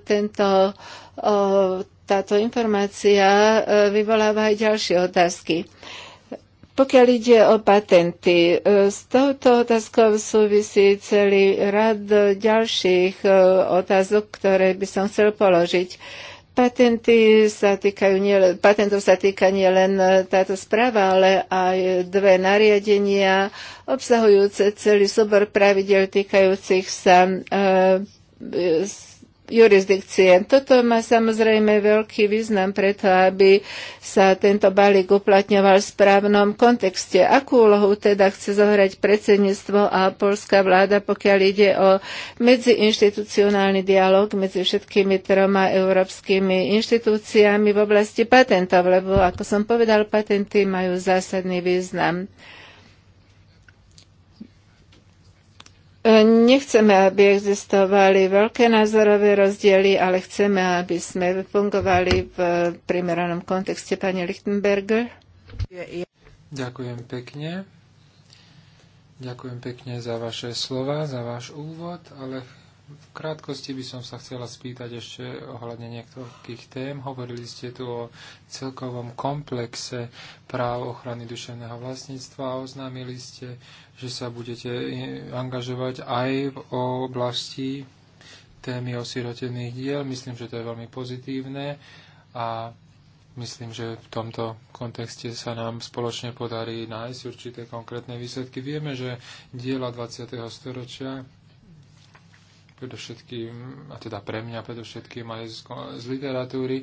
tento, táto informácia e, vyvoláva aj ďalšie otázky. Pokiaľ ide o patenty, e, s touto otázkou súvisí celý rad ďalších e, otázok, ktoré by som chcel položiť. Patenty sa týkajú nie, patentov sa týka nielen e, táto správa, ale aj dve nariadenia obsahujúce celý súbor pravidel týkajúcich sa e, jurisdikcie. Toto má samozrejme veľký význam preto, aby sa tento balík uplatňoval v správnom kontexte. Akú úlohu teda chce zohrať predsedníctvo a polská vláda, pokiaľ ide o medziinštitucionálny dialog medzi všetkými troma európskymi inštitúciami v oblasti patentov, lebo ako som povedal, patenty majú zásadný význam. Nechceme, aby existovali veľké názorové rozdiely, ale chceme, aby sme fungovali v primeranom kontexte. Pani Lichtenberger. Ďakujem pekne. Ďakujem pekne za vaše slova, za váš úvod, ale v krátkosti by som sa chcela spýtať ešte ohľadne niektorých tém. Hovorili ste tu o celkovom komplexe práv ochrany duševného vlastníctva a oznámili ste, že sa budete angažovať aj v oblasti témy osirotených diel. Myslím, že to je veľmi pozitívne a myslím, že v tomto kontexte sa nám spoločne podarí nájsť určité konkrétne výsledky. Vieme, že diela 20. storočia predovšetkým, a teda pre mňa predovšetkým aj z, z literatúry,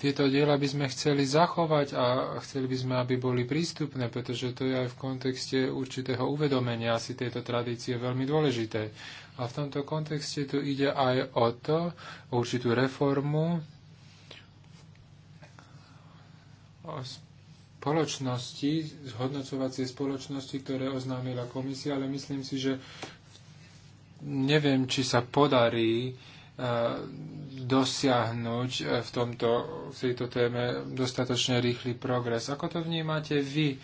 tieto diela by sme chceli zachovať a chceli by sme, aby boli prístupné, pretože to je aj v kontexte určitého uvedomenia si tejto tradície veľmi dôležité. A v tomto kontexte tu ide aj o to, o určitú reformu o spoločnosti, zhodnocovacie spoločnosti, ktoré oznámila komisia, ale myslím si, že neviem, či sa podarí eh, dosiahnuť eh, v, tomto, v tejto téme dostatočne rýchly progres. Ako to vnímate vy?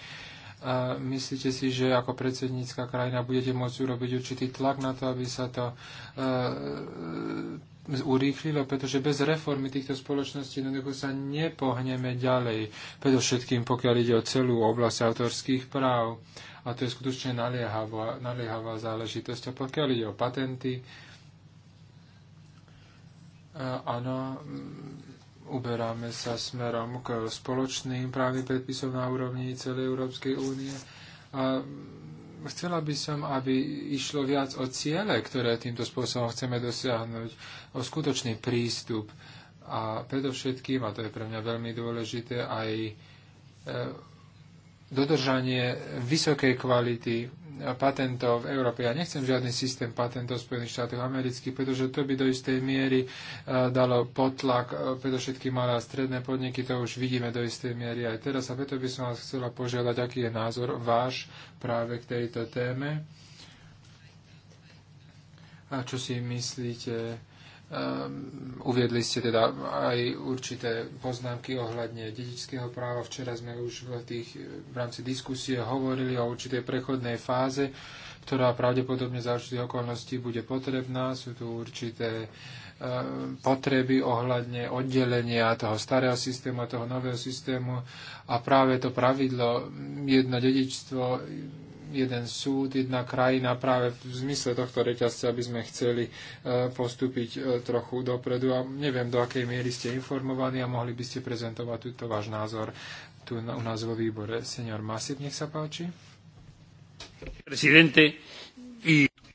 Myslíte si, že ako predsednícka krajina budete môcť urobiť určitý tlak na to, aby sa to eh, urýchlilo, pretože bez reformy týchto spoločností jednoducho sa nepohneme ďalej, predovšetkým pokiaľ ide o celú oblasť autorských práv a to je skutočne naliehavá, naliehavá záležitosť. A pokiaľ ide o patenty, e, áno, mm, uberáme sa smerom k spoločným právnym predpisom na úrovni celej Európskej únie. A mm, chcela by som, aby išlo viac o ciele, ktoré týmto spôsobom chceme dosiahnuť, o skutočný prístup. A predovšetkým, a to je pre mňa veľmi dôležité, aj e, dodržanie vysokej kvality patentov v Európe. Ja nechcem žiadny systém patentov Spojených štátov amerických, pretože to by do istej miery e, dalo potlak e, všetky malé a stredné podniky, to už vidíme do istej miery aj teraz a preto by som vás chcela požiadať, aký je názor váš práve k tejto téme a čo si myslíte Ehm, uviedli ste teda aj určité poznámky ohľadne dedičského práva. Včera sme už v, tých, v rámci diskusie hovorili o určitej prechodnej fáze, ktorá pravdepodobne za určitých okolností bude potrebná. Sú tu určité ehm, potreby ohľadne oddelenia toho starého systému a toho nového systému a práve to pravidlo jedno dedičstvo jeden súd, jedna krajina práve v zmysle tohto reťazca, aby sme chceli e, postúpiť e, trochu dopredu. A neviem, do akej miery ste informovaní a mohli by ste prezentovať túto váš názor tu u nás vo výbore. Senior Masip, nech sa páči. Prezidente.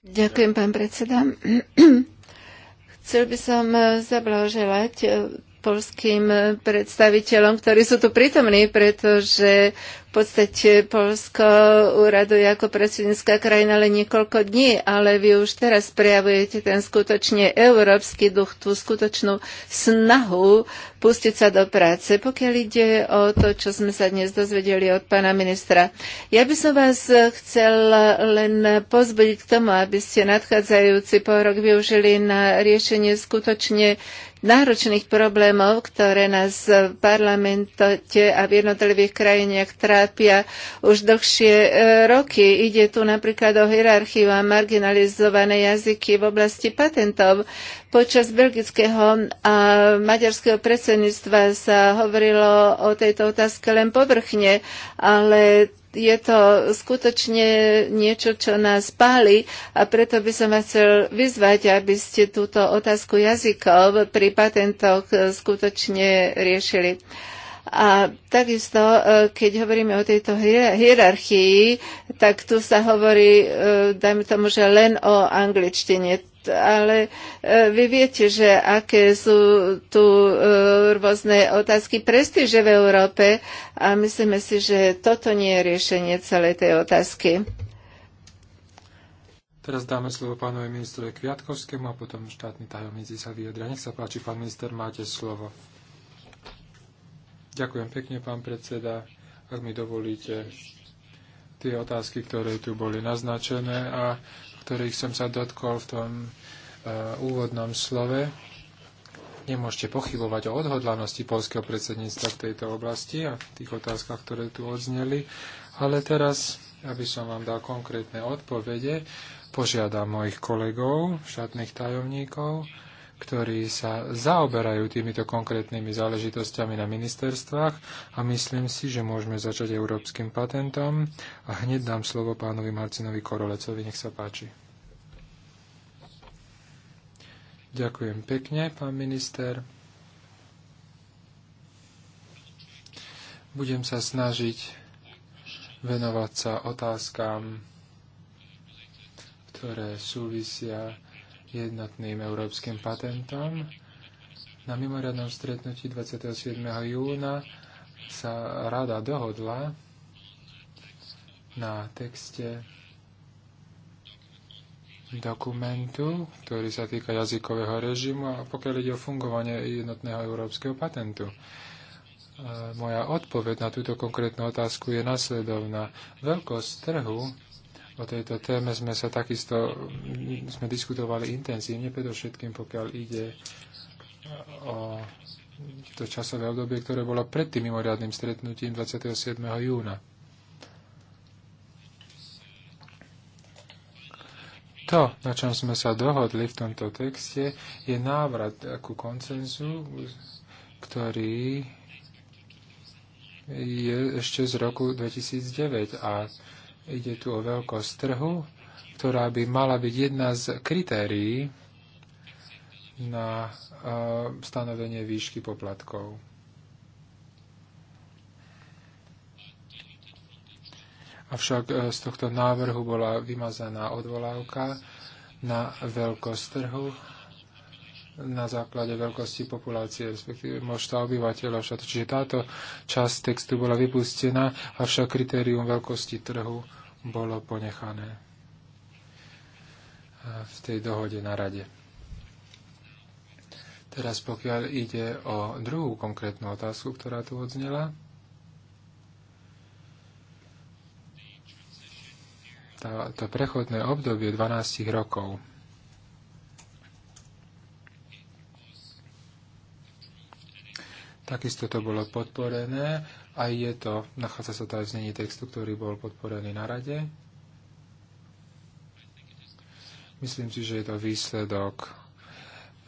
Ďakujem, pán predseda. Chcel by som zablahoželať e, polským eh, predstaviteľom, ktorí sú tu prítomní, pretože v podstate Polsko uraduje ako predsednícká krajina len niekoľko dní, ale vy už teraz prejavujete ten skutočne európsky duch, tú skutočnú snahu pustiť sa do práce, pokiaľ ide o to, čo sme sa dnes dozvedeli od pána ministra. Ja by som vás chcel len pozbudiť k tomu, aby ste nadchádzajúci pol rok využili na riešenie skutočne náročných problémov, ktoré nás v parlamente a v jednotlivých krajinách trápia už dlhšie e, roky. Ide tu napríklad o hierarchiu a marginalizované jazyky v oblasti patentov. Počas belgického a maďarského predsedníctva sa hovorilo o tejto otázke len povrchne, ale je to skutočne niečo, čo nás páli a preto by som vás chcel vyzvať, aby ste túto otázku jazykov pri patentoch skutočne riešili. A takisto, e, keď hovoríme o tejto hierarchii, tak tu sa hovorí, e, dajme tomu, že len o angličtine ale e, vy viete, že aké sú tu e, rôzne otázky prestíže v Európe a myslíme si, že toto nie je riešenie celej tej otázky. Teraz dáme slovo pánovi ministrovi Kviatkovskému a potom štátny tajomníci sa vyjadria. Nech sa páči, pán minister, máte slovo. Ďakujem pekne, pán predseda. Ak mi dovolíte, tie otázky, ktoré tu boli naznačené a ktorých som sa dotkol v tom uh, úvodnom slove. Nemôžete pochybovať o odhodlanosti polského predsedníctva v tejto oblasti a v tých otázkach, ktoré tu odzneli. Ale teraz, aby som vám dal konkrétne odpovede, požiadam mojich kolegov, štátnych tajomníkov, ktorí sa zaoberajú týmito konkrétnymi záležitosťami na ministerstvách a myslím si, že môžeme začať európskym patentom a hneď dám slovo pánovi Marcinovi Korolecovi, nech sa páči. Ďakujem pekne, pán minister. Budem sa snažiť venovať sa otázkam, ktoré súvisia jednotným európskym patentom. Na mimoriadnom stretnutí 27. júna sa rada dohodla na texte dokumentu, ktorý sa týka jazykového režimu a pokiaľ ide o fungovanie jednotného európskeho patentu. Moja odpoveď na túto konkrétnu otázku je nasledovná. Veľkosť trhu O tejto téme sme sa takisto sme diskutovali intenzívne, predovšetkým pokiaľ ide o to časové obdobie, ktoré bolo pred tým mimoriadným stretnutím 27. júna. To, na čom sme sa dohodli v tomto texte, je návrat ku koncenzu, ktorý je ešte z roku 2009 a Ide tu o veľkosť trhu, ktorá by mala byť jedna z kritérií na stanovenie výšky poplatkov. Avšak e, z tohto návrhu bola vymazaná odvolávka na veľkosť trhu na základe veľkosti populácie, respektíve množstva obyvateľov. Čiže táto časť textu bola vypustená, avšak kritérium veľkosti trhu bolo ponechané e, v tej dohode na rade. Teraz pokiaľ ide o druhú konkrétnu otázku, ktorá tu odznela, tá, to prechodné obdobie 12 rokov Takisto to bolo podporené a je to, nachádza sa to aj v znení textu, ktorý bol podporený na rade. Myslím si, že je to výsledok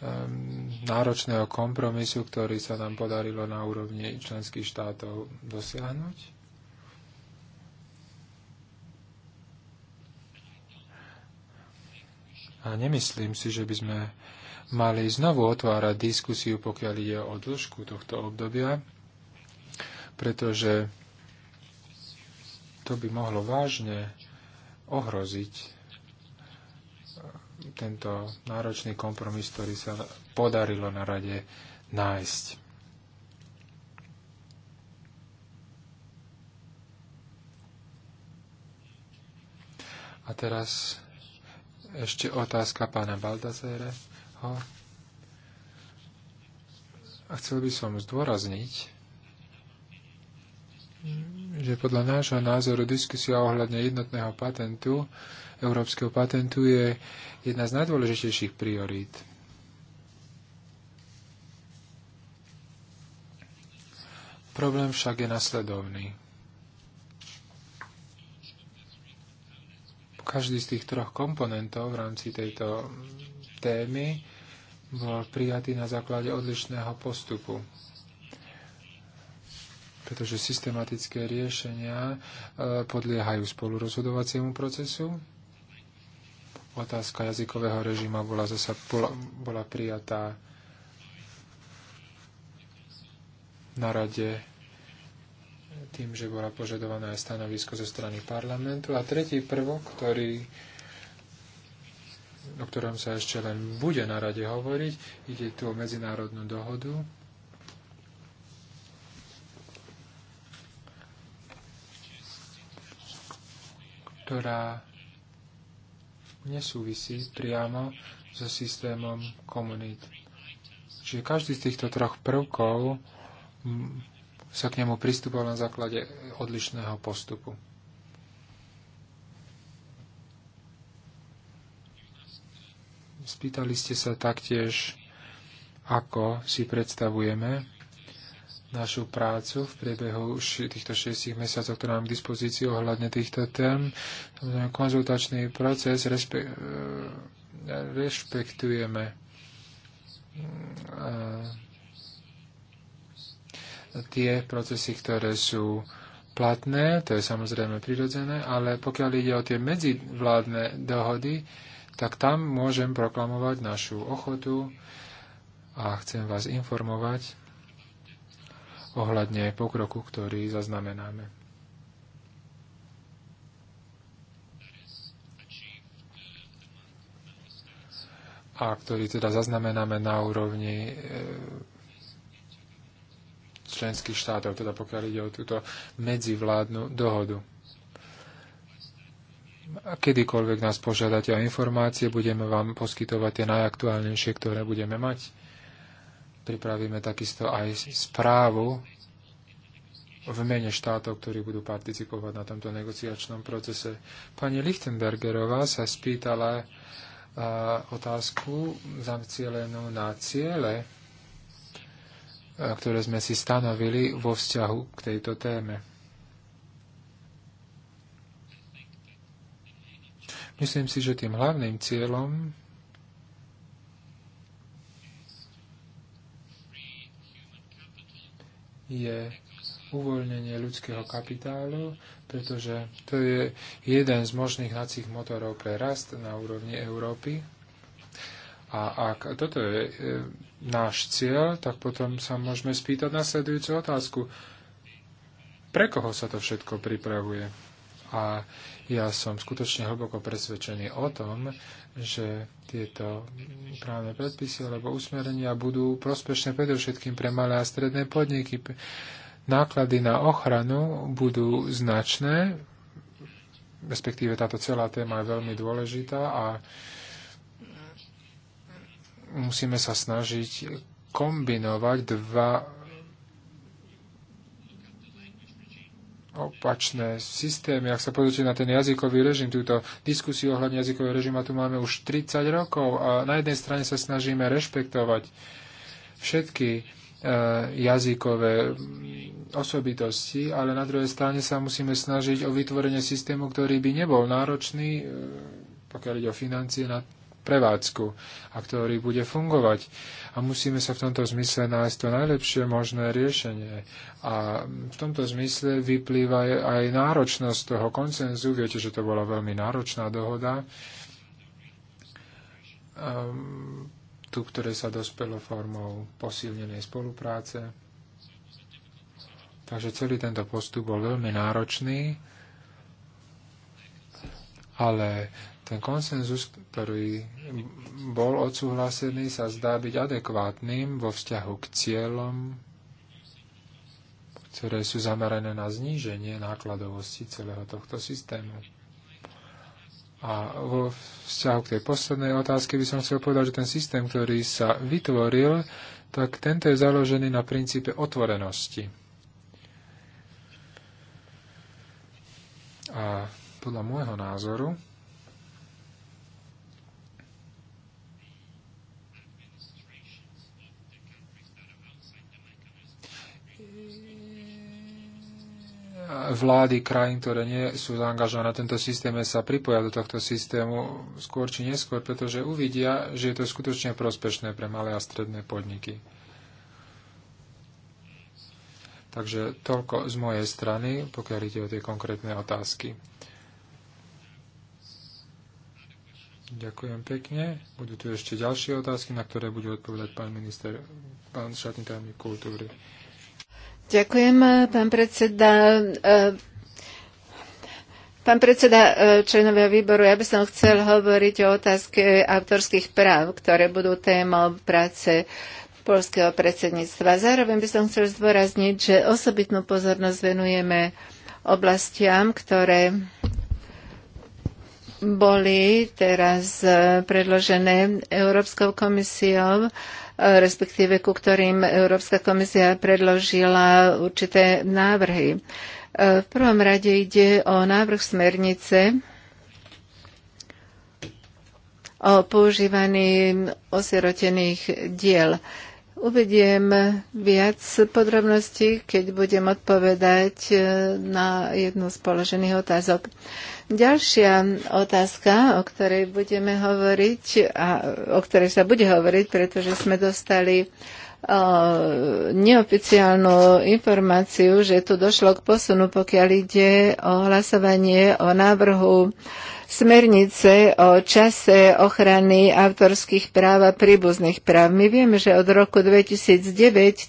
um, náročného kompromisu, ktorý sa nám podarilo na úrovni členských štátov dosiahnuť. A nemyslím si, že by sme mali znovu otvárať diskusiu, pokiaľ ide o dĺžku tohto obdobia, pretože to by mohlo vážne ohroziť eh, tento náročný kompromis, ktorý sa podarilo na rade nájsť. A teraz ešte otázka pána Baldazére ho. A chcel by som zdôrazniť, že podľa nášho názoru diskusia ohľadne jednotného patentu, európskeho patentu, je jedna z najdôležitejších priorít. Problém však je nasledovný. Každý z tých troch komponentov v rámci tejto témy bol prijatý na základe odlišného postupu pretože systematické riešenia e, podliehajú spolurozhodovaciemu procesu. Otázka jazykového režima bola zase bola, prijatá na rade tým, že bola požadované aj stanovisko zo strany parlamentu. A tretí prvok, ktorý o ktorom sa ešte len bude na rade hovoriť. Ide tu o medzinárodnú dohodu. ktorá nesúvisí priamo so systémom komunít. Čiže každý z týchto troch prvkov sa k nemu pristupoval na základe odlišného postupu. Spýtali ste sa taktiež, ako si predstavujeme našu prácu v priebehu týchto 6 mesiacov, ktoré mám k dispozícii ohľadne týchto tém. Konzultačný proces respe- e, rešpektujeme tie procesy, ktoré sú platné, to je samozrejme prirodzené, ale pokiaľ ide o tie medzivládne dohody, tak tam môžem proklamovať našu ochotu a chcem vás informovať ohľadne pokroku, ktorý zaznamenáme. a ktorý teda zaznamenáme na úrovni e, členských štátov, teda pokiaľ ide o túto medzivládnu dohodu kedykoľvek nás požiadate o informácie, budeme vám poskytovať tie najaktuálnejšie, ktoré budeme mať. Pripravíme takisto aj správu v mene štátov, ktorí budú participovať na tomto negociačnom procese. Pani Lichtenbergerová sa spýtala otázku zamcielenú na ciele, ktoré sme si stanovili vo vzťahu k tejto téme. Myslím si, že tým hlavným cieľom je uvoľnenie ľudského kapitálu, pretože to je jeden z možných hnacích motorov pre rast na úrovni Európy. A ak toto je e, náš cieľ, tak potom sa môžeme spýtať nasledujúcu otázku. Pre koho sa to všetko pripravuje? A ja som skutočne hlboko presvedčený o tom, že tieto právne predpisy alebo usmerenia budú prospešné predovšetkým pre malé a stredné podniky. Náklady na ochranu budú značné, respektíve táto celá téma je veľmi dôležitá a musíme sa snažiť kombinovať dva opačné systémy. Ak sa pozrite na ten jazykový režim, túto diskusiu ohľadne jazykového režima tu máme už 30 rokov a na jednej strane sa snažíme rešpektovať všetky e, jazykové mm, osobitosti, ale na druhej strane sa musíme snažiť o vytvorenie systému, ktorý by nebol náročný, e, pokiaľ ide o financie, na prevádzku a ktorý bude fungovať. A musíme sa v tomto zmysle nájsť to najlepšie možné riešenie. A v tomto zmysle vyplýva aj náročnosť toho koncenzu. Viete, že to bola veľmi náročná dohoda, um, tu, ktoré sa dospelo formou posilnenej spolupráce. Takže celý tento postup bol veľmi náročný ale ten konsenzus, ktorý bol odsúhlasený, sa zdá byť adekvátnym vo vzťahu k cieľom, ktoré sú zamerané na zníženie nákladovosti celého tohto systému. A vo vzťahu k tej poslednej otázke by som chcel povedať, že ten systém, ktorý sa vytvoril, tak tento je založený na princípe otvorenosti. A podľa môjho názoru vlády krajín, ktoré nie sú zaangažované na tento systém, sa pripoja do tohto systému skôr či neskôr, pretože uvidia, že je to skutočne prospešné pre malé a stredné podniky. Takže toľko z mojej strany, pokiaľ ide o tie konkrétne otázky. Ďakujem pekne. Budú tu ešte ďalšie otázky, na ktoré bude odpovedať pán minister, pán šatný kultúry. Ďakujem, pán predseda. E, pán predseda e, členovia výboru, ja by som chcel hovoriť o otázke autorských práv, ktoré budú témou práce polského predsedníctva. Zároveň by som chcel zdôrazniť, že osobitnú pozornosť venujeme oblastiam, ktoré boli teraz predložené Európskou komisiou respektíve ku ktorým Európska komisia predložila určité návrhy. V prvom rade ide o návrh smernice o používaní osirotených diel. Uvediem viac podrobností, keď budem odpovedať eh, na jednu z položených otázok. Ďalšia otázka, o ktorej budeme hovoriť a o ktorej sa bude hovoriť, pretože sme dostali e, neoficiálnu informáciu, že tu došlo k posunu, pokiaľ ide o hlasovanie o návrhu smernice o čase ochrany autorských práv a príbuzných práv. My vieme, že od roku 2009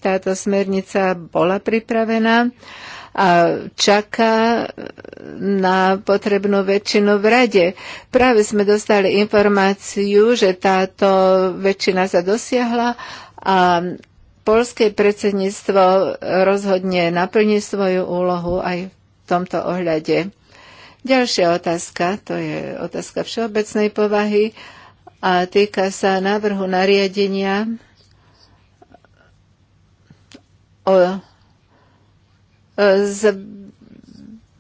táto smernica bola pripravená a čaká na potrebnú väčšinu v rade. Práve sme dostali informáciu, že táto väčšina sa dosiahla a polské predsedníctvo rozhodne naplní svoju úlohu aj v tomto ohľade. Ďalšia otázka, to je otázka všeobecnej povahy a týka sa návrhu nariadenia o z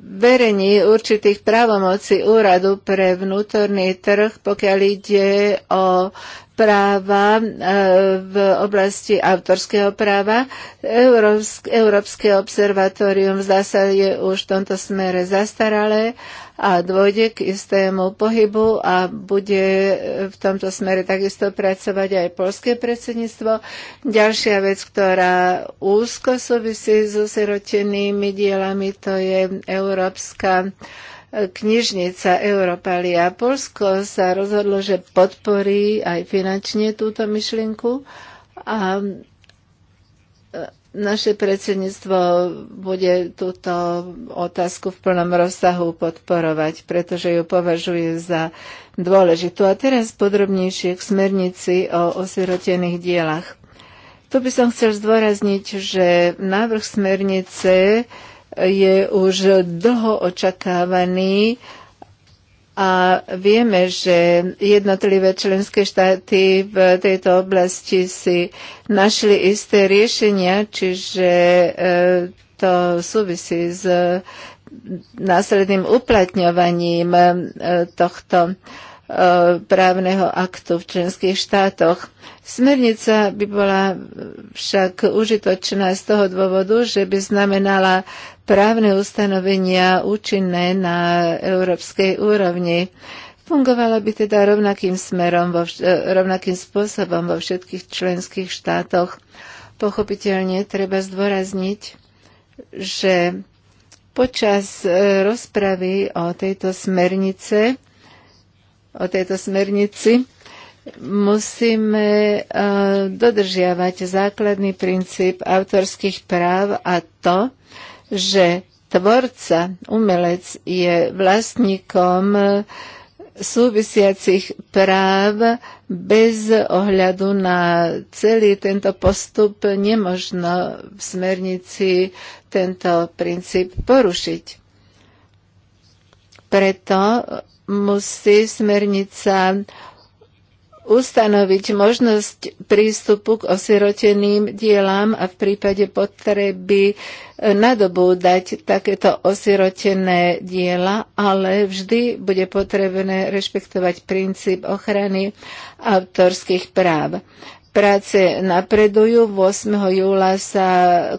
verení určitých právomocí úradu pre vnútorný trh, pokiaľ ide o práva e, v oblasti autorského práva. Európske, observatórium zdá sa je už v tomto smere zastaralé a dôjde k istému pohybu a bude v tomto smere takisto pracovať aj polské predsedníctvo. Ďalšia vec, ktorá úzko súvisí so sirotenými dielami, to je Európska uh, knižnica Europalia Polsko sa rozhodlo, že podporí aj finančne túto myšlienku a e, naše predsedníctvo bude túto otázku v plnom rozsahu podporovať, pretože ju považuje za dôležitú. A teraz podrobnejšie k smernici o osirotených dielach. Tu by som chcel zdôrazniť, že návrh smernice je už dlho očakávaný a vieme, že jednotlivé členské štáty v tejto oblasti si našli isté riešenia, čiže e, to súvisí s následným uplatňovaním e, tohto právneho aktu v členských štátoch. Smernica by bola však užitočná z toho dôvodu, že by znamenala právne ustanovenia účinné na európskej úrovni. Fungovala by teda rovnakým smerom, vo, e, rovnakým spôsobom vo všetkých členských štátoch. Pochopiteľne treba zdôrazniť, že počas e, rozpravy o tejto smernice o tejto smernici, musíme e, dodržiavať základný princíp autorských práv a to, že tvorca, umelec je vlastníkom e, súvisiacich práv bez ohľadu na celý tento postup nemožno v smernici tento princíp porušiť. Preto musí smernica ustanoviť možnosť prístupu k osiroteným dielám a v prípade potreby e, nadobúdať takéto osirotené diela, ale vždy bude potrebné rešpektovať princíp ochrany autorských práv. Práce napredujú. 8. júla sa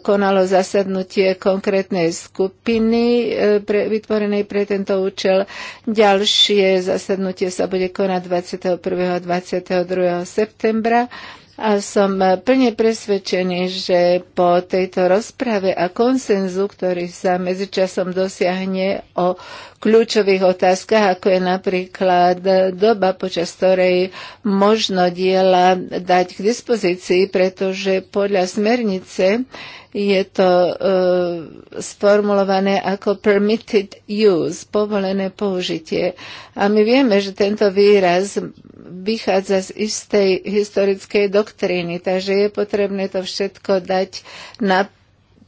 konalo zasadnutie konkrétnej skupiny e, pre, vytvorenej pre tento účel. Ďalšie zasadnutie sa bude konať 21. a 22. septembra. A som plne presvedčený, že po tejto rozprave a konsenzu, ktorý sa medzičasom dosiahne o kľúčových otázkach, ako je napríklad doba, počas ktorej možno diela dať k dispozícii, pretože podľa smernice je to uh, sformulované ako permitted use, povolené použitie. A my vieme, že tento výraz vychádza z istej historickej doktríny, takže je potrebné to všetko dať na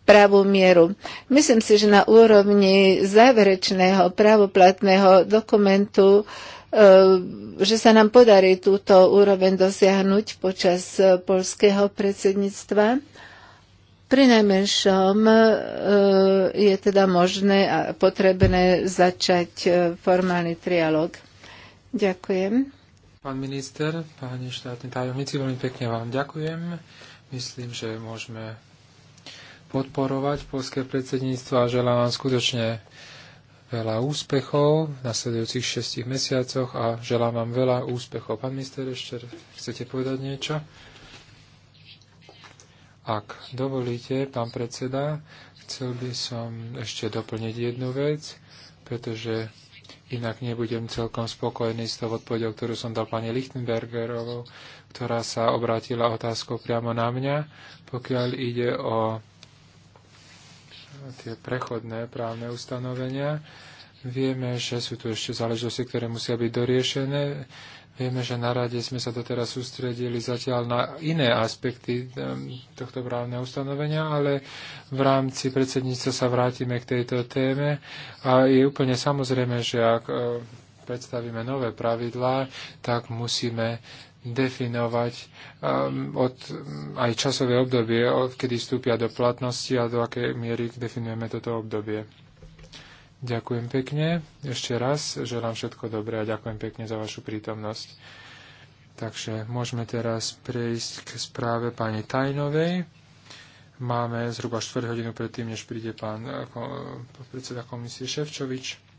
pravú mieru. Myslím si, že na úrovni záverečného právoplatného dokumentu e, že sa nám podarí túto úroveň dosiahnuť počas e, polského predsedníctva. Pri najmenšom e, je teda možné a potrebné začať formálny trialog. Ďakujem. Pán minister, páni štátni tajomníci, veľmi pekne vám ďakujem. Myslím, že môžeme podporovať polské predsedníctvo a želám vám skutočne veľa úspechov v nasledujúcich šestich mesiacoch a želám vám veľa úspechov. Pán minister, ešte chcete povedať niečo? Ak dovolíte, pán predseda, chcel by som ešte doplniť jednu vec, pretože inak nebudem celkom spokojný s tou odpovedou, ktorú som dal pani Lichtenbergerovou, ktorá sa obrátila otázkou priamo na mňa, pokiaľ ide o tie prechodné právne ustanovenia. Vieme, že sú tu ešte záležitosti, ktoré musia byť doriešené. Vieme, že na rade sme sa doteraz sústredili zatiaľ na iné aspekty ehm, tohto právneho ustanovenia, ale v rámci predsedníctva sa vrátime k tejto téme a je úplne samozrejme, že ak ehm, predstavíme nové pravidlá, tak musíme definovať um, od, aj časové obdobie, od kedy vstúpia do platnosti a do akej miery definujeme toto obdobie. Ďakujem pekne. Ešte raz želám všetko dobré a ďakujem pekne za vašu prítomnosť. Takže môžeme teraz prejsť k správe pani Tajnovej. Máme zhruba 4 hodinu predtým, než príde pán eh, predseda komisie Ševčovič.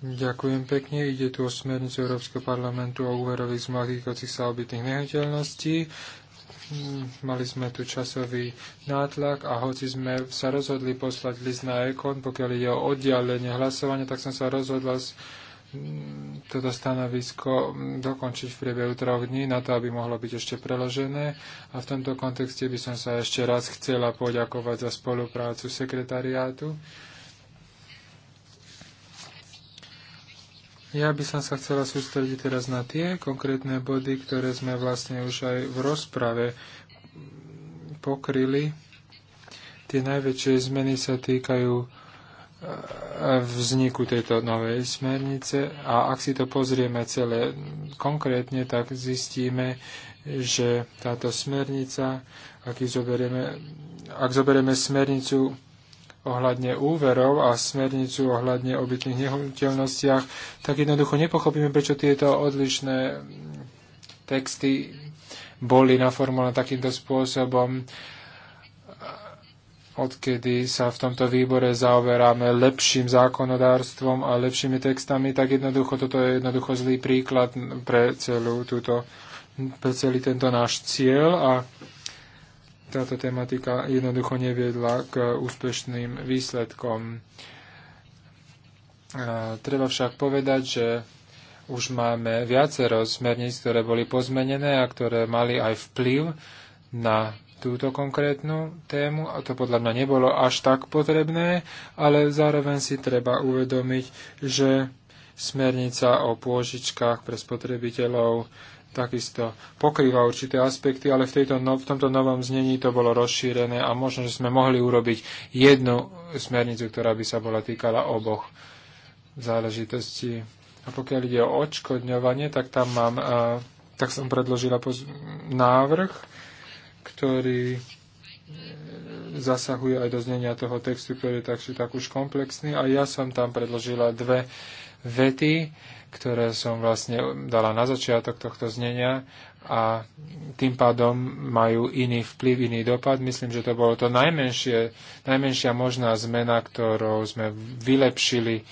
Ďakujem pekne. Ide tu o smernicu Európskeho parlamentu o úverových zmluvách týkajúcich sa obytných nehnuteľností. Mali sme tu časový nátlak a hoci sme sa rozhodli poslať list na EKON, pokiaľ ide o oddialenie hlasovania, tak som sa rozhodla toto stanovisko dokončiť v priebehu troch dní na to, aby mohlo byť ešte preložené. A v tomto kontexte by som sa ešte raz chcela poďakovať za spoluprácu sekretariátu Ja by som sa chcela sústrediť teraz na tie konkrétne body, ktoré sme vlastne už aj v rozprave pokryli. Tie najväčšie zmeny sa týkajú e, vzniku tejto novej smernice a ak si to pozrieme celé konkrétne, tak zistíme, že táto smernica, ak, zoberieme, ak zoberieme smernicu ohľadne úverov a smernicu ohľadne obytných nehnuteľnostiach, tak jednoducho nepochopíme, prečo tieto odlišné texty boli naformulované takýmto spôsobom, odkedy sa v tomto výbore zaoberáme lepším zákonodárstvom a lepšími textami, tak jednoducho toto je jednoducho zlý príklad pre, celú túto, pre celý tento náš cieľ a táto tematika jednoducho neviedla k úspešným výsledkom. Treba však povedať, že už máme viacero smerníc, ktoré boli pozmenené a ktoré mali aj vplyv na túto konkrétnu tému a to podľa mňa nebolo až tak potrebné, ale zároveň si treba uvedomiť, že smernica o pôžičkách pre spotrebiteľov takisto pokrýva určité aspekty, ale v, tejto, no- v tomto novom znení to bolo rozšírené a možno, že sme mohli urobiť jednu smernicu, ktorá by sa bola týkala oboch záležitostí. A pokiaľ ide o odškodňovanie, tak tam mám, a, tak som predložila poz- návrh, ktorý e, zasahuje aj do znenia toho textu, ktorý je tak, tak už komplexný. A ja som tam predložila dve uh, vety, ktoré som vlastne dala na začiatok tohto znenia a tým pádom majú iný vplyv, iný dopad. Myslím, že to bolo to najmenšie, najmenšia možná zmena, ktorou sme vylepšili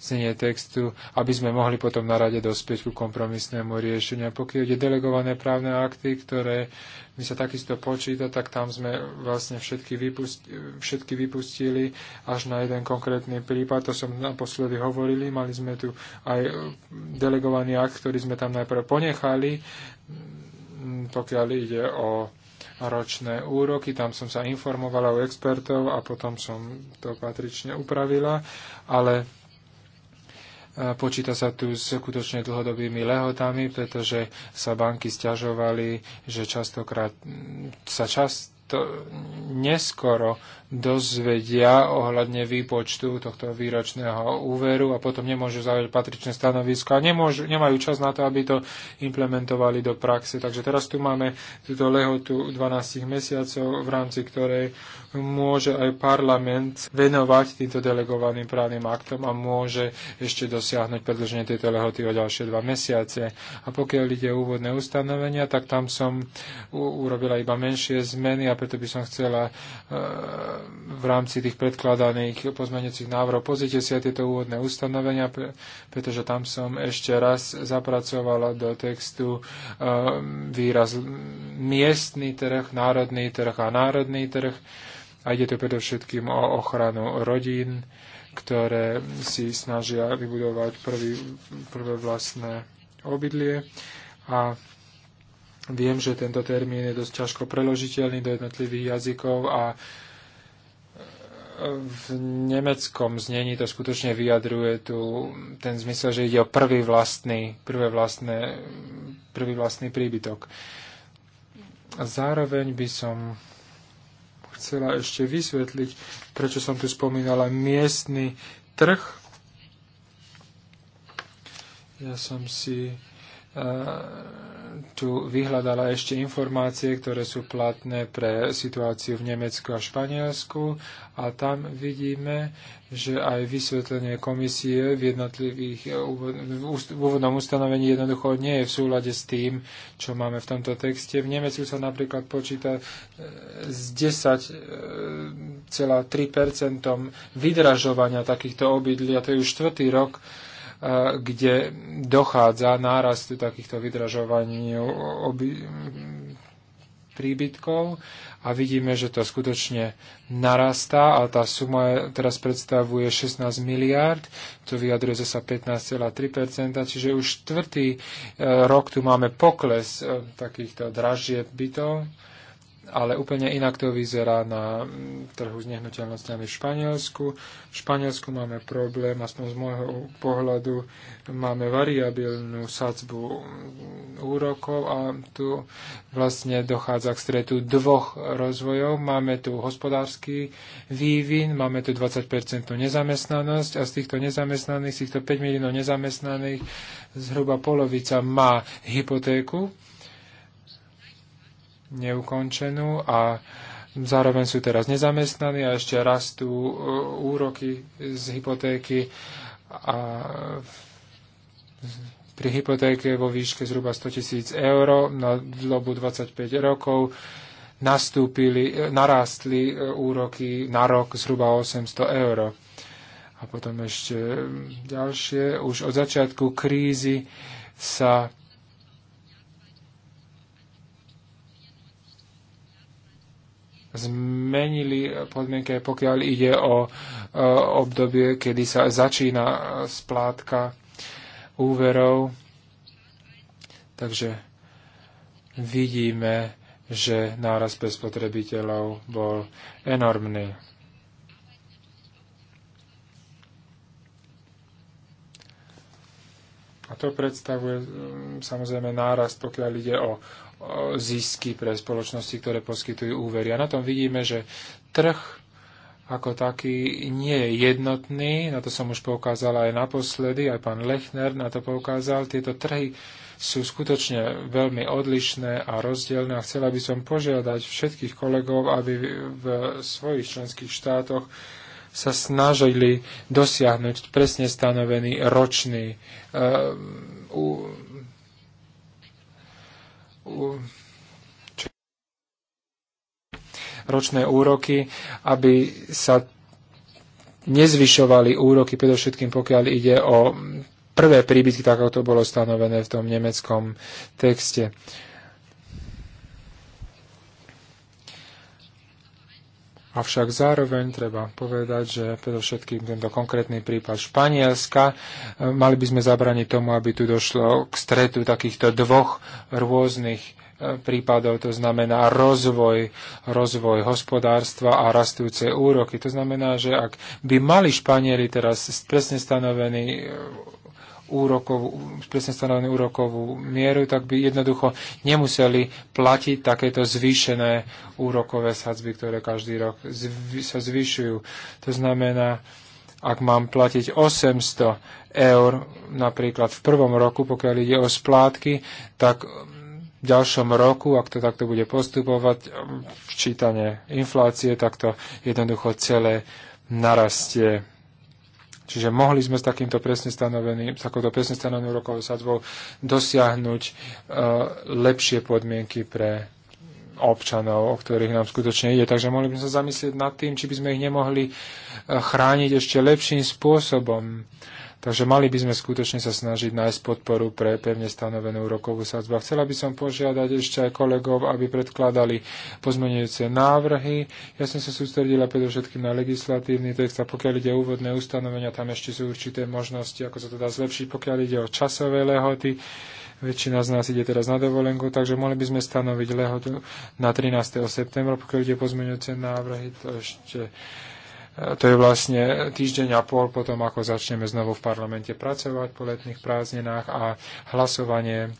znenie textu, aby sme mohli potom na rade dospieť ku kompromisnému riešeniu. pokiaľ ide delegované právne akty, ktoré mi sa takisto počíta, tak tam sme vlastne všetky, vypusti, všetky vypustili až na jeden konkrétny prípad. To som naposledy hovorili. Mali sme tu aj delegovaný akt, ktorý sme tam najprv ponechali, pokiaľ ide o ročné úroky, tam som sa informovala u expertov a potom som to patrične upravila, ale Počíta sa tu s skutočne dlhodobými lehotami, pretože sa banky stiažovali, že častokrát sa čas, to neskoro dozvedia ohľadne výpočtu tohto výročného úveru a potom nemôžu zaujať patričné stanovisko a nemôžu, nemajú čas na to, aby to implementovali do praxe. Takže teraz tu máme túto lehotu 12 mesiacov, v rámci ktorej môže aj parlament venovať týmto delegovaným právnym aktom a môže ešte dosiahnuť predlženie tejto lehoty o ďalšie dva mesiace. A pokiaľ ide o úvodné ustanovenia, tak tam som urobila iba menšie zmeny a preto by som chcela e, v rámci tých predkladaných pozmeňujúcich návrhov pozrite si aj tieto úvodné ustanovenia, pretože tam som ešte raz zapracovala do textu e, výraz miestný trh, národný trh a národný trh. A ide to predovšetkým o ochranu rodín, ktoré si snažia vybudovať prvý, prvé vlastné obydlie. A Viem, že tento termín je dosť ťažko preložiteľný do jednotlivých jazykov a v nemeckom znení to skutočne vyjadruje tu ten zmysel, že ide o prvý vlastný, prvé vlastné, prvý vlastný príbytok. Zároveň by som chcela ešte vysvetliť, prečo som tu spomínala miestny trh. Ja som si uh, tu vyhľadala ešte informácie, ktoré sú platné pre situáciu v Nemecku a Španielsku a tam vidíme, že aj vysvetlenie komisie v jednotlivých eh, v úvodnom ustanovení jednoducho nie je v súlade s tým, čo máme v tomto texte. V Nemecku sa napríklad počíta z eh, 10,3% eh, vydražovania takýchto obydlí a to je už štvrtý rok, kde dochádza nárastu takýchto vydražovaní oby, príbytkov a vidíme, že to skutočne narastá a tá suma teraz predstavuje 16 miliárd, to vyjadruje zasa 15,3%, čiže už štvrtý e, rok tu máme pokles e, takýchto dražieb bytov ale úplne inak to vyzerá na mm, trhu s nehnuteľnosťami v Španielsku. V Španielsku máme problém, aspoň z môjho pohľadu, máme variabilnú sadzbu mm, úrokov a tu vlastne dochádza k stretu dvoch rozvojov. Máme tu hospodársky vývin, máme tu 20% nezamestnanosť a z týchto nezamestnaných, z týchto 5 miliónov nezamestnaných zhruba polovica má hypotéku neukončenú a zároveň sú teraz nezamestnaní a ešte rastú e, úroky z hypotéky a pri hypotéke vo výške zhruba 100 tisíc eur na dlobu 25 rokov nastúpili, e, narástli e, úroky na rok zhruba 800 eur. A potom ešte ďalšie, už od začiatku krízy sa zmenili podmienky, pokiaľ ide o, obdobie, kedy sa začína splátka úverov. Takže vidíme, že náraz bez spotrebiteľov bol enormný. A to predstavuje mm, samozrejme nárast, pokiaľ ide o zisky pre spoločnosti, ktoré poskytujú úvery. A na tom vidíme, že trh ako taký nie je jednotný, na to som už poukázal aj naposledy, aj pán Lechner na to poukázal. Tieto trhy sú skutočne veľmi odlišné a rozdielne a chcela by som požiadať všetkých kolegov, aby v svojich členských štátoch sa snažili dosiahnuť presne stanovený ročný uh, ročné úroky, aby sa nezvyšovali úroky, predovšetkým pokiaľ ide o prvé príbytky, tak ako to bolo stanovené v tom nemeckom texte. Uh, Avšak zároveň treba povedať, že predovšetkým tento konkrétny prípad Španielska, e, mali by sme zabraniť tomu, aby tu došlo k stretu takýchto dvoch rôznych e, prípadov, to znamená rozvoj, rozvoj hospodárstva a rastúce úroky. To znamená, že ak by mali Španieli teraz presne stanovený úrokovú, presne stanovenú úrokovú mieru, tak by jednoducho nemuseli platiť takéto zvýšené úrokové sadzby, ktoré každý rok zvy, sa zvyšujú. To znamená, ak mám platiť 800 eur napríklad v prvom roku, pokiaľ ide o splátky, tak v ďalšom roku, ak to takto bude postupovať, včítanie inflácie, tak to jednoducho celé narastie. Čiže mohli sme s takýmto presne stanoveným, s takouto presne stanovenou rokovou sadzbou dosiahnuť uh, lepšie podmienky pre občanov, o ktorých nám skutočne ide. Takže mohli by sme sa zamyslieť nad tým, či by sme ich nemohli e, chrániť ešte lepším spôsobom. Uh, Takže mali by sme skutočne sa snažiť nájsť podporu pre pevne stanovenú rokovú sadzbu. Chcela by som požiadať ešte aj kolegov, aby predkladali pozmenujúce návrhy. Ja som sa sústredila predovšetkým na legislatívny text a pokiaľ ide o úvodné ustanovenia, tam ešte sú určité možnosti, ako sa to dá zlepšiť. Pokiaľ ide o časové lehoty, väčšina z nás ide teraz na dovolenku, takže mohli by sme stanoviť lehotu na 13. septembra, pokiaľ ide pozmeňujúce návrhy, to ešte E, to je vlastne týždeň a pol potom, ako začneme znovu v parlamente pracovať po letných prázdninách a hlasovanie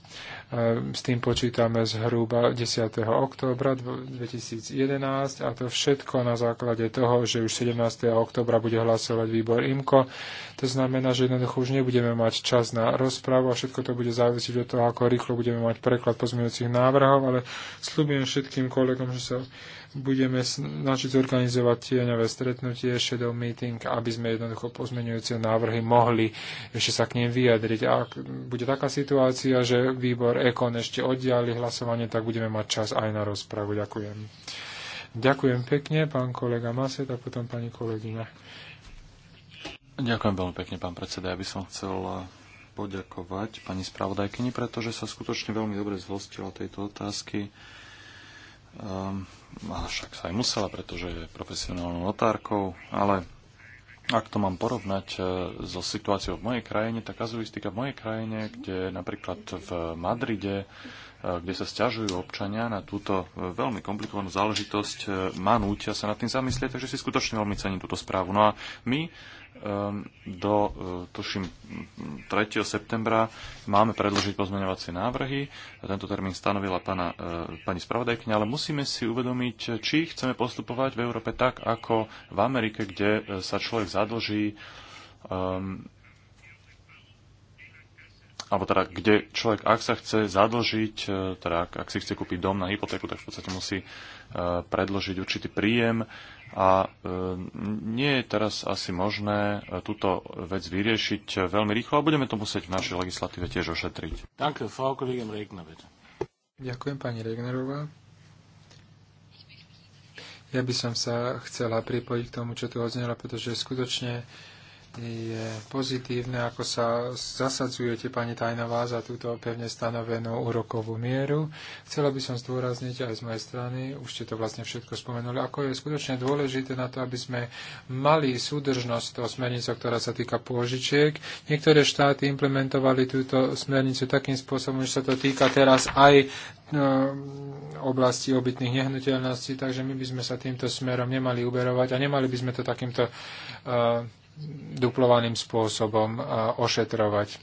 Ehm, s tým počítame zhruba 10. októbra 2011 a to všetko na základe toho, že už 17. októbra bude hlasovať výbor IMKO. To znamená, že jednoducho už nebudeme mať čas na rozprávu a všetko to bude závisiť od toho, ako rýchlo budeme mať preklad pozmeňujúcich návrhov, ale slúbim všetkým kolegom, že sa budeme snažiť zorganizovať tieňové stretnutie, shadow meeting, aby sme jednoducho pozmeňujúce návrhy mohli ešte sa k nim vyjadriť. A ak bude taká situácia, že výbor Ekon ešte oddiali hlasovanie, tak budeme mať čas aj na rozpravu. Ďakujem. Ďakujem pekne, pán kolega Maset a potom pani kolegyňa. Ďakujem veľmi pekne, pán predseda. Ja by som chcel eh, poďakovať pani spravodajkyni, pretože sa skutočne veľmi dobre zhostila tejto otázky. Um, a však sa aj musela, pretože je profesionálnou notárkou, ale ak to mám porovnať e, so situáciou v mojej krajine, tak kazuistika v mojej krajine, kde napríklad v Madride, e, kde sa stiažujú občania na túto e, veľmi komplikovanú záležitosť, má nútia sa nad tým zamyslieť, takže si skutočne veľmi cením túto správu. No a my Ehm, do, e, tuším, 3. septembra máme predložiť pozmeňovacie návrhy. Tento termín stanovila pana, e, pani spravodajkňa, ale musíme si uvedomiť, či chceme postupovať v Európe tak, ako v Amerike, kde e, sa človek zadlží um, alebo teda, kde človek, ak sa chce zadlžiť, teda ak, ak si chce kúpiť dom na hypotéku, tak v podstate musí uh, predložiť určitý príjem, a e, nie je teraz asi možné e, túto vec vyriešiť e, veľmi rýchlo a budeme to musieť v našej legislatíve tiež ošetriť. Ďakujem pani Regnerová. Ja by som sa chcela pripojiť k tomu, čo tu odznelo, pretože skutočne je pozitívne, ako sa zasadzujete, pani Tajnová, za túto pevne stanovenú úrokovú mieru. Chcela by som zdôrazniť aj z mojej strany, už ste to vlastne všetko spomenuli, ako je skutočne dôležité na to, aby sme mali súdržnosť toho smernicu, ktorá sa týka pôžičiek. Niektoré štáty implementovali túto smernicu takým spôsobom, že sa to týka teraz aj no, oblasti obytných nehnuteľností, takže my by sme sa týmto smerom nemali uberovať a nemali by sme to takýmto uh, duplovaným spôsobom ošetrovať.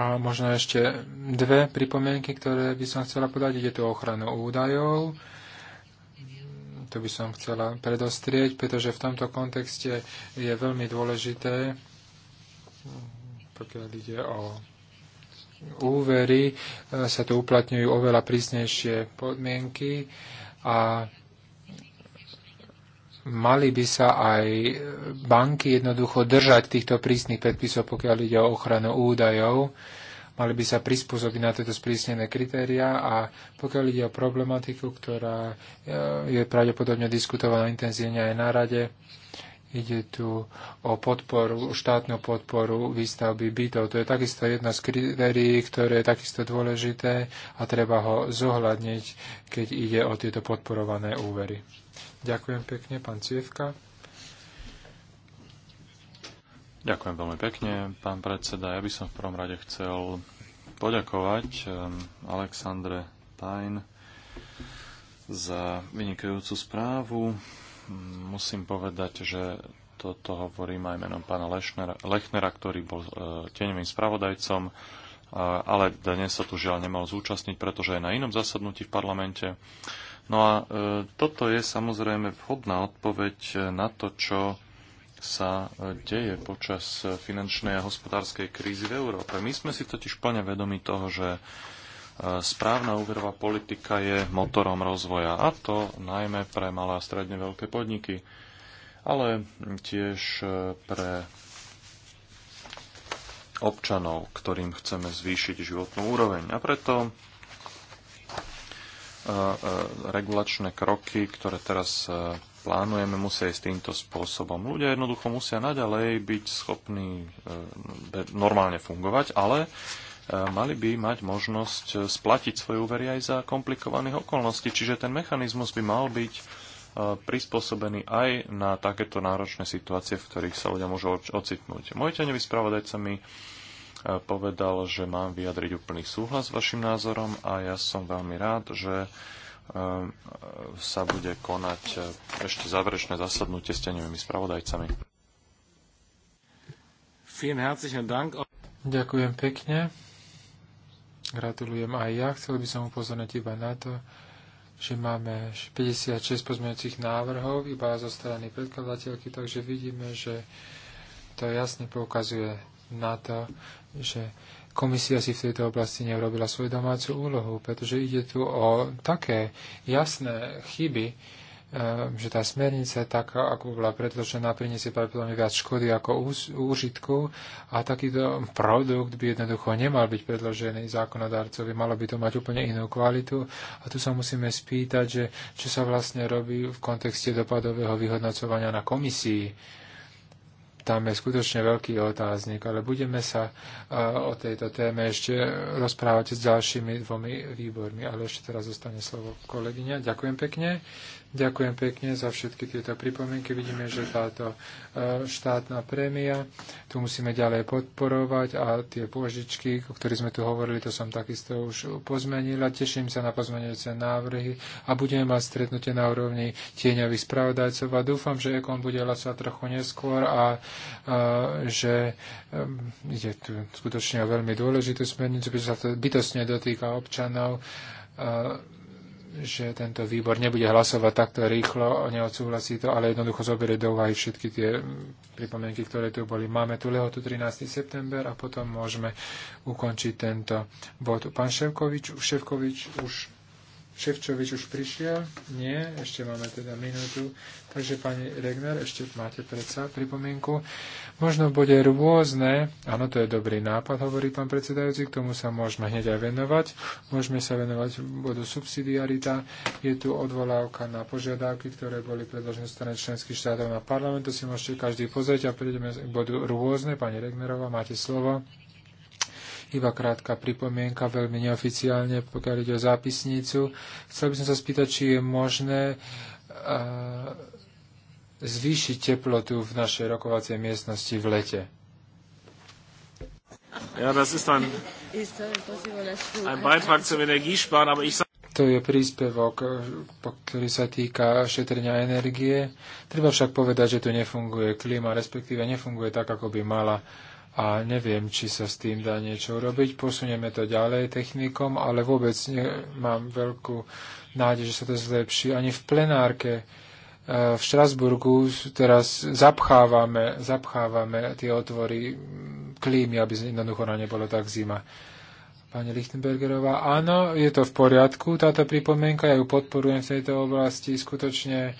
A možno ešte dve pripomienky, ktoré by som chcela podať. Ide tu o ochranu údajov. To by som chcela predostrieť, pretože v tomto kontexte je veľmi dôležité, pokiaľ ide o úvery, e, sa tu uplatňujú oveľa prísnejšie podmienky a mali by sa aj banky jednoducho držať týchto prísnych predpisov, pokiaľ ide o ochranu údajov. Mali by sa prispôsobiť na tieto sprísnené kritéria a pokiaľ ide o problematiku, ktorá e, je pravdepodobne diskutovaná intenzívne aj na rade, ide tu o podporu, štátnu podporu výstavby bytov. To je takisto jedna z kritérií, ktoré je takisto dôležité a treba ho zohľadniť, keď ide o tieto podporované úvery. Ďakujem pekne, pán Cievka. Ďakujem veľmi pekne, pán predseda. Ja by som v prvom rade chcel poďakovať ehm, Alexandre Pajn za vynikajúcu správu. Musím povedať, že toto hovorím aj menom pána Lechnera, Lechnera ktorý bol e, tieňovým spravodajcom, ale dnes sa tu žiaľ nemal zúčastniť, pretože je na inom zasadnutí v parlamente. No a e, toto je samozrejme vhodná odpoveď e, na to, čo sa e, deje počas e, finančnej a hospodárskej krízy v Európe. My sme si totiž plne vedomi toho, že správna úverová politika je motorom rozvoja, a to najmä pre malé a stredne veľké podniky, ale tiež pre občanov, ktorým chceme zvýšiť životnú úroveň. A preto regulačné kroky, ktoré teraz plánujeme, musia ísť týmto spôsobom. Ľudia jednoducho musia naďalej byť schopní e, normálne fungovať, ale e, mali by mať možnosť splatiť svoje úvery aj za komplikovaných okolností. Čiže ten mechanizmus by mal byť e, prispôsobený aj na takéto náročné situácie, v ktorých sa ľudia môžu ocitnúť. Môj ťaňový spravodajca mi povedal, že mám vyjadriť úplný súhlas s vašim názorom a ja som veľmi rád, že ehm, sa bude konať e, ešte záverečné zasadnutie s tenými spravodajcami. Ďakujem pekne. Gratulujem aj ja. Chcel by som upozorniť iba na to, že máme 56 pozmeňujúcich návrhov iba zo strany predkladateľky, takže vidíme, že to jasne poukazuje na to, že komisia si v tejto oblasti neurobila svoju domácu úlohu, pretože ide tu o také jasné chyby, eh, že tá smernica, tak ako bola predložená, priniesie pravdepodobne viac škody ako úžitku a takýto produkt by jednoducho nemal byť predložený zákonodárcovi, malo by to mať úplne inú kvalitu a tu sa musíme spýtať, že čo sa vlastne robí v kontexte dopadového vyhodnocovania na komisii tam je skutočne veľký otáznik, ale budeme sa e, o tejto téme ešte rozprávať s ďalšími dvomi výbormi. Ale ešte teraz zostane slovo kolegyňa. Ďakujem pekne. Ďakujem pekne za všetky tieto pripomienky. Vidíme, že táto e, štátna prémia, tu musíme ďalej podporovať a tie pôžičky, o ktorých sme tu hovorili, to som takisto už pozmenila. Teším sa na pozmenujúce návrhy a budeme mať stretnutie na úrovni tieňových spravodajcov a dúfam, že Ekon bude hlasovať trochu neskôr a, a e, že e, ide tu skutočne o veľmi dôležitú smernicu, pretože sa to bytostne dotýka občanov. A, že tento výbor nebude hlasovať takto rýchlo, neodsúhlasí to, ale jednoducho zoberie do úvahy všetky tie pripomienky, ktoré tu boli. Máme tu lehotu 13. september a potom môžeme ukončiť tento bod. Pán Ševkovič, Ševkovič už Ševčovič už prišiel? Nie, ešte máme teda minútu. Takže pani Regner, ešte máte predsa pripomienku. Možno bude rôzne, áno, to je dobrý nápad, hovorí pán predsedajúci, k tomu sa môžeme hneď aj venovať. Môžeme sa venovať bodu subsidiarita. Je tu odvolávka na požiadavky, ktoré boli predložené strany členských štátov na parlament. To si môžete každý pozrieť a prejdeme k bodu rôzne. Pani Regnerová, máte slovo. Iba krátka pripomienka, veľmi neoficiálne, pokiaľ ide o zápisnicu. Chcel by som sa spýtať, či je možné uh, zvýšiť teplotu v našej rokovacej miestnosti v lete. Ja, das ist ein, ein Beitrag zum Energiesparen, aber ich to je príspevok, ktorý sa týka šetrenia energie. Treba však povedať, že tu nefunguje klíma, respektíve nefunguje tak, ako by mala a neviem, či sa s tým dá niečo urobiť. Posunieme to ďalej technikom, ale vôbec nemám veľkú nádej, že sa to zlepší. Ani v plenárke e, v Štrasburgu teraz zapchávame, zapchávame tie otvory klímy, aby jednoducho na nebolo tak zima. Pani Lichtenbergerová, áno, je to v poriadku, táto pripomienka, ja ju podporujem v tejto oblasti, skutočne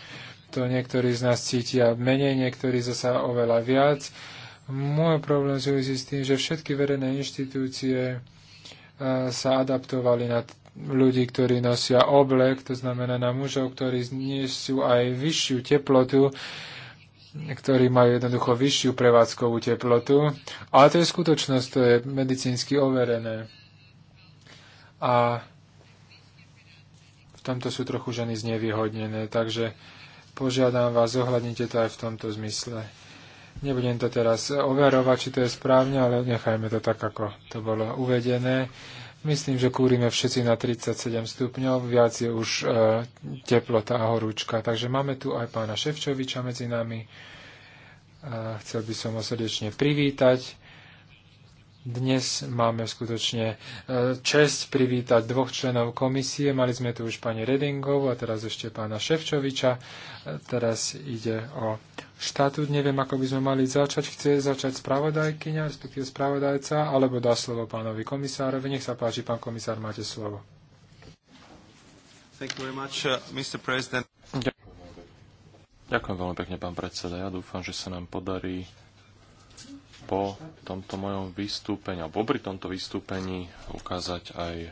to niektorí z nás cítia menej, niektorí zasa oveľa viac môj problém súvisí s tým, že všetky verejné inštitúcie e, sa adaptovali na ľudí, ktorí nosia oblek, to znamená na mužov, ktorí sú aj vyššiu teplotu, ktorí majú jednoducho vyššiu prevádzkovú teplotu. Ale to je skutočnosť, to je medicínsky overené. A v tomto sú trochu ženy znevýhodnené, takže požiadam vás, zohľadnite to aj v tomto zmysle. Nebudem to teraz overovať, či to je správne, ale nechajme to tak, ako to bolo uvedené. Myslím, že kúrime všetci na 37 stupňov, viac je už e, teplota a horúčka. Takže máme tu aj pána Ševčoviča medzi nami. E, chcel by som ho srdečne privítať. Dnes máme skutočne e, čest privítať dvoch členov komisie. Mali sme tu už pani Redingovú a teraz ešte pána Ševčoviča. E, teraz ide o štatút. Neviem, ako by sme mali začať. Chce začať spravodajkyňa, respektíve spravodajca, alebo dá slovo pánovi komisárovi. Nech sa páči, pán komisár, máte slovo. Thank you very much, uh, Mr. President. Ďakujem veľmi pekne, pán predseda. Ja dúfam, že sa nám podarí po tomto mojom vystúpení, alebo pri tomto vystúpení ukázať aj e,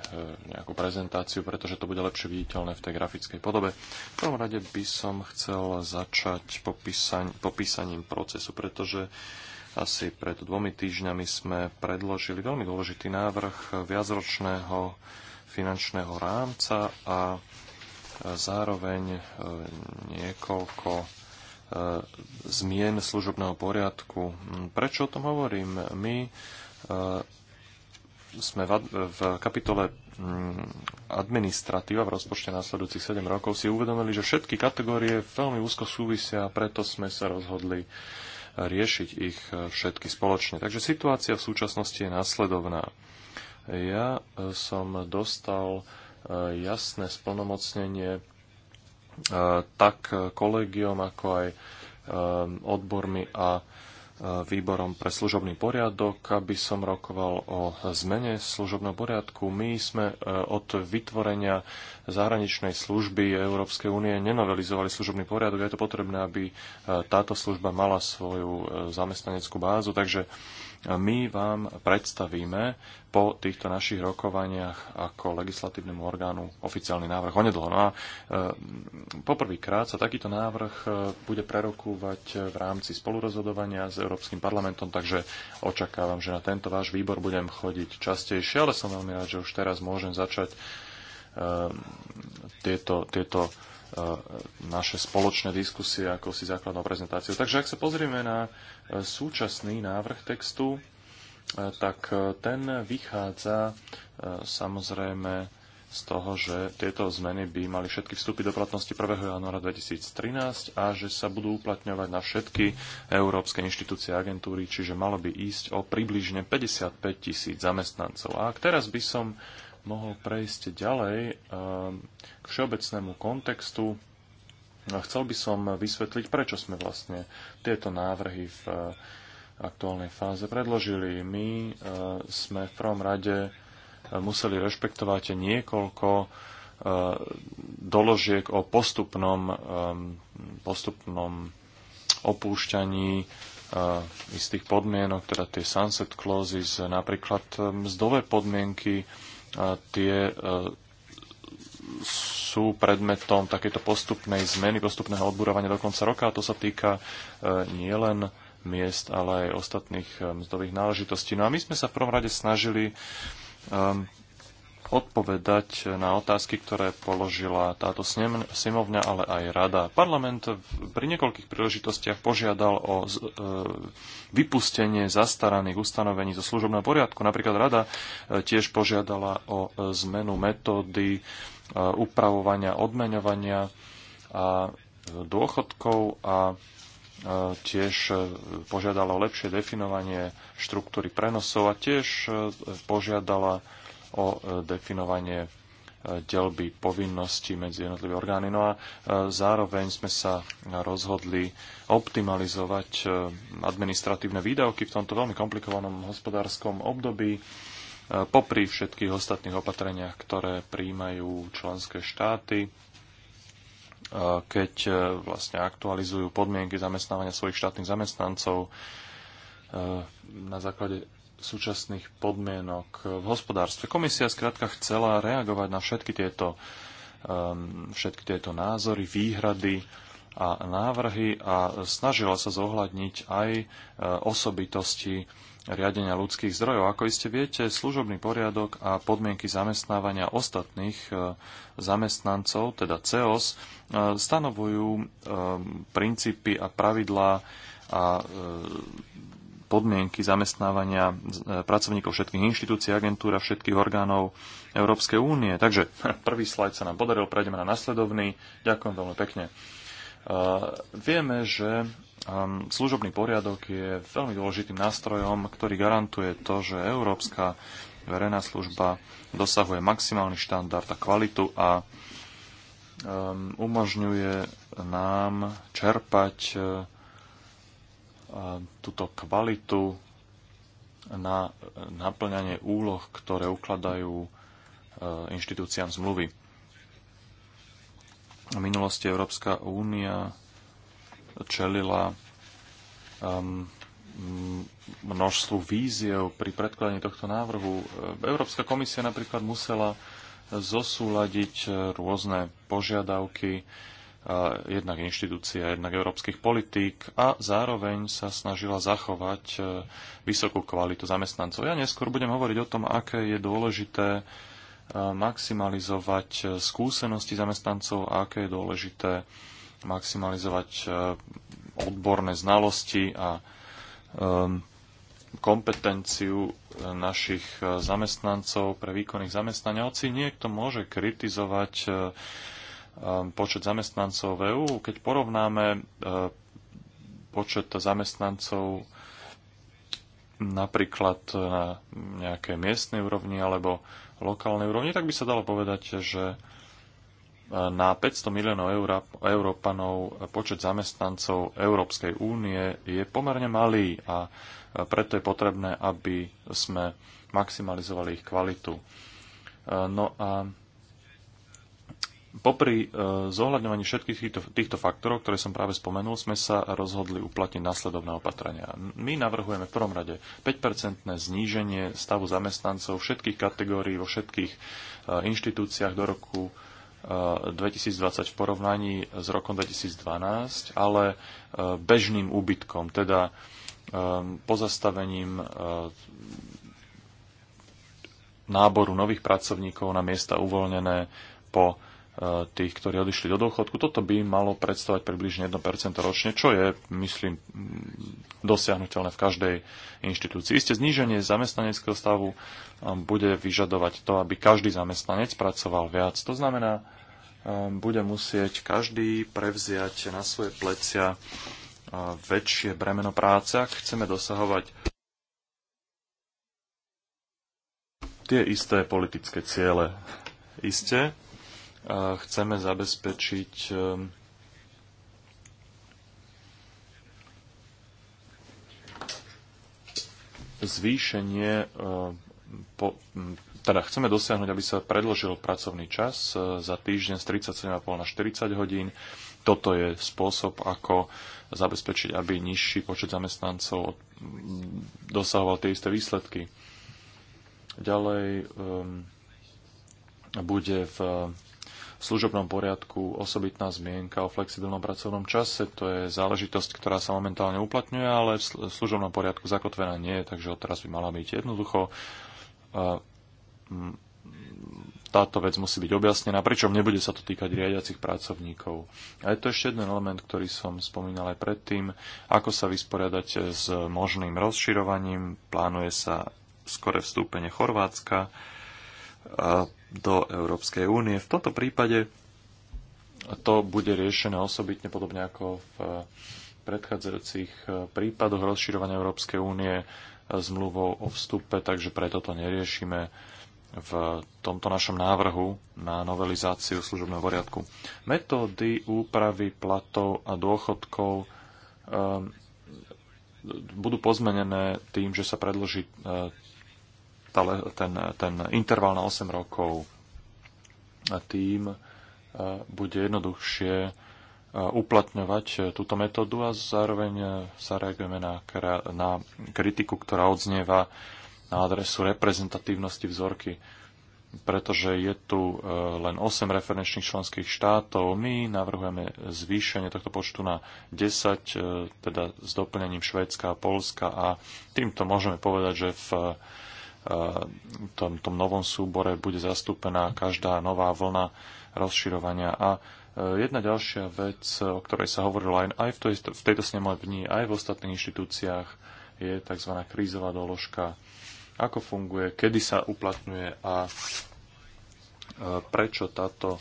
nejakú prezentáciu, pretože to bude lepšie viditeľné v tej grafickej podobe. V prvom rade by som chcel začať popísaň, popísaním procesu, pretože asi pred dvomi týždňami sme predložili veľmi dôležitý návrh viacročného finančného rámca a e, zároveň e, niekoľko E, zmien služobného poriadku. Prečo o tom hovorím? My e, sme v kapitole mm, administratíva v rozpočte následujúcich 7 rokov si uvedomili, že všetky kategórie veľmi úzko súvisia a preto sme sa rozhodli riešiť ich e, všetky spoločne. Takže situácia v súčasnosti je následovná. Ja som dostal jasné splnomocnenie E, tak kolegiom, ako aj e, odbormi a e, výborom pre služobný poriadok, aby som rokoval o zmene služobného poriadku. My sme od vytvorenia zahraničnej služby Európskej únie nenovelizovali služobný poriadok. Je to potrebné, aby táto služba mala svoju zamestnaneckú bázu, takže my vám predstavíme po týchto našich rokovaniach ako legislatívnemu orgánu oficiálny návrh onedlho. No a e, poprvýkrát sa takýto návrh e, bude prerokúvať v rámci spolurozhodovania s Európskym parlamentom, takže očakávam, že na tento váš výbor budem chodiť častejšie, ale som veľmi rád, že už teraz môžem začať e, tieto, tieto E, naše spoločné diskusie ako si základnou prezentáciou. Takže ak sa pozrieme na e, súčasný návrh textu, e, tak ten vychádza samozrejme z toho, že tieto zmeny by mali všetky vstúpiť do platnosti 1. januára 2013 a že sa budú uplatňovať na všetky európske inštitúcie a agentúry, čiže malo by ísť o približne 55 tisíc zamestnancov. A ak teraz by som mohol prejsť ďalej eh, k všeobecnému kontextu, chcel by som vysvetliť, prečo sme vlastne tieto návrhy v eh, aktuálnej fáze predložili. My eh, sme v prvom rade museli rešpektovať niekoľko doložiek o postupnom, postupnom opúšťaní istých podmienok, teda tie sunset clauses, napríklad mzdové podmienky, tie e, sú predmetom takéto postupnej zmeny, postupného odburovania do konca roka a to sa týka e, nielen miest, ale aj ostatných e, mzdových náležitostí. No a my sme sa v prvom rade snažili odpovedať na otázky, ktoré položila táto snemovňa, ale aj rada. Parlament pri niekoľkých príležitostiach požiadal o e, vypustenie zastaraných ustanovení zo služobného poriadku. Napríklad rada e, tiež požiadala o e, zmenu metódy upravovania, odmeňovania a dôchodkov a tiež požiadala o lepšie definovanie štruktúry prenosov a tiež požiadala o e, definovanie e, delby povinností medzi jednotlivé orgány. No a e, zároveň sme sa rozhodli optimalizovať administratívne výdavky v tomto veľmi komplikovanom hospodárskom období popri všetkých ostatných opatreniach, ktoré príjmajú členské štáty, keď vlastne aktualizujú podmienky zamestnávania svojich štátnych zamestnancov na základe súčasných podmienok v hospodárstve. Komisia skrátka chcela reagovať na všetky tieto, um, všetky tieto názory, výhrady a návrhy a snažila sa zohľadniť aj e, osobitosti riadenia ľudských zdrojov. Ako iste viete, služobný poriadok a podmienky zamestnávania ostatných e, zamestnancov, teda CEOS, e, stanovujú princípy a pravidlá a podmienky zamestnávania e, pracovníkov všetkých inštitúcií, agentúr a všetkých orgánov Európskej únie. Takže prvý slajd sa nám podaril, prejdeme na nasledovný. Ďakujem veľmi pekne. E, vieme, že um, služobný poriadok je veľmi dôležitým nástrojom, ktorý garantuje to, že Európska verejná služba dosahuje maximálny štandard a kvalitu a um, umožňuje nám čerpať e, túto kvalitu na naplňanie úloh, ktoré ukladajú e, inštitúciám zmluvy. V minulosti Európska únia čelila množstvu víziev pri predkladaní tohto návrhu. Európska komisia napríklad musela zosúľadiť e, rôzne požiadavky jednak inštitúcia, jednak európskych politík a zároveň sa snažila zachovať e, vysokú kvalitu zamestnancov. Ja neskôr budem hovoriť o tom, aké je dôležité e, maximalizovať e, skúsenosti zamestnancov a aké je dôležité maximalizovať odborné znalosti a kompetenciu našich zamestnancov pre výkonných zamestnania Hoci niekto môže kritizovať Ehm, počet zamestnancov v EÚ. Keď porovnáme ehm, počet zamestnancov napríklad na nejakej miestnej úrovni alebo lokálnej úrovni, tak by sa dalo povedať, že ehm, na 500 miliónov Európanov počet zamestnancov Európskej únie je pomerne malý a e, preto je potrebné, aby sme maximalizovali ich kvalitu. No a popri e, zohľadňovaní všetkých týchto, týchto faktorov, ktoré som práve spomenul, sme sa rozhodli uplatniť následovné opatrenia. My navrhujeme v prvom rade 5-percentné zníženie stavu zamestnancov všetkých kategórií vo všetkých e, inštitúciách do roku 2020 e, v porovnaní s rokom 2012, ale bežným úbytkom, teda pozastavením náboru nových pracovníkov na miesta uvoľnené po Eh, tých, ktorí odišli do dôchodku. Toto by malo predstavať približne 1% ročne, čo je, myslím, mm, dosiahnuteľné v každej inštitúcii. Isté zníženie zamestnaneckého stavu eh, bude vyžadovať to, aby každý zamestnanec pracoval viac. To znamená, eh, bude musieť každý prevziať na svoje plecia väčšie bremeno práce, ak chceme dosahovať tie isté politické ciele. Isté, chceme zabezpečiť ehm, zvýšenie, ehm, teda chceme dosiahnuť, aby sa predložil pracovný čas e, za týždeň z 37,5 na 40 hodín. Toto je spôsob, ako zabezpečiť, aby nižší počet zamestnancov dosahoval tie isté výsledky. Ďalej ehm, bude v v služobnom poriadku osobitná zmienka o flexibilnom pracovnom čase. To je záležitosť, ktorá sa momentálne uplatňuje, ale v služobnom poriadku zakotvená nie, takže odteraz by mala byť jednoducho. Táto vec musí byť objasnená, pričom nebude sa to týkať riadiacich pracovníkov. A je to ešte jeden element, ktorý som spomínal aj predtým, ako sa vysporiadať s možným rozširovaním. Plánuje sa skore vstúpenie Chorvátska do Európskej únie. V tomto prípade to bude riešené osobitne, podobne ako v eh, predchádzajúcich eh, prípadoch rozširovania Európskej únie eh, mluvou o vstupe, takže preto to neriešime v tomto našom návrhu na novelizáciu služobného poriadku. Metódy úpravy platov a dôchodkov um, budú pozmenené tým, že sa predloží uh, ten, ten interval na 8 rokov. A tým e, bude jednoduchšie e, uplatňovať e, túto metódu a zároveň reagujeme na, na kritiku, ktorá odznieva na adresu reprezentatívnosti vzorky, pretože je tu len 8 referenčných členských štátov. My navrhujeme zvýšenie tohto počtu na 10, teda s doplnením Švédska a Polska a týmto môžeme povedať, že v tom, tom novom súbore bude zastúpená každá nová vlna rozširovania. A e, jedna ďalšia vec, o ktorej sa hovorilo aj, v, tej, v tejto snemovni, aj v ostatných inštitúciách, je tzv. krízová doložka. Ako funguje, kedy sa uplatňuje a e, prečo táto e,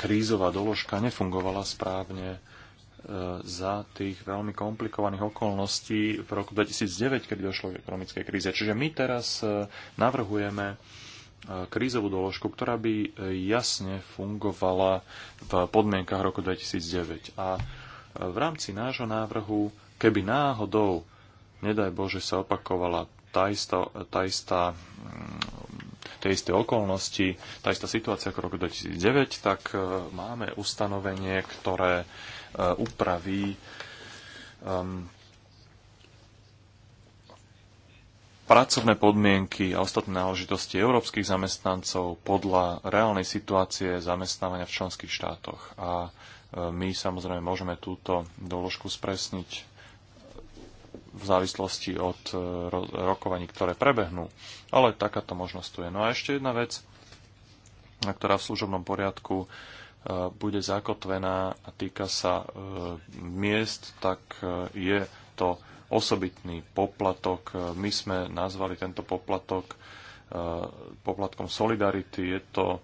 krízová doložka nefungovala správne za tých veľmi komplikovaných okolností v roku 2009, kedy došlo k ekonomickej kríze. Čiže my teraz e, navrhujeme e, krízovú doložku, ktorá by e, jasne fungovala v podmienkach roku 2009. A v rámci nášho návrhu, keby náhodou, nedaj Bože, sa opakovala tá istá, tá istá mm, tie isté okolnosti, tá istá situácia ako roku 2009, tak máme ustanovenie, ktoré Eh, upraví ehm, pracovné podmienky a ostatné náležitosti európskych zamestnancov podľa reálnej situácie zamestnávania v členských štátoch. A eh, my samozrejme môžeme túto doložku spresniť eh, v závislosti od rokovaní, ktoré prebehnú. Ale takáto možnosť tu je. No a ešte jedna vec, ktorá v služobnom poriadku bude zakotvená a týka sa e, miest, tak e, je to osobitný poplatok. E, my sme nazvali tento poplatok poplatkom Solidarity. Je to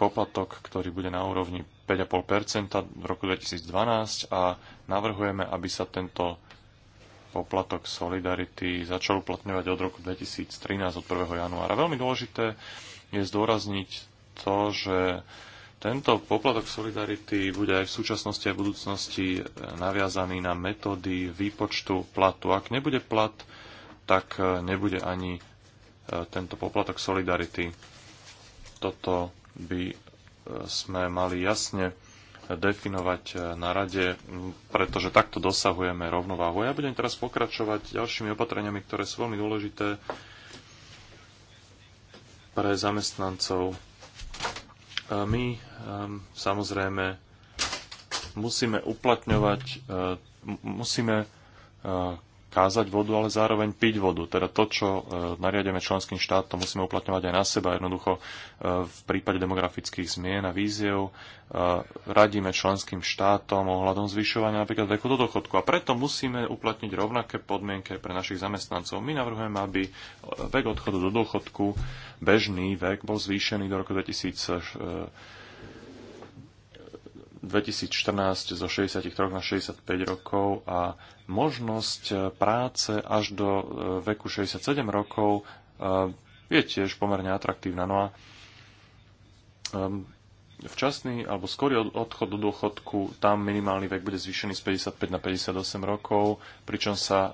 poplatok, ktorý bude na úrovni 5,5 v roku 2012 a navrhujeme, aby sa tento poplatok Solidarity začal uplatňovať od roku 2013, od 1. januára. Veľmi dôležité je zdôrazniť to, že tento poplatok solidarity bude aj v súčasnosti a v budúcnosti e, naviazaný na metódy výpočtu platu. Ak nebude plat, tak e, nebude ani e, tento poplatok solidarity. Toto by sme mali jasne definovať na rade, pretože takto dosahujeme rovnováhu. Ja budem teraz pokračovať ďalšími opatreniami, ktoré sú veľmi dôležité pre zamestnancov. My um, samozrejme musíme uplatňovať, uh, musíme uh, kázať vodu, ale zároveň piť vodu. Teda to, čo e, nariademe členským štátom, musíme uplatňovať aj na seba. Jednoducho e, v prípade demografických zmien a víziev e, radíme členským štátom ohľadom zvyšovania napríklad veku do dochodku. A preto musíme uplatniť rovnaké podmienky pre našich zamestnancov. My navrhujeme, aby vek odchodu do dochodku, bežný vek, bol zvýšený do roku 2000 2014 zo 63 na 65 rokov a možnosť eh, práce až do eh, veku 67 rokov eh, je tiež pomerne atraktívna. No a ehm, včasný alebo skorý odchod do dôchodku, tam minimálny vek bude zvýšený z 55 na 58 rokov, pričom sa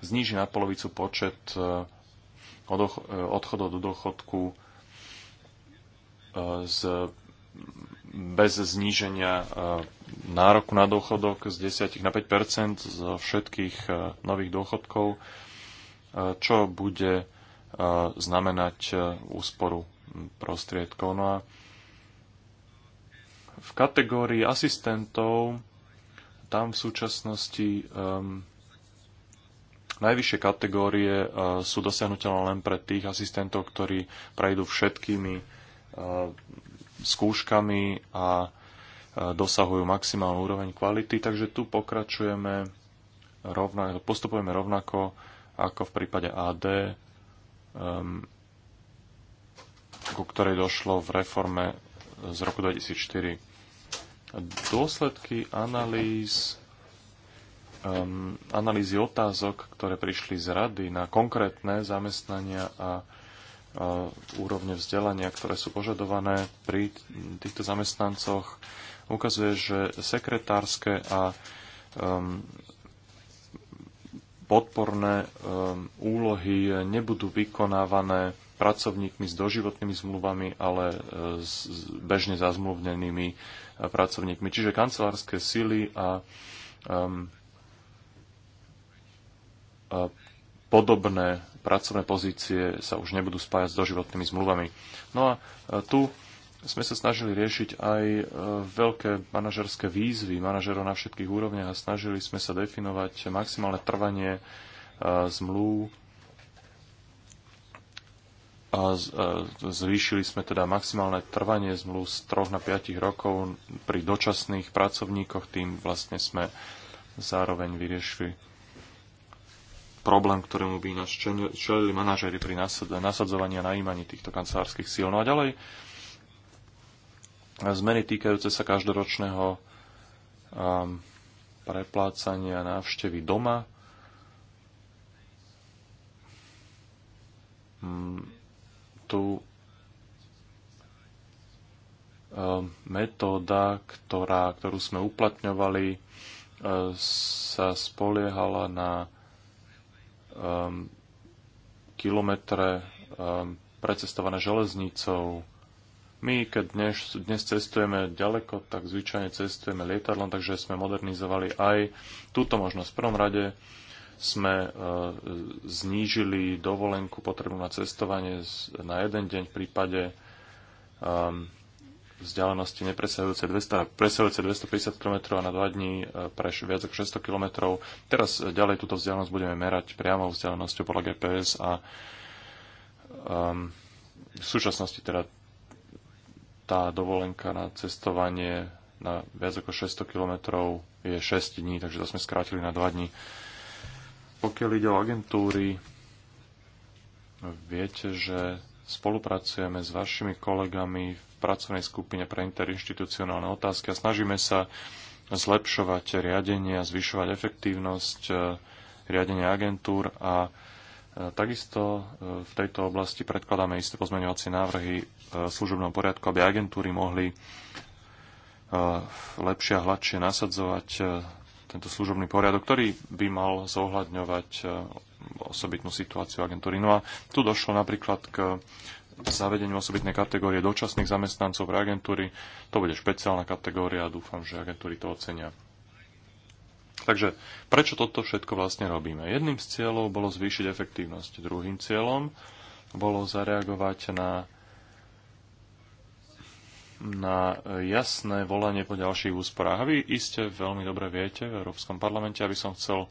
zníži na polovicu počet odchodov do dôchodku z bez zníženia e, nároku na dôchodok z 10 na 5 zo všetkých e, nových dôchodkov, e, čo bude znamenať úsporu prostriedkov. No a v kategórii asistentov tam v súčasnosti um, najvyššie kategórie uh, sú dosiahnuteľné len pre tých asistentov, ktorí prejdú všetkými uh, skúškami a dosahujú maximálnu úroveň kvality, takže tu pokračujeme rovnako, postupujeme rovnako ako v prípade AD, um, ku ktorej došlo v reforme z roku 2004. Dôsledky analýz um, analýzy otázok, ktoré prišli z rady na konkrétne zamestnania a úrovne vzdelania, ktoré sú požadované pri týchto zamestnancoch, ukazuje, že sekretárske a um, podporné um, úlohy nebudú vykonávané pracovníkmi s doživotnými zmluvami, ale uh, s bežne zazmluvnenými uh, pracovníkmi. Čiže kancelárske sily a, um, a podobné pracovné pozície sa už nebudú spájať s doživotnými zmluvami. No a e, tu sme sa snažili riešiť aj e, veľké manažerské výzvy manažerov na všetkých úrovniach a snažili sme sa definovať maximálne trvanie e, zmluv. A zvýšili sme teda maximálne trvanie zmluv z 3 na 5 rokov pri dočasných pracovníkoch, tým vlastne sme zároveň vyriešili problém, ktorému by ináč čelili manažery pri nasadzovaní a najímaní týchto kancelárskych síl. No a ďalej zmeny týkajúce sa každoročného um, preplácania návštevy doma. Um, tu um, metóda, ktorá, ktorú sme uplatňovali, uh, sa spoliehala na um, kilometre um, precestované železnicou. My, keď dnes, dnes cestujeme ďaleko, tak zvyčajne cestujeme lietadlom, takže sme modernizovali aj túto možnosť. V prvom rade sme uh, znížili dovolenku potrebnú na cestovanie na jeden deň v prípade um, vzdialenosti nepresahujúce 200, presahujúce 250 km a na 2 dní e, pre viac ako 600 km. Teraz e, ďalej túto vzdialenosť budeme merať priamo vzdialenosťou podľa GPS a um, v súčasnosti teda tá dovolenka na cestovanie na viac ako 600 km je 6 dní, takže to sme skrátili na 2 dní. Pokiaľ ide o agentúry, viete, že spolupracujeme s vašimi kolegami v pracovnej skupine pre interinstitucionálne otázky a snažíme sa zlepšovať riadenie a zvyšovať efektívnosť e, riadenia agentúr a e, takisto e, v tejto oblasti predkladáme isté pozmeňovacie návrhy v služobnom poriadku, aby agentúry mohli lepšie a hladšie nasadzovať tento služobný poriadok, ktorý by mal zohľadňovať osobitnú situáciu agentúry. No a tu došlo napríklad k zavedeniu osobitnej kategórie dočasných zamestnancov pre agentúry. To bude špeciálna kategória a dúfam, že agentúry to ocenia. Takže prečo toto všetko vlastne robíme? Jedným z cieľov bolo zvýšiť efektívnosť. Druhým cieľom bolo zareagovať na na jasné volanie po ďalších úsporách. A vy iste veľmi dobre viete v Európskom parlamente, aby som chcel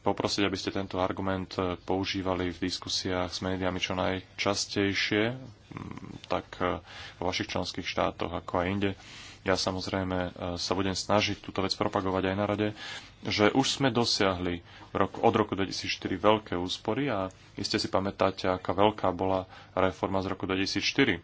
poprosiť, aby ste tento argument eh, používali v diskusiách s médiami čo najčastejšie, mm, tak eh, vo vašich členských štátoch, ako aj inde. Ja samozrejme eh, sa budem snažiť túto vec propagovať aj na rade, že už sme dosiahli rok, od roku 2004 veľké úspory a iste si pamätáte, aká veľká bola reforma z roku 2004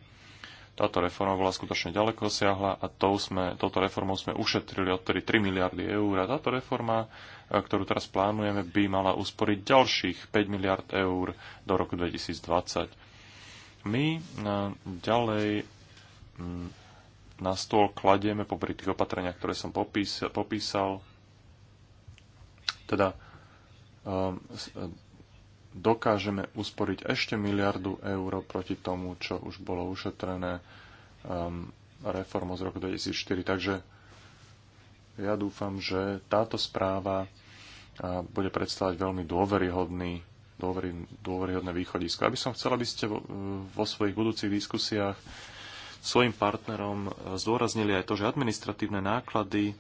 táto reforma bola skutočne ďaleko siahla a tou sme, touto reformou sme ušetrili odtedy 3 miliardy eur a táto reforma, e, ktorú teraz plánujeme, by mala usporiť ďalších 5 miliard eur do roku 2020. My e, ďalej mm, na stôl kladieme popri tých opatreniach, ktoré som popísal, popísal teda e, dokážeme usporiť ešte miliardu eur proti tomu, čo už bolo ušetrené um, reformou z roku 2004. Takže ja dúfam, že táto správa uh, bude predstavať veľmi dôveryhodný, dôvery, dôveryhodné východisko. Aby som chcel, aby ste vo, uh, vo svojich budúcich diskusiách svojim partnerom uh, zdôraznili aj to, že administratívne náklady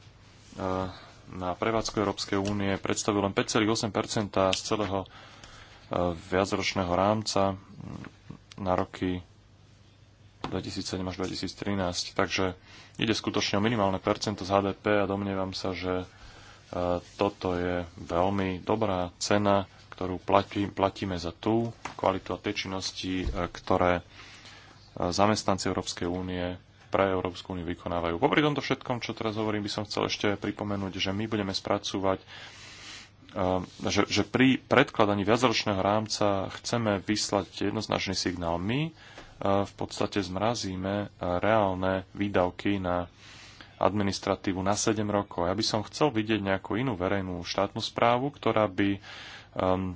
na prevádzku Európskej únie predstavujú len 5,8 z celého Eh, viacročného rámca na roky 2007 až 2013. Takže ide skutočne o minimálne percento z HDP a domnievam sa, že eh, toto je veľmi dobrá cena, ktorú platí, platíme za tú kvalitu a tie činnosti, eh, ktoré zamestnanci Európskej únie pre Európsku úniu vykonávajú. Popri tomto všetkom, čo teraz hovorím, by som chcel ešte pripomenúť, že my budeme spracúvať že, že pri predkladaní viacročného rámca chceme vyslať jednoznačný signál. My v podstate zmrazíme reálne výdavky na administratívu na 7 rokov. Ja by som chcel vidieť nejakú inú verejnú štátnu správu, ktorá by um,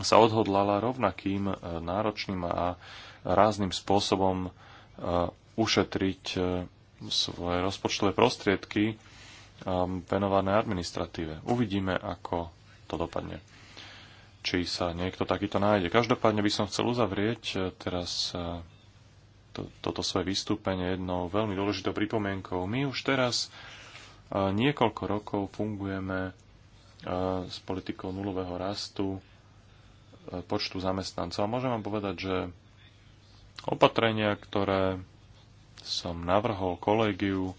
sa odhodlala rovnakým e, náročným a rázným spôsobom uh, ušetriť uh, svoje rozpočtové prostriedky Um, venované administratíve. Uvidíme, ako to dopadne. Či sa niekto takýto nájde. Každopádne by som chcel uzavrieť eh, teraz eh, to, toto svoje vystúpenie jednou veľmi dôležitou pripomienkou. My už teraz eh, niekoľko rokov fungujeme s politikou nulového rastu počtu zamestnancov. A môžem vám povedať, že opatrenia, ktoré som navrhol kolégiu,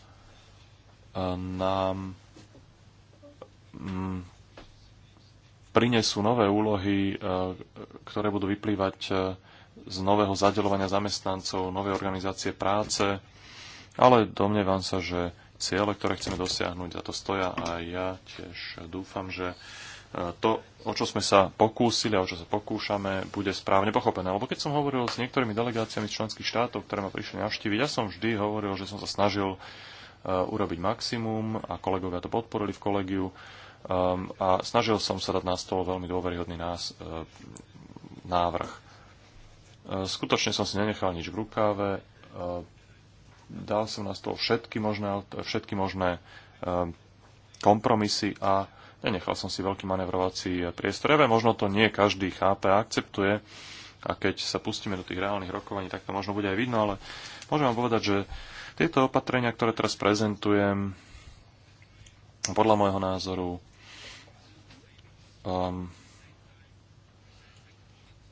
nám mm, prinesú nové úlohy, e, ktoré budú vyplývať e, z nového zadeľovania zamestnancov, nové organizácie práce, ale domnievam sa, že ciele, ktoré chceme dosiahnuť, za to stoja a ja tiež dúfam, že e, to, o čo sme sa pokúsili a o čo sa pokúšame, bude správne pochopené. Lebo keď som hovoril s niektorými delegáciami z členských štátov, ktoré ma prišli navštíviť, ja som vždy hovoril, že som sa snažil uh, Eh, urobiť maximum a kolegovia to podporili v kolegiu eh, a snažil som sa dať na stôl veľmi dôveryhodný nás, eh, návrh. Skutočne som si nenechal nič v rukáve, dal som na stôl všetky možné, všetky možné kompromisy a nenechal som si veľký manevrovací priestor. Ja viem, možno to nie každý chápe a akceptuje a keď sa pustíme do tých reálnych rokovaní, tak to možno bude aj vidno, ale môžem vám povedať, že tieto opatrenia, ktoré teraz prezentujem, podľa môjho názoru um,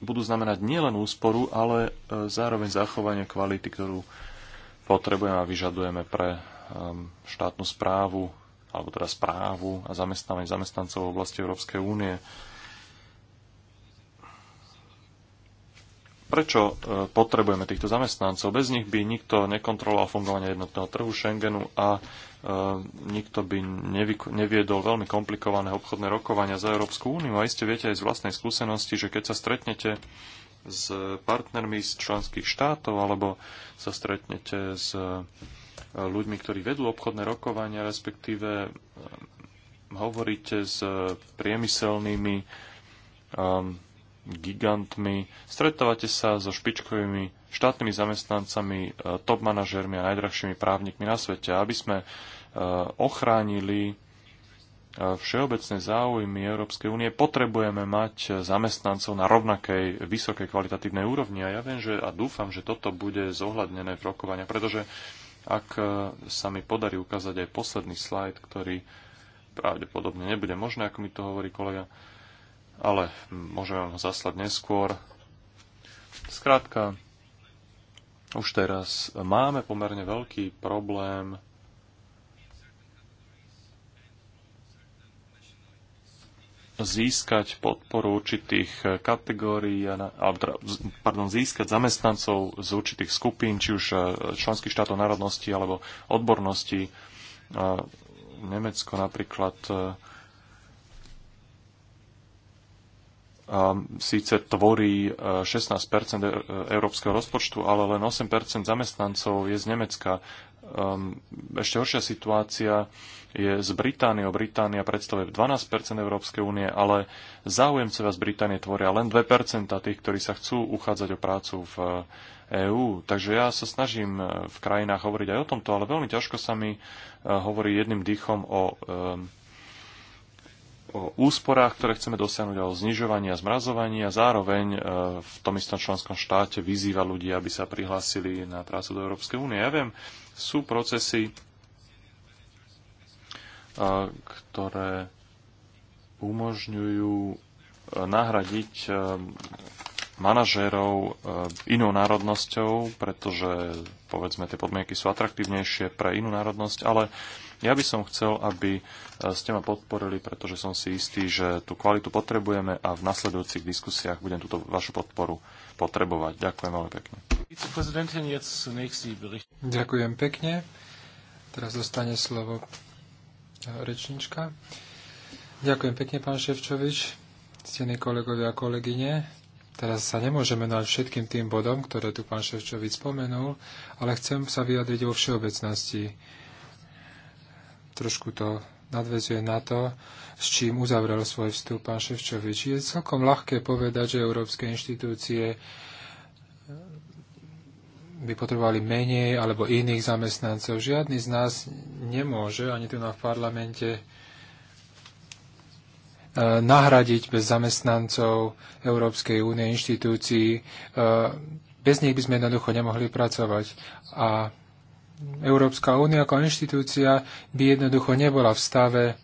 budú znamenať nielen úsporu, ale e, zároveň zachovanie kvality, ktorú potrebujeme a vyžadujeme pre um, štátnu správu, alebo teda správu a zamestnávanie zamestnancov v oblasti Európskej únie. Prečo e, potrebujeme týchto zamestnancov? Bez nich by nikto nekontroloval fungovanie jednotného trhu Schengenu a e, nikto by neviedol veľmi komplikované obchodné rokovania za Európsku úniu. A iste viete aj z vlastnej skúsenosti, že keď sa stretnete s partnermi z členských štátov alebo sa stretnete s e, ľuďmi, ktorí vedú obchodné rokovania, respektíve hovoríte s priemyselnými um, gigantmi, stretávate sa so špičkovými štátnymi zamestnancami, e, top manažermi a najdrahšími právnikmi na svete, aby sme e, ochránili e, všeobecné záujmy Európskej únie, potrebujeme mať zamestnancov na rovnakej vysokej kvalitatívnej úrovni. A ja viem, že a dúfam, že toto bude zohľadnené v rokovania, pretože ak sa mi podarí ukázať aj posledný slajd, ktorý pravdepodobne nebude možné, ako mi to hovorí kolega, ale môžem vám ho zaslať neskôr. Skrátka, už teraz máme pomerne veľký problém získať podporu určitých kategórií, teda pardon, získať zamestnancov z určitých skupín, či už e, členských štátov národnosti alebo odbornosti. Nemecko napríklad e, síce tvorí 16 e, e, európskeho rozpočtu, ale len 8 zamestnancov je z Nemecka. Ehm, ešte horšia situácia je z Britániou. Británia predstavuje 12 Európskej únie, ale záujemcovia z Británie tvoria len 2 tých, ktorí sa chcú uchádzať o prácu v EÚ. E Takže ja sa snažím v krajinách hovoriť aj o tomto, ale veľmi ťažko sa mi hovorí jedným dýchom o ehm, o úsporách, ktoré chceme dosiahnuť, o znižovaní a zmrazovaní a zároveň e, v tom istom členskom štáte vyzýva ľudí, aby sa prihlásili na prácu do Európskej únie. Ja viem, sú procesy, e, ktoré umožňujú e, nahradiť manažérov inou národnosťou, pretože povedzme tie podmienky sú atraktívnejšie pre inú národnosť, ale ja by som chcel, aby e, ste ma podporili, pretože som si istý, že tú kvalitu potrebujeme a v nasledujúcich diskusiách budem túto vašu podporu potrebovať. Ďakujem veľmi pekne. Ďakujem pekne. Teraz dostane slovo rečnička. Ďakujem pekne, pán Ševčovič, ctení kolegovia a kolegyne. Teraz sa nemôžeme nať všetkým tým bodom, ktoré tu pán Ševčovič spomenul, ale chcem sa vyjadriť vo všeobecnosti trošku to nadvezuje na to, s čím uzavrel svoj vstup pán Ševčovič. Je celkom ľahké povedať, že európske inštitúcie eh, by potrebovali menej alebo iných zamestnancov. Žiadny z nás nemôže, ani tu na v parlamente, eh, nahradiť bez zamestnancov Európskej únie inštitúcií. Eh, bez nich by sme jednoducho nemohli pracovať. A Európska únia ako inštitúcia by jednoducho nebola v stave eh,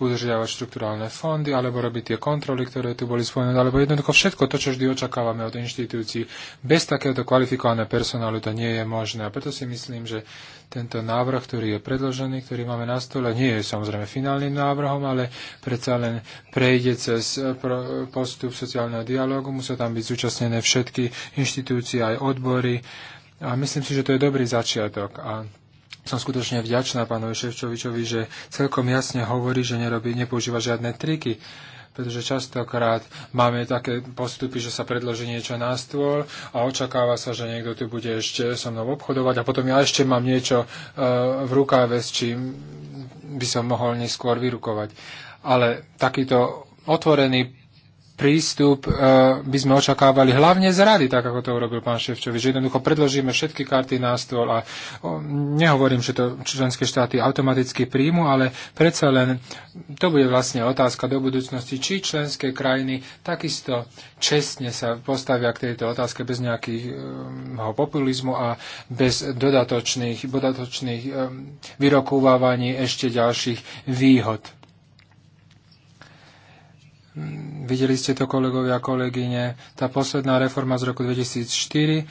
udržiavať štruktúrálne fondy, alebo robiť tie kontroly, ktoré tu boli spomenuté, alebo jednoducho všetko to, čo vždy očakávame od inštitúcií. Bez takéhoto kvalifikovaného personálu to nie je možné. A preto si myslím, že tento návrh, ktorý je predložený, ktorý máme na stole, nie je samozrejme finálnym návrhom, ale predsa len prejde cez eh, postup sociálneho dialogu, Musia tam byť zúčastnené všetky inštitúcie, aj odbory. A myslím si, že to je dobrý začiatok. A som skutočne vďačná pánovi Ševčovičovi, že celkom jasne hovorí, že nerobí, nepoužíva žiadne triky pretože častokrát máme také postupy, že sa predloží niečo na stôl a očakáva sa, že niekto tu bude ešte so mnou obchodovať a potom ja ešte mám niečo e, v rukáve, s čím by som mohol neskôr vyrukovať. Ale takýto otvorený prístup e, by sme očakávali hlavne z rady, tak ako to urobil pán Ševčovič. Jednoducho predložíme všetky karty na stôl a nehovorím, že to členské štáty automaticky príjmu, ale predsa len to bude vlastne otázka do budúcnosti, či členské krajiny takisto čestne sa postavia k tejto otázke bez nejakého e, populizmu a bez dodatočných, dodatočných e, vyrokúvávaní ešte ďalších výhod. Videli ste to, kolegovia a kolegyne. Tá posledná reforma z roku 2004,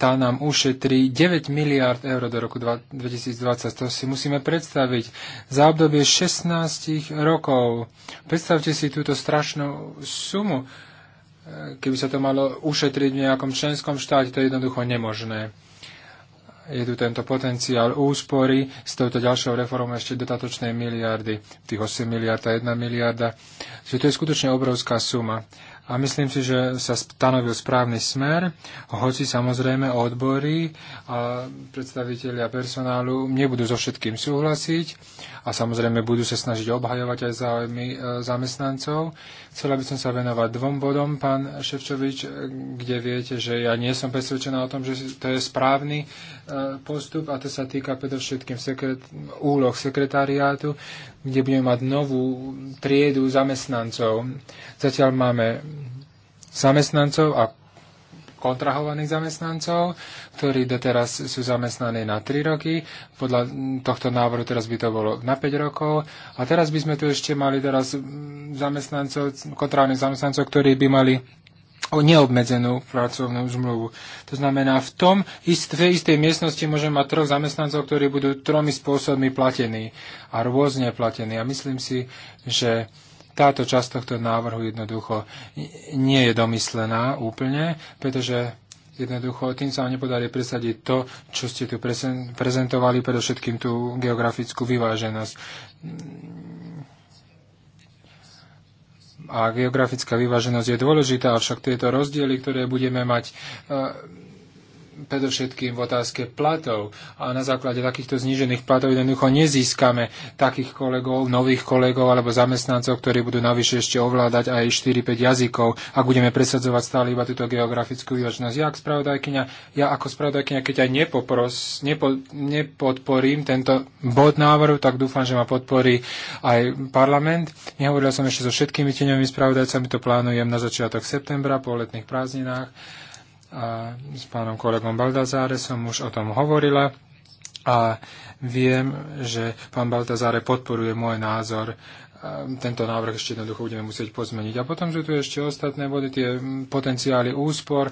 tá nám ušetrí 9 miliard eur do roku 2020. To si musíme predstaviť. Za obdobie 16 rokov. Predstavte si túto strašnú sumu. Keby sa to malo ušetriť v nejakom členskom štáte, to je jednoducho nemožné je tu tento potenciál úspory s touto ďalšou reformou ešte dodatočné miliardy, tých 8 miliard a 1 miliarda. Čiže to je skutočne obrovská suma a myslím si, že sa stanovil správny smer, hoci samozrejme odbory a predstavitelia personálu nebudú so všetkým súhlasiť a samozrejme budú sa snažiť obhajovať aj záujmy e, zamestnancov. Chcela by som sa venovať dvom bodom, pán Ševčovič, kde viete, že ja nie som presvedčená o tom, že to je správny e, postup a to sa týka predovšetkým sekret- úloh sekretariátu kde budeme mať novú triedu zamestnancov. Zatiaľ máme zamestnancov a kontrahovaných zamestnancov, ktorí doteraz sú zamestnaní na 3 roky. Podľa tohto návrhu teraz by to bolo na 5 rokov. A teraz by sme tu ešte mali teraz zamestnancov, kontrahovaných zamestnancov, ktorí by mali o neobmedzenú pracovnú zmluvu. To znamená, v tom ist, v istej miestnosti môžem mať troch zamestnancov, ktorí budú tromi spôsobmi platení a rôzne platení. A myslím si, že táto časť tohto návrhu jednoducho nie je domyslená úplne, pretože jednoducho tým sa vám nepodarí presadiť to, čo ste tu prezentovali, predovšetkým tú geografickú vyváženosť a geografická vyváženosť je dôležitá, avšak tieto rozdiely, ktoré budeme mať, e, predovšetkým v otázke platov. A na základe takýchto znížených platov jednoducho nezískame takých kolegov, nových kolegov alebo zamestnancov, ktorí budú navyše ešte ovládať aj 4-5 jazykov, a budeme presadzovať stále iba túto geografickú výročnosť. Ja, spravodajkyňa, ja ako spravodajkyňa, keď aj nepopros, nepo, nepodporím tento bod návrhu, tak dúfam, že ma podporí aj parlament. Nehovoril som ešte so všetkými teňovými spravodajcami, to plánujem na začiatok septembra po letných prázdninách a s pánom kolegom Baldazáre som už o tom hovorila a viem, že pán Baltazáre podporuje môj názor. E, tento návrh ešte jednoducho budeme musieť pozmeniť. A potom sú tu ešte ostatné body, tie potenciály úspor.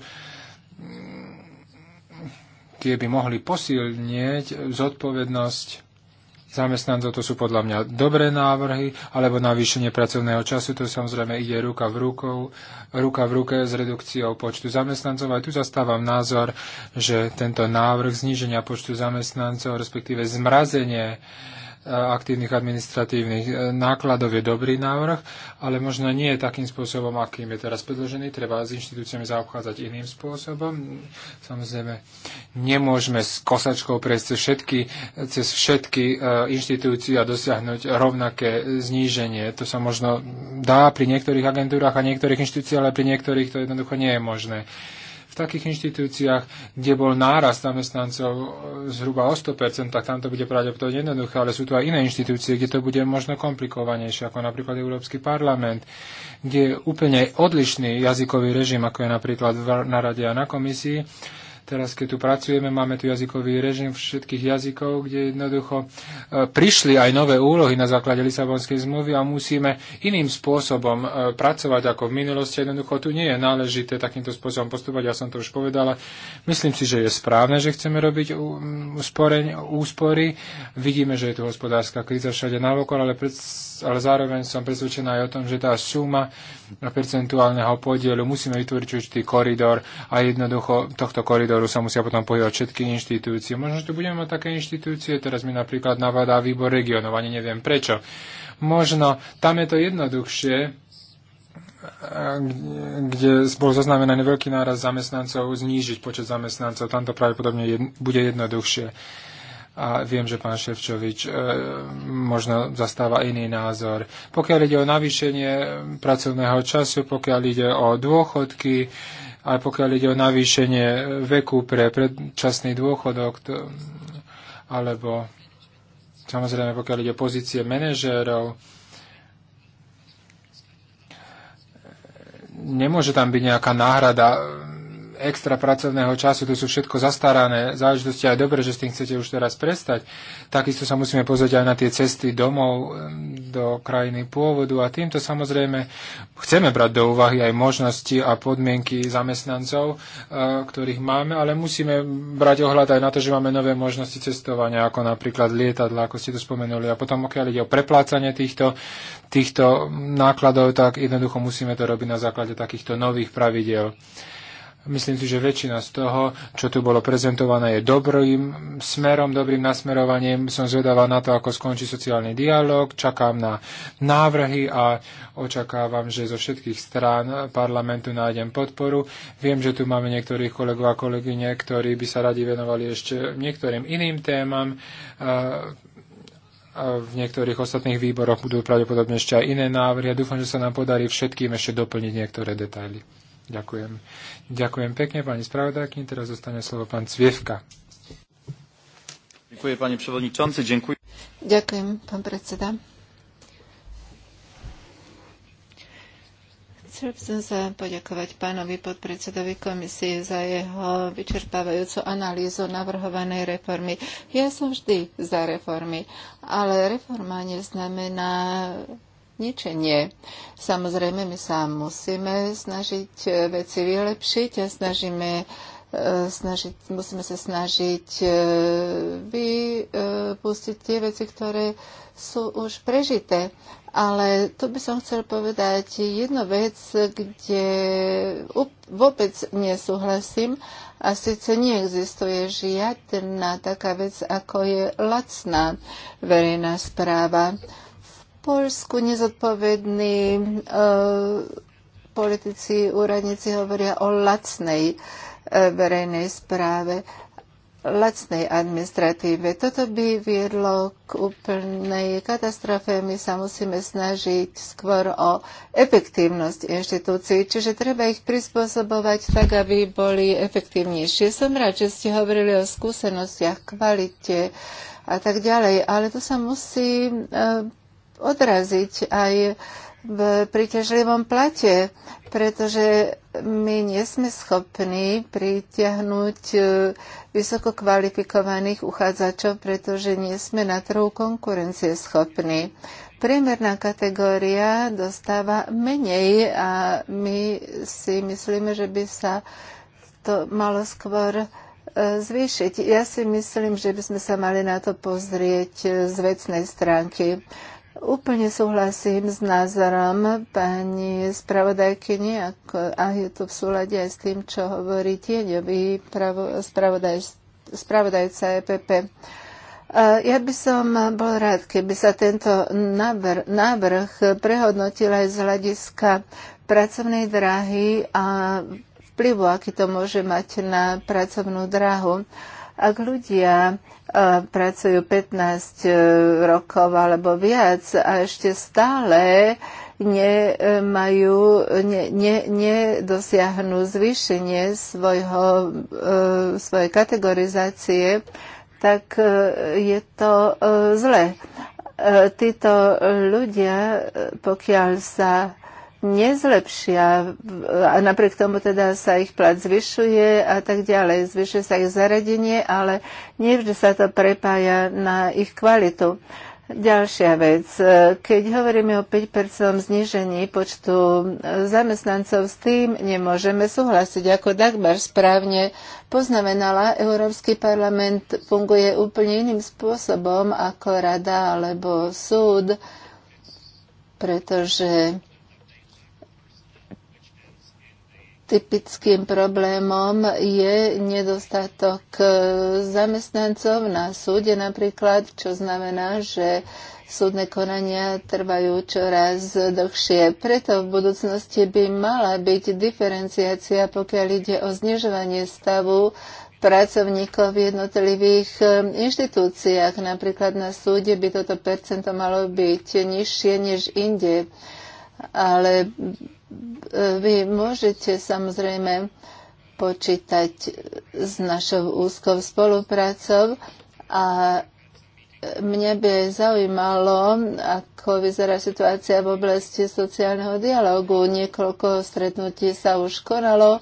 Tie by mohli posilnieť zodpovednosť zamestnancov, to sú podľa mňa dobré návrhy, alebo navýšenie pracovného času, to samozrejme ide ruka v, rukou, ruka v ruke s redukciou počtu zamestnancov. Aj tu zastávam názor, že tento návrh zníženia počtu zamestnancov, respektíve zmrazenie aktívnych administratívnych e, nákladov je dobrý návrh, ale možno nie takým spôsobom, akým je teraz predložený. Treba s inštitúciami zaobchádzať iným spôsobom. Samozrejme, nemôžeme s kosačkou prejsť cez všetky, cez všetky e, inštitúcie a dosiahnuť rovnaké zníženie. To sa možno dá pri niektorých agentúrach a niektorých inštitúciách, ale pri niektorých to jednoducho nie je možné takých inštitúciách, kde bol nárast zamestnancov zhruba o 100%, tak tam to bude pravdepodobne jednoduché, ale sú tu aj iné inštitúcie, kde to bude možno komplikovanejšie, ako napríklad Európsky parlament, kde je úplne odlišný jazykový režim, ako je napríklad na rade a na komisii Teraz, keď tu pracujeme, máme tu jazykový režim všetkých jazykov, kde jednoducho e, prišli aj nové úlohy na základe Lisabonskej zmluvy a musíme iným spôsobom e, pracovať ako v minulosti. Jednoducho tu nie je náležité takýmto spôsobom postupovať, ja som to už povedala. Myslím si, že je správne, že chceme robiť úspory. Vidíme, že je tu hospodárska kríza všade navokol, ale, pred, ale zároveň som presvedčená aj o tom, že tá suma percentuálneho podielu musíme vytvoriť určitý koridor a jednoducho tohto koridoru ktorú sa musia potom pohybovať všetky inštitúcie. Možno, že tu budeme mať také inštitúcie, teraz mi napríklad navádá výbor regionov, ani neviem prečo. Možno tam je to jednoduchšie, kde bol zaznamenaný veľký náraz zamestnancov, znížiť počet zamestnancov, tam to pravdepodobne jedn- bude jednoduchšie. A viem, že pán Ševčovič e, možno zastáva iný názor. Pokiaľ ide o navýšenie pracovného času, pokiaľ ide o dôchodky, e, aj pokiaľ ide o navýšenie veku pre predčasný dôchodok, to, alebo samozrejme pokiaľ ide o pozície manažérov, nemôže tam byť nejaká náhrada extra pracovného času, to sú všetko zastarané záležitosti a je dobre, že s tým chcete už teraz prestať. Takisto sa musíme pozrieť aj na tie cesty domov do krajiny pôvodu a týmto samozrejme chceme brať do úvahy aj možnosti a podmienky zamestnancov, e, ktorých máme, ale musíme brať ohľad aj na to, že máme nové možnosti cestovania, ako napríklad lietadla, ako ste to spomenuli. A potom, pokiaľ ide o preplácanie týchto, týchto nákladov, tak jednoducho musíme to robiť na základe takýchto nových pravidel. Myslím si, že väčšina z toho, čo tu bolo prezentované, je dobrým smerom, dobrým nasmerovaním. Som zvedavá na to, ako skončí sociálny dialog. Čakám na návrhy a očakávam, že zo všetkých strán parlamentu nájdem podporu. Viem, že tu máme niektorých kolegov a kolegyne, ktorí by sa radi venovali ešte niektorým iným témam v niektorých ostatných výboroch budú pravdepodobne ešte aj iné návrhy a dúfam, že sa nám podarí všetkým ešte doplniť niektoré detaily. Ďakujem. Ďakujem pekne, pani spravodajkyni. Teraz zostane slovo pán Cvievka. Ďakujem, pani przewodniczący. Ďakujem. Ďakujem, pán predseda. Chcel by som sa poďakovať pánovi podpredsedovi komisie za jeho vyčerpávajúcu analýzu navrhovanej reformy. Ja som vždy za reformy, ale reforma neznamená ničenie. Samozrejme, my sa musíme snažiť e, veci vylepšiť a snažíme e, snažiť, musíme sa snažiť e, vypustiť tie veci, ktoré sú už prežité. Ale tu by som chcel povedať jednu vec, kde vôbec nesúhlasím a síce neexistuje žiadna taká vec, ako je lacná verejná správa. Polsku nezodpovední e, politici, úradníci hovoria o lacnej e, verejnej správe, lacnej administratíve. Toto by viedlo k úplnej katastrofe. My sa musíme snažiť skôr o efektívnosť inštitúcií, čiže treba ich prispôsobovať tak, aby boli efektívnejšie. Som rád, že ste hovorili o skúsenostiach, kvalite, a tak ďalej. Ale to sa musí eh, odraziť aj v príťažlivom plate, pretože my nie sme schopní pritiahnuť e, vysoko kvalifikovaných uchádzačov, pretože nie sme na trhu schopní. Priemerná kategória dostáva menej a my si myslíme, že by sa to malo skôr e, zvýšiť. Ja si myslím, že by sme sa mali na to pozrieť e, z vecnej stránky. Úplne súhlasím s názorom pani spravodajkyni a je to v súlade aj s tým, čo hovorí tieňový spravodajca EPP. Ja by som bol rád, keby sa tento návrh, návrh prehodnotil aj z hľadiska pracovnej dráhy a vplyvu, aký to môže mať na pracovnú dráhu. Ak ľudia pracujú 15 e, rokov alebo viac a ešte stále nemajú, ne, ne, nedosiahnu zvýšenie svojho, e, svojej kategorizácie, tak e, je to zle. Títo ľudia, pokiaľ sa nezlepšia a napriek tomu teda sa ich plat zvyšuje a tak ďalej. Zvyšuje sa ich zaradenie, ale nevždy sa to prepája na ich kvalitu. Ďalšia vec. Keď hovoríme o 5% znižení počtu zamestnancov, s tým nemôžeme súhlasiť. Ako Dagmar správne poznamenala, Európsky parlament funguje úplne iným spôsobom ako rada alebo súd, pretože Typickým problémom je nedostatok e, zamestnancov na súde napríklad, čo znamená, že súdne konania trvajú čoraz dlhšie. Preto v budúcnosti by mala byť diferenciácia, pokiaľ ide o znižovanie stavu pracovníkov v jednotlivých e, inštitúciách. Napríklad na súde by toto percento malo byť nižšie než inde. Ale vy môžete samozrejme počítať s našou úzkou spoluprácou a mne by zaujímalo, ako vyzerá situácia v oblasti sociálneho dialogu. Niekoľko stretnutí sa už konalo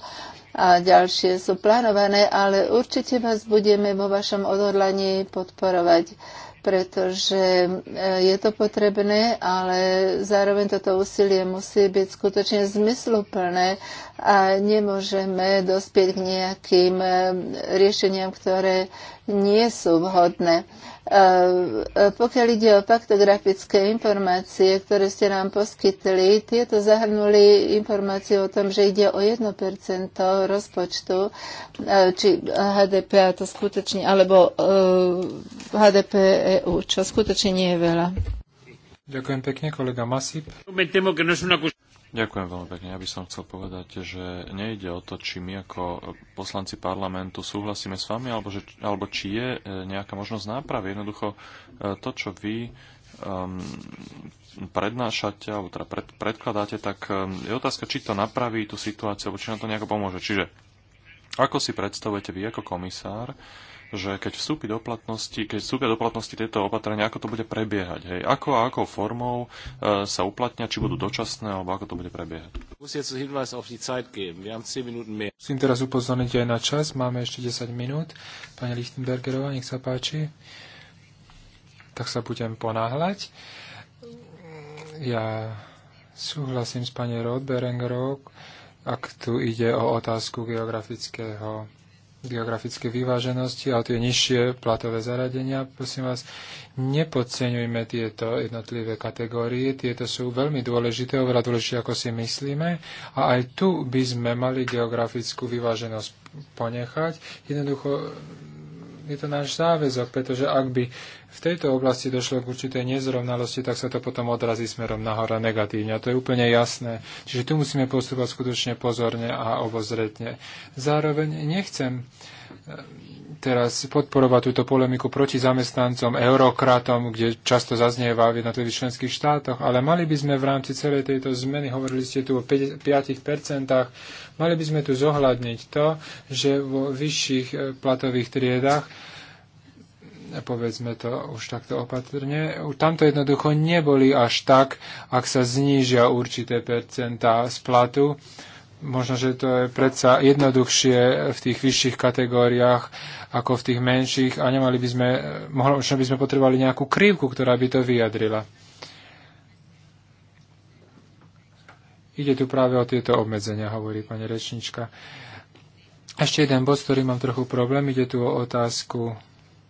a ďalšie sú plánované, ale určite vás budeme vo vašom odhodlaní podporovať pretože e, je to potrebné, ale zároveň toto úsilie musí byť skutočne zmysluplné a nemôžeme dospieť k nejakým e, riešeniam, ktoré nie sú vhodné. E, e, pokiaľ ide o faktografické informácie, ktoré ste nám poskytli, tieto zahrnuli informáciu o tom, že ide o 1% rozpočtu, e, či HDP, a to skutočne, alebo HDP EU, čo skutočne nie je veľa. Ďakujem pekne, kolega Masip. No, Ďakujem veľmi pekne. Ja by som chcel povedať, že nejde o to, či my ako poslanci parlamentu súhlasíme s vami, alebo, že, alebo či je e, nejaká možnosť nápravy. Jednoducho e, to, čo vy um, prednášate, alebo teda pred, predkladáte, tak um, je otázka, či to napraví tú situáciu, alebo či nám to nejako pomôže. Čiže ako si predstavujete vy ako komisár, uh, že keď vstúpi do platnosti, keď vstúpia do platnosti tieto opatrenia, ako to bude prebiehať, hej, ako a akou formou e, sa uplatňa, či budú dočasné, alebo ako to bude prebiehať. Musím teraz upozorniť aj na čas, máme ešte 10 minút. Pani Lichtenbergerová, nech sa páči. Tak sa budem ponáhľať. Ja súhlasím s pani Rodberengerovou, ak tu ide o otázku geografického geografické vyváženosti a tie nižšie platové zaradenia. Prosím vás, nepodceňujme tieto jednotlivé kategórie. Tieto sú veľmi dôležité, oveľa dôležité, ako si myslíme. A aj tu by sme mali geografickú vyváženosť ponechať. Jednoducho je to náš záväzok, pretože ak by v tejto oblasti došlo k určitej nezrovnalosti, tak sa to potom odrazí smerom nahora negatívne. A to je úplne jasné. Čiže tu musíme postupovať skutočne pozorne a obozretne. Zároveň nechcem teraz podporovať túto polemiku proti zamestnancom, eurokratom, kde často zaznieva v jednotlivých členských štátoch, ale mali by sme v rámci celej tejto zmeny, hovorili ste tu o 5%, mali by sme tu zohľadniť to, že vo vyšších e, platových triedach povedzme to už takto opatrne, tamto jednoducho neboli až tak, ak sa znížia určité percentá z platu, Možno, že to je predsa jednoduchšie v tých vyšších kategóriách ako v tých menších a nemali by sme, možno by sme potrebovali nejakú krivku, ktorá by to vyjadrila. Ide tu práve o tieto obmedzenia, hovorí pani rečnička. Ešte jeden bod, s ktorým mám trochu problém, ide tu o otázku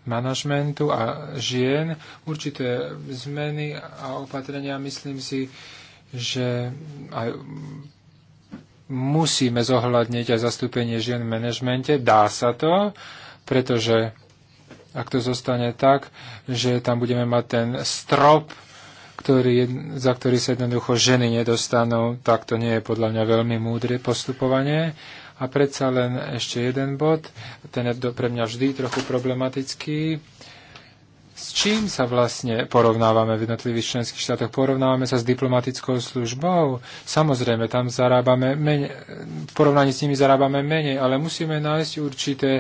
manažmentu a žien. Určité zmeny a opatrenia, myslím si, že aj musíme zohľadniť aj zastúpenie žien v manažmente. Dá sa to, pretože ak to zostane tak, že tam budeme mať ten strop, ktorý, za ktorý sa jednoducho ženy nedostanú, tak to nie je podľa mňa veľmi múdre postupovanie. A predsa len ešte jeden bod, ten je pre mňa vždy trochu problematický s čím sa vlastne porovnávame v jednotlivých členských štátoch? Porovnávame sa s diplomatickou službou? Samozrejme, tam zarábame menej, v porovnaní s nimi zarábame menej, ale musíme nájsť určité,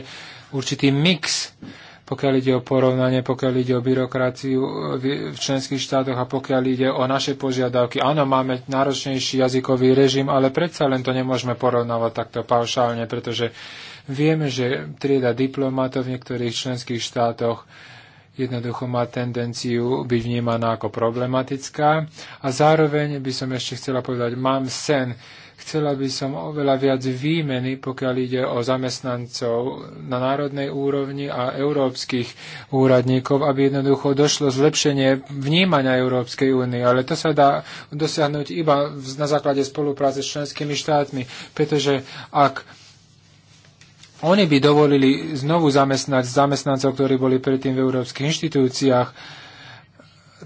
určitý mix, pokiaľ ide o porovnanie, pokiaľ ide o byrokraciu v členských štátoch a pokiaľ ide o naše požiadavky. Áno, máme náročnejší jazykový režim, ale predsa len to nemôžeme porovnávať takto paušálne, pretože vieme, že trieda diplomatov v niektorých členských štátoch jednoducho má tendenciu byť vnímaná ako problematická. A zároveň by som ešte chcela povedať, mám sen, chcela by som oveľa viac výmeny, pokiaľ ide o zamestnancov na národnej úrovni a európskych úradníkov, aby jednoducho došlo zlepšenie vnímania Európskej únie. Ale to sa dá dosiahnuť iba na základe spolupráce s členskými štátmi, pretože ak oni by dovolili znovu zamestnať zamestnancov, ktorí boli predtým v európskych inštitúciách,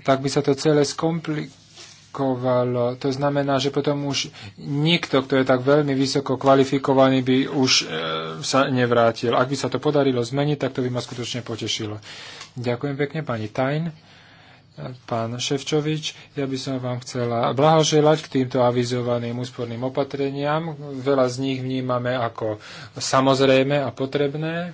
tak by sa to celé skomplikovalo. To znamená, že potom už nikto, kto je tak veľmi vysoko kvalifikovaný, by už e, sa nevrátil. Ak by sa to podarilo zmeniť, tak to by ma skutočne potešilo. Ďakujem pekne, pani Tajn pán Ševčovič. Ja by som vám chcela blahoželať k týmto avizovaným úsporným opatreniam. Veľa z nich vnímame ako samozrejme a potrebné.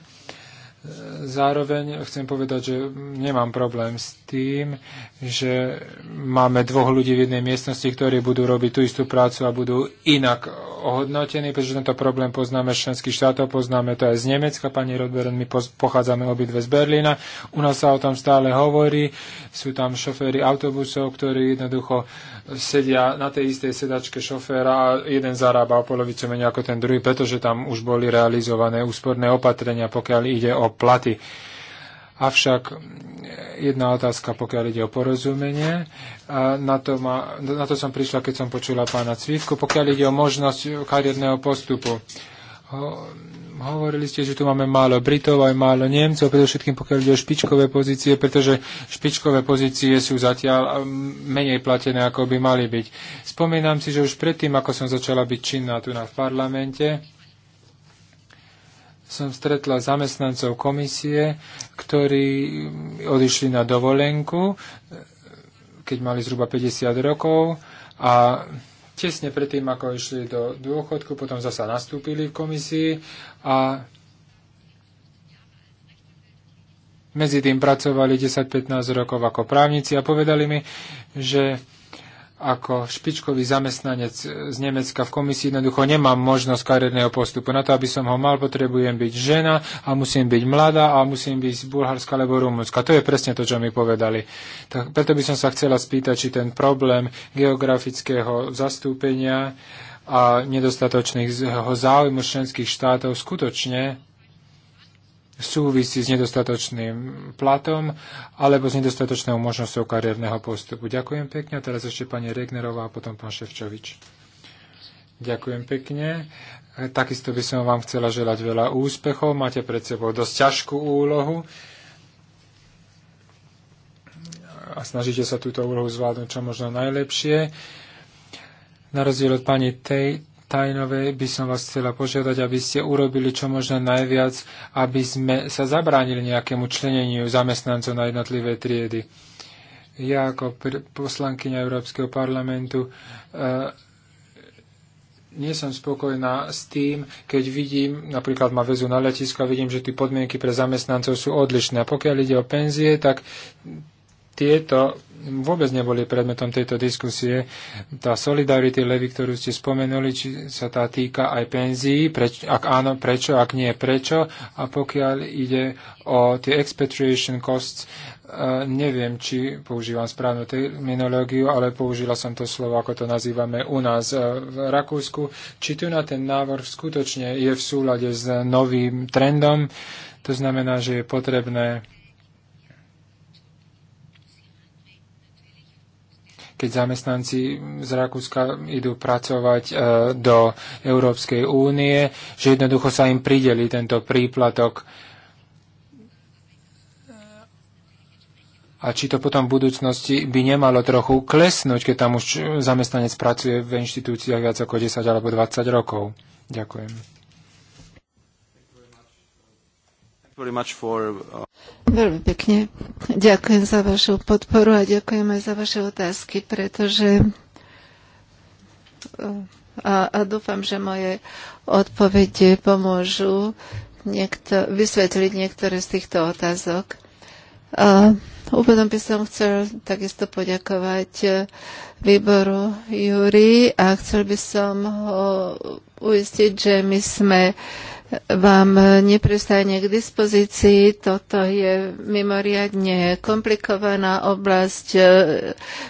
Zároveň chcem povedať, že nemám problém s tým, že máme dvoch ľudí v jednej miestnosti, ktorí budú robiť tú istú prácu a budú inak ohodnotení, pretože tento problém poznáme z členských štátov, poznáme to aj z Nemecka, pani Rodberen, my pochádzame obidve z Berlína, u nás sa o tom stále hovorí, sú tam šoféry autobusov, ktorí jednoducho sedia na tej istej sedačke šoféra a jeden zarába o polovicu menej ako ten druhý, pretože tam už boli realizované úsporné opatrenia, pokiaľ ide o platy. Avšak jedna otázka, pokiaľ ide o porozumenie. A na, to ma, na to som prišla, keď som počula pána Cvítku. Pokiaľ ide o možnosť kariérneho postupu. Ho, hovorili ste, že tu máme málo Britov, aj málo Nemcov, predovšetkým pokiaľ ide o špičkové pozície, pretože špičkové pozície sú zatiaľ menej platené, ako by mali byť. Spomínam si, že už predtým, ako som začala byť činná tu na v parlamente, som stretla zamestnancov komisie, ktorí odišli na dovolenku, keď mali zhruba 50 rokov a tesne predtým, ako išli do dôchodku, potom zasa nastúpili v komisii a medzi tým pracovali 10-15 rokov ako právnici a povedali mi, že ako špičkový zamestnanec z Nemecka v komisii jednoducho nemám možnosť kariérneho postupu. Na to, aby som ho mal, potrebujem byť žena a musím byť mladá a musím byť z Bulharska alebo Rumunska. To je presne to, čo mi povedali. Tak, preto by som sa chcela spýtať, či ten problém geografického zastúpenia a nedostatočných záujmu členských štátov skutočne súvisí s nedostatočným platom alebo s nedostatočnou možnosťou kariérneho postupu. Ďakujem pekne. A teraz ešte pani Regnerová a potom pán Ševčovič. Ďakujem pekne. E, takisto by som vám chcela želať veľa úspechov. Máte pred sebou dosť ťažkú úlohu a snažíte sa túto úlohu zvládnuť čo možno najlepšie. Na rozdiel od pani Tej, Tajnovej by som vás chcela požiadať, aby ste urobili čo možno najviac, aby sme sa zabránili nejakému členeniu zamestnancov na jednotlivé triedy. Ja ako poslankyňa Európskeho parlamentu e nie som spokojná s tým, keď vidím, napríklad ma väzu na letisko a vidím, že tie podmienky pre zamestnancov sú odlišné. A pokiaľ ide o penzie, tak tieto vôbec neboli predmetom tejto diskusie. Tá Solidarity Levy, ktorú ste spomenuli, či sa tá týka aj penzií, preč, ak áno, prečo, ak nie, prečo. A pokiaľ ide o tie expatriation costs, e, neviem, či používam správnu terminológiu, ale použila som to slovo, ako to nazývame u nás e, v Rakúsku. Či tu na ten návrh skutočne je v súlade s novým trendom, to znamená, že je potrebné keď zamestnanci z Rakúska idú pracovať e, do Európskej únie, že jednoducho sa im prideli tento príplatok. A či to potom v budúcnosti by nemalo trochu klesnúť, keď tam už zamestnanec pracuje v inštitúciách viac ako 10 alebo 20 rokov. Ďakujem. Uh, Veľmi pekne. Ďakujem za vašu podporu a ďakujem aj za vaše otázky, pretože uh, a, a dúfam, že moje odpovede pomôžu niekto, vysvetliť niektoré z týchto otázok. A úvodom by som chcel takisto poďakovať uh, výboru Júri a chcel by som ho uistiť, že my sme vám neprestane k dispozícii. Toto je mimoriadne komplikovaná oblasť, e,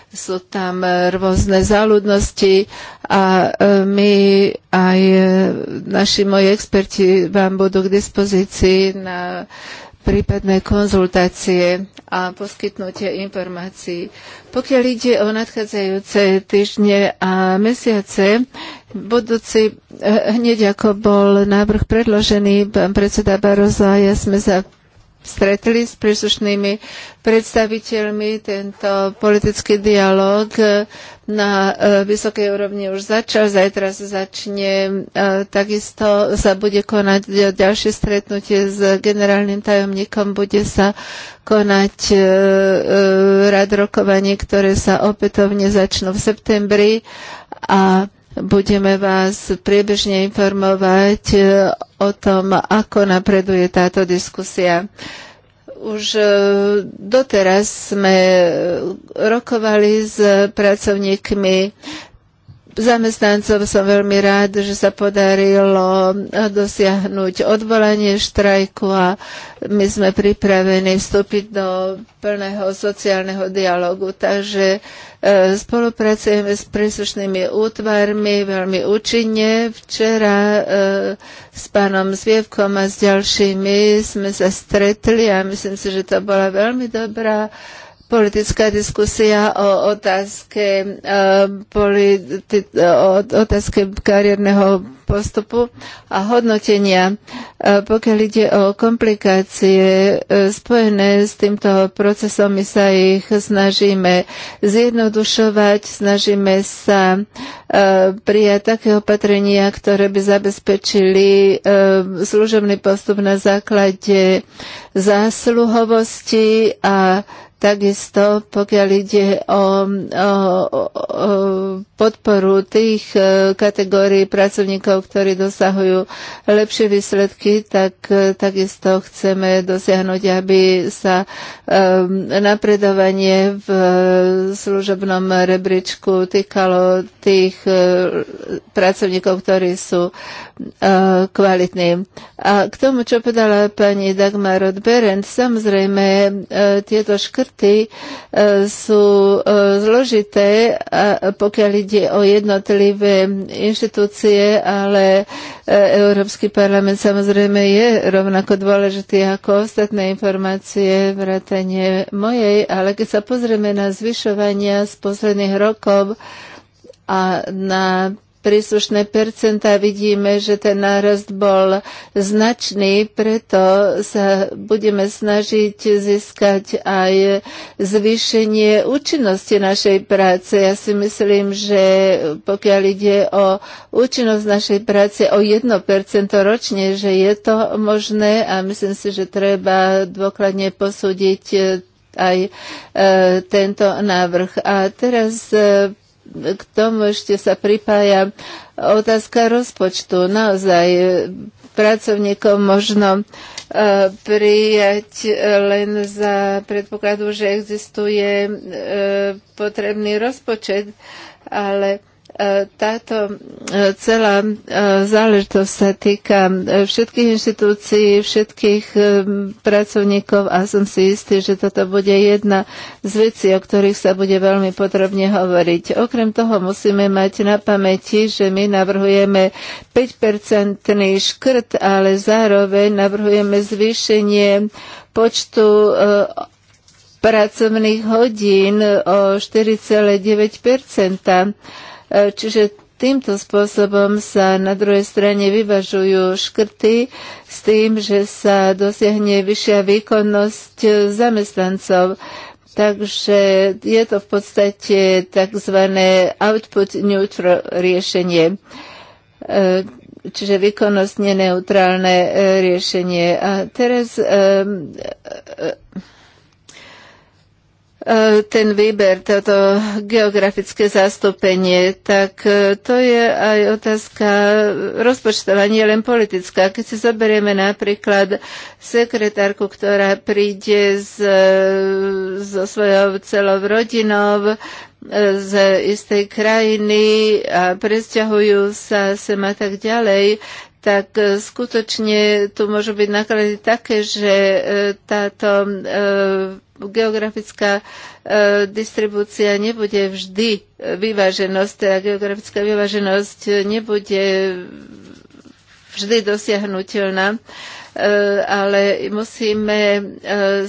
sú tam rôzne záľudnosti a e, my aj e, naši moji experti vám budú k dispozícii na prípadné konzultácie a poskytnutie informácií. Pokiaľ ide o nadchádzajúce týždne a mesiace, budúci, eh, hneď ako bol návrh predložený, pán predseda Barozo a ja sme sa stretli s príslušnými predstaviteľmi. Tento politický dialog eh, na eh, vysokej úrovni už začal. Zajtra sa začne. Takisto sa bude konať ďalšie stretnutie s generálnym tajomníkom. Bude sa konať rad rokovanie, ktoré sa opätovne začnú v septembri. A Budeme vás priebežne informovať e, o tom, ako napreduje táto diskusia už e, doteraz sme rokovali s pracovníkmi zamestnancom som veľmi rád, že sa podarilo eh, dosiahnuť odvolanie štrajku a my sme pripravení vstúpiť do plného sociálneho dialogu. Takže eh, spolupracujeme s príslušnými útvarmi veľmi účinne. Včera eh, s pánom Zvievkom a s ďalšími sme sa stretli a myslím si, že to bola veľmi dobrá politická diskusia o otázke, eh, politi- o otázke kariérneho postupu a hodnotenia. Eh, pokiaľ ide o komplikácie eh, spojené s týmto procesom, my sa ich snažíme zjednodušovať, snažíme sa prijať také opatrenia, ktoré by zabezpečili služobný postup na základe zásluhovosti a Takisto, pokiaľ ide o, o, o, o podporu tých e, kategórií pracovníkov, ktorí dosahujú lepšie výsledky, tak e, takisto chceme dosiahnuť, aby sa um, napredovanie v služobnom rebríčku týkalo tých uh, pracovníkov, ktorí sú uh, kvalitní. A k tomu, čo povedala pani Dagmar Rodberend, samozrejme uh, tieto škrty štarty e, sú e, zložité, pokiaľ ide o jednotlivé inštitúcie, ale e, Európsky parlament samozrejme je rovnako dôležitý ako ostatné informácie, vrátanie mojej, ale keď sa pozrieme na zvyšovania z posledných rokov, a na príslušné percentá, vidíme, že ten nárast bol značný, preto sa budeme snažiť získať aj zvýšenie účinnosti našej práce. Ja si myslím, že pokiaľ ide o účinnosť našej práce o 1% ročne, že je to možné a myslím si, že treba dôkladne posúdiť aj e, tento návrh. A teraz e, k tomu ešte sa pripája otázka rozpočtu. Naozaj e, pracovníkov možno e, prijať e, len za predpokladu, že existuje potrebný rozpočet, ale táto e, celá e, záležitosť sa týka e, všetkých inštitúcií, všetkých pracovníkov a som si istý, že toto bude jedna z vecí, o ktorých sa bude veľmi podrobne hovoriť. Okrem toho musíme mať na pamäti, že my navrhujeme 5-percentný škrt, ale zároveň navrhujeme zvýšenie počtu pracovných hodín o 4,9 E, čiže týmto spôsobom sa na druhej strane vyvažujú škrty s tým, že sa dosiahne vyššia výkonnosť zamestnancov. Takže je to v podstate tzv. output neutral riešenie, e, čiže výkonnostne neutrálne e, riešenie. A teraz E, ten výber, toto geografické zastúpenie, tak e, to je aj otázka rozpočtová, nie len politická. Keď si zoberieme napríklad sekretárku, ktorá príde z, e, so svojou celou rodinou, z istej krajiny a presťahujú sa sem a tak ďalej, tak skutočne tu môžu byť náklady také, že táto geografická e, distribúcia nebude vždy e, vyváženosť, teda geografická vyváženosť nebude vždy dosiahnutelná, e, ale musíme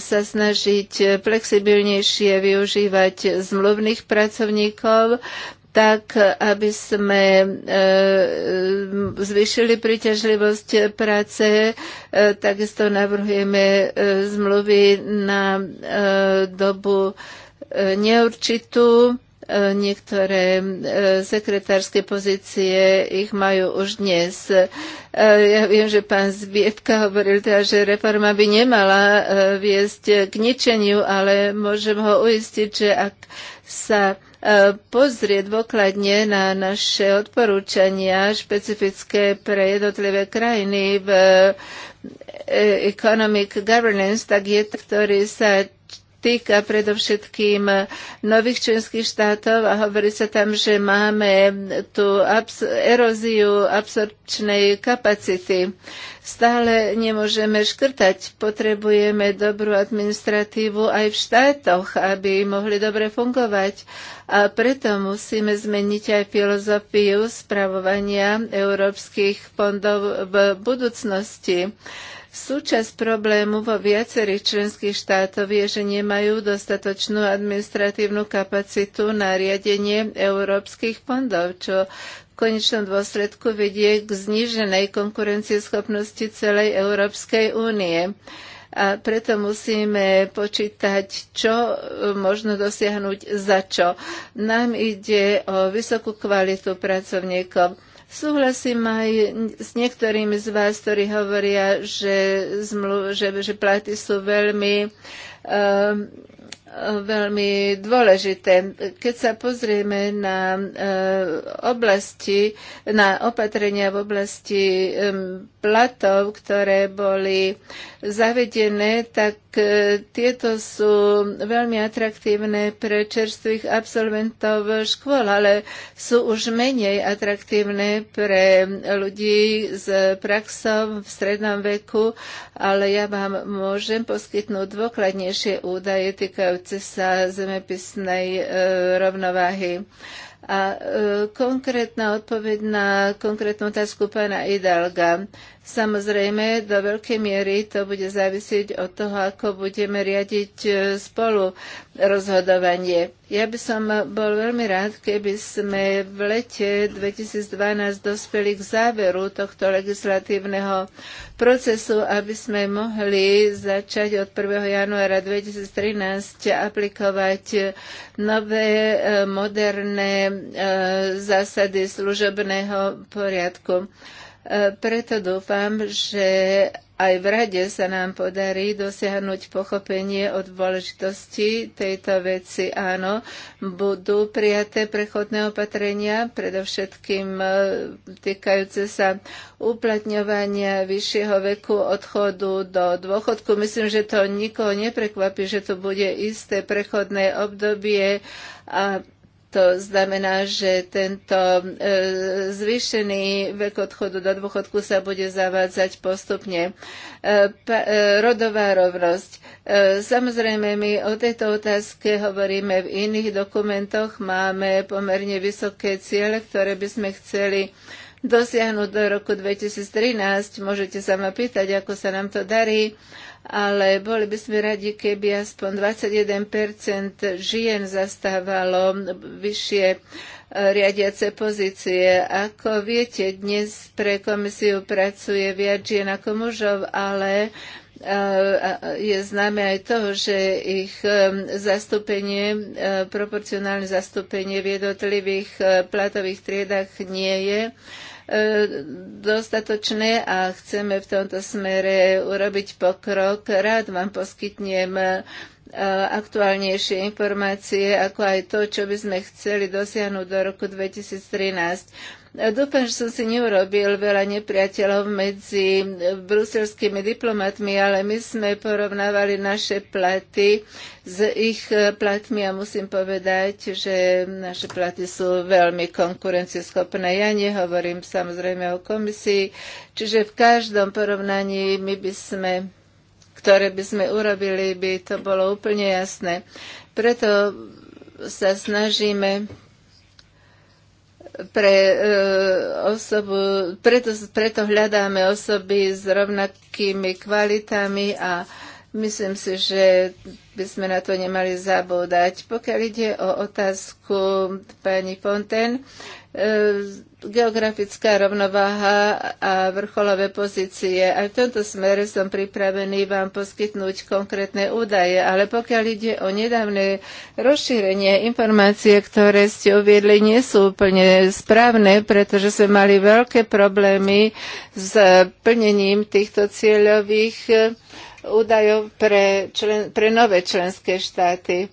sa snažiť flexibilnejšie využívať zmluvných pracovníkov, tak, aby sme e, zvýšili príťažlivosť práce. E, takisto navrhujeme e, zmluvy na dobu neurčitú. Niektoré sekretárske pozície ich majú už dnes. Ja viem, že pán Zviedka hovoril teda, že reforma by nemala viesť k ničeniu, ale môžem ho uistiť, že ak sa E, pozrieť dôkladne na naše odporúčania špecifické pre jednotlivé krajiny v e, Economic Governance, tak je to, ktorý sa týka predovšetkým nových členských štátov a hovorí sa tam, že máme tú abs- eróziu absorpčnej kapacity. Stále nemôžeme škrtať. Potrebujeme dobrú administratívu aj v štátoch, aby mohli dobre fungovať. A preto musíme zmeniť aj filozofiu spravovania európskych fondov v budúcnosti. Súčasť problému vo viacerých členských štátov je, že nemajú dostatočnú administratívnu kapacitu na riadenie európskych fondov, čo v konečnom dôsledku vedie k zníženej konkurencieschopnosti celej Európskej únie. A preto musíme počítať, čo e, možno dosiahnuť za čo. Nám ide o vysokú kvalitu pracovníkov Súhlasím aj s niektorými z vás, ktorí hovoria, že, zmlu, že, že platy sú veľmi um, veľmi dôležité. Keď sa pozrieme na eh, oblasti, na opatrenia v oblasti ehm, platov, ktoré boli zavedené, tak E, tieto sú veľmi atraktívne pre čerstvých absolventov škôl, ale sú už menej atraktívne pre ľudí s praxou v strednom veku, ale ja vám môžem poskytnúť dôkladnejšie údaje týkajúce sa zemepisnej e, rovnováhy. A e, konkrétna odpoveď na konkrétnu otázku pána Idalga Samozrejme, do veľkej miery to bude závisieť od toho, ako budeme riadiť e, spolu rozhodovanie. Ja by som bol veľmi rád, keby sme v lete 2012 dospeli k záveru tohto legislatívneho procesu, aby sme mohli začať od 1. januára 2013 aplikovať nové e, moderné e, zásady služobného poriadku. Preto dúfam, že aj v rade sa nám podarí dosiahnuť pochopenie od dôležitosti tejto veci. Áno, budú prijaté prechodné opatrenia, predovšetkým e, týkajúce sa uplatňovania vyššieho veku odchodu do dôchodku. Myslím, že to nikoho neprekvapí, že to bude isté prechodné obdobie a to znamená, že tento e, zvýšený vek odchodu do dôchodku sa bude zavádzať postupne. E, e, rodová rovnosť. Samozrejme, my o tejto otázke hovoríme v iných dokumentoch. Máme pomerne vysoké ciele, ktoré by sme chceli dosiahnuť do roku 2013. Môžete sa ma pýtať, ako sa nám to darí ale boli by sme radi, keby aspoň 21% žien zastávalo vyššie e, riadiace pozície. Ako viete, dnes pre komisiu pracuje viac žien ako mužov, ale e, je známe aj to, že ich e, zastúpenie, proporcionálne zastúpenie v jednotlivých platových triedach nie je dostatočné a chceme v tomto smere urobiť pokrok. Rád vám poskytnem e, aktuálnejšie informácie, ako aj to, čo by sme chceli dosiahnuť do roku 2013. Dúfam, že som si neurobil veľa nepriateľov medzi bruselskými diplomatmi, ale my sme porovnávali naše platy s ich platmi a musím povedať, že naše platy sú veľmi konkurencieschopné. Ja nehovorím samozrejme o komisii, čiže v každom porovnaní my by sme ktoré by sme urobili, by to bolo úplne jasné. Preto sa snažíme pre e, osobu, preto, preto hľadáme osoby s rovnakými kvalitami a myslím si, že by sme na to nemali zabúdať. Pokiaľ ide o otázku pani Fonten, e, geografická rovnováha a vrcholové pozície. Aj v tomto smere som pripravený vám poskytnúť konkrétne údaje, ale pokiaľ ide o nedávne rozšírenie, informácie, ktoré ste uviedli, nie sú úplne správne, pretože sme mali veľké problémy s plnením týchto cieľových údajov pre, člen, pre nové členské štáty.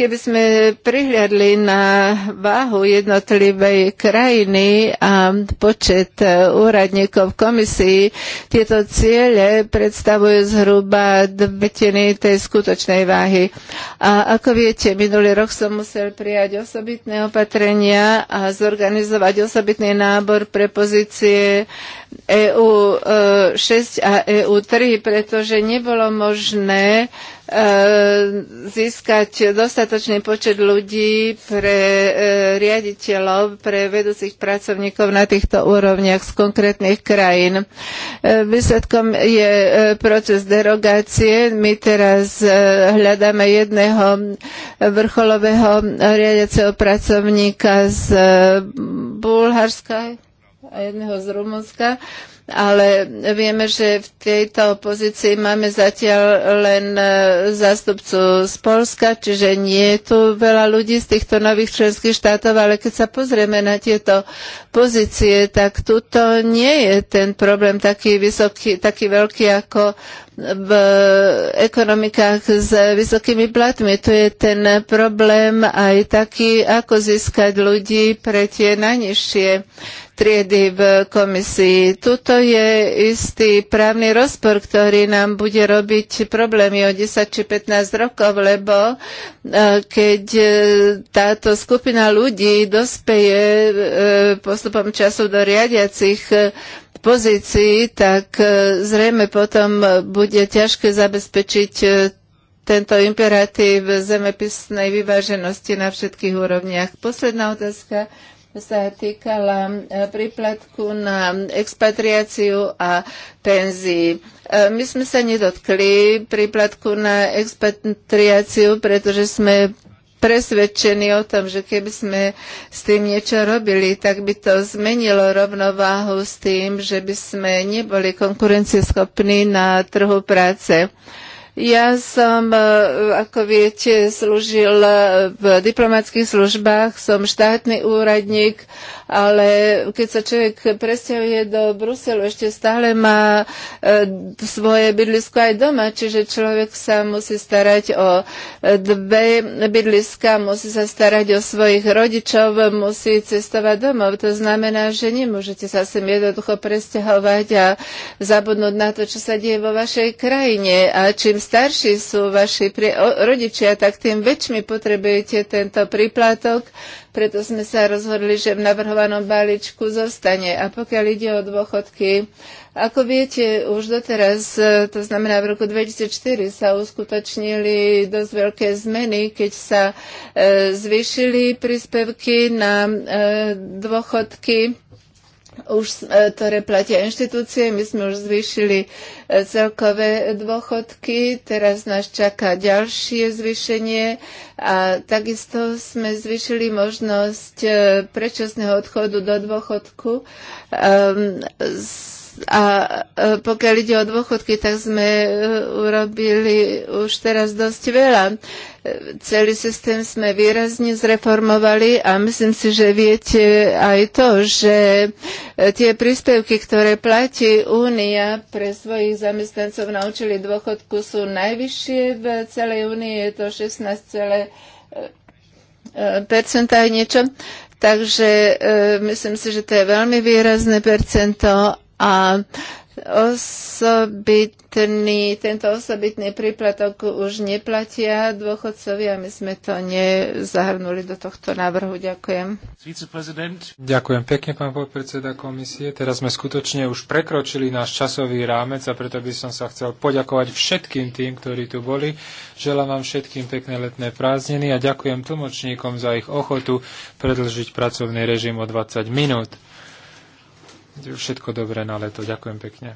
Keby sme prihľadli na váhu jednotlivej krajiny a počet e, úradníkov komisii, tieto ciele predstavujú zhruba dvetiny tej skutočnej váhy. A ako viete, minulý rok som musel prijať osobitné opatrenia a zorganizovať osobitný nábor pre pozície EU 6 e, a EU 3, pretože nebolo možné e, získať dostatočný počet ľudí pre e, riaditeľov, pre vedúcich pracovníkov na týchto úrovniach z konkrétnych krajín. Výsledkom je proces derogácie. My teraz hľadáme jedného vrcholového riadiaceho pracovníka z Bulharska a jedného z Rumunska, ale vieme, že v tejto pozícii máme zatiaľ len e, zástupcu z Polska, čiže nie je tu veľa ľudí z týchto nových členských štátov, ale keď sa pozrieme na tieto pozície, tak tuto nie je ten problém taký, vysoký, taký veľký ako v ekonomikách s vysokými platmi. Tu je ten problém aj taký, ako získať ľudí pre tie najnižšie triedy v komisii. Tuto je istý právny rozpor, ktorý nám bude robiť problémy o 10 či 15 rokov, lebo e, keď e, táto skupina ľudí dospeje e, postupom času do riadiacich pozícií, tak zrejme potom bude ťažké zabezpečiť tento imperatív zemepisnej vyváženosti na všetkých úrovniach. Posledná otázka sa týkala e, príplatku na expatriáciu a penzii. E, my sme sa nedotkli príplatku na expatriáciu, pretože sme presvedčení o tom, že keby sme s tým niečo robili, tak by to zmenilo rovnováhu s tým, že by sme neboli konkurencieschopní na trhu práce. Ja som, e, ako viete, slúžil v diplomatických službách, som štátny úradník ale keď sa človek presťahuje do Bruselu, ešte stále má e, svoje bydlisko aj doma, čiže človek sa musí starať o e, dve bydliska, musí sa starať o svojich rodičov, musí cestovať domov. To znamená, že nemôžete sa sem jednoducho presťahovať a zabudnúť na to, čo sa deje vo vašej krajine. A čím starší sú vaši rodičia, tak tým väčšmi potrebujete tento príplatok, preto sme sa rozhodli, že v navrhovanom balíčku zostane. A pokiaľ ide o dôchodky, ako viete, už doteraz, e, to znamená v roku 2004, sa uskutočnili dosť veľké zmeny, keď sa e, zvýšili príspevky na e, dôchodky už, e, ktoré platia inštitúcie. My sme už zvýšili e, celkové dôchodky, teraz nás čaká ďalšie zvýšenie a takisto sme zvýšili možnosť e, predčasného odchodu do dôchodku. Um, a pokiaľ ide o dôchodky, tak sme e, urobili už teraz dosť veľa. E, celý systém sme výrazne zreformovali a myslím si, že viete aj to, že e, tie príspevky, ktoré platí Únia pre svojich zamestnancov na účely dôchodku sú najvyššie v celej Únii, je to 16, aj niečo. Takže e, myslím si, že to je veľmi výrazné percento a osobitný, tento osobitný príplatok už neplatia dôchodcovia. My sme to nezahrnuli do tohto návrhu. Ďakujem. Ďakujem pekne, pán podpredseda komisie. Teraz sme skutočne už prekročili náš časový rámec a preto by som sa chcel poďakovať všetkým tým, ktorí tu boli. Želám vám všetkým pekné letné prázdniny a ďakujem tlmočníkom za ich ochotu predlžiť pracovný režim o 20 minút. Všetko dobré na leto. Ďakujem pekne.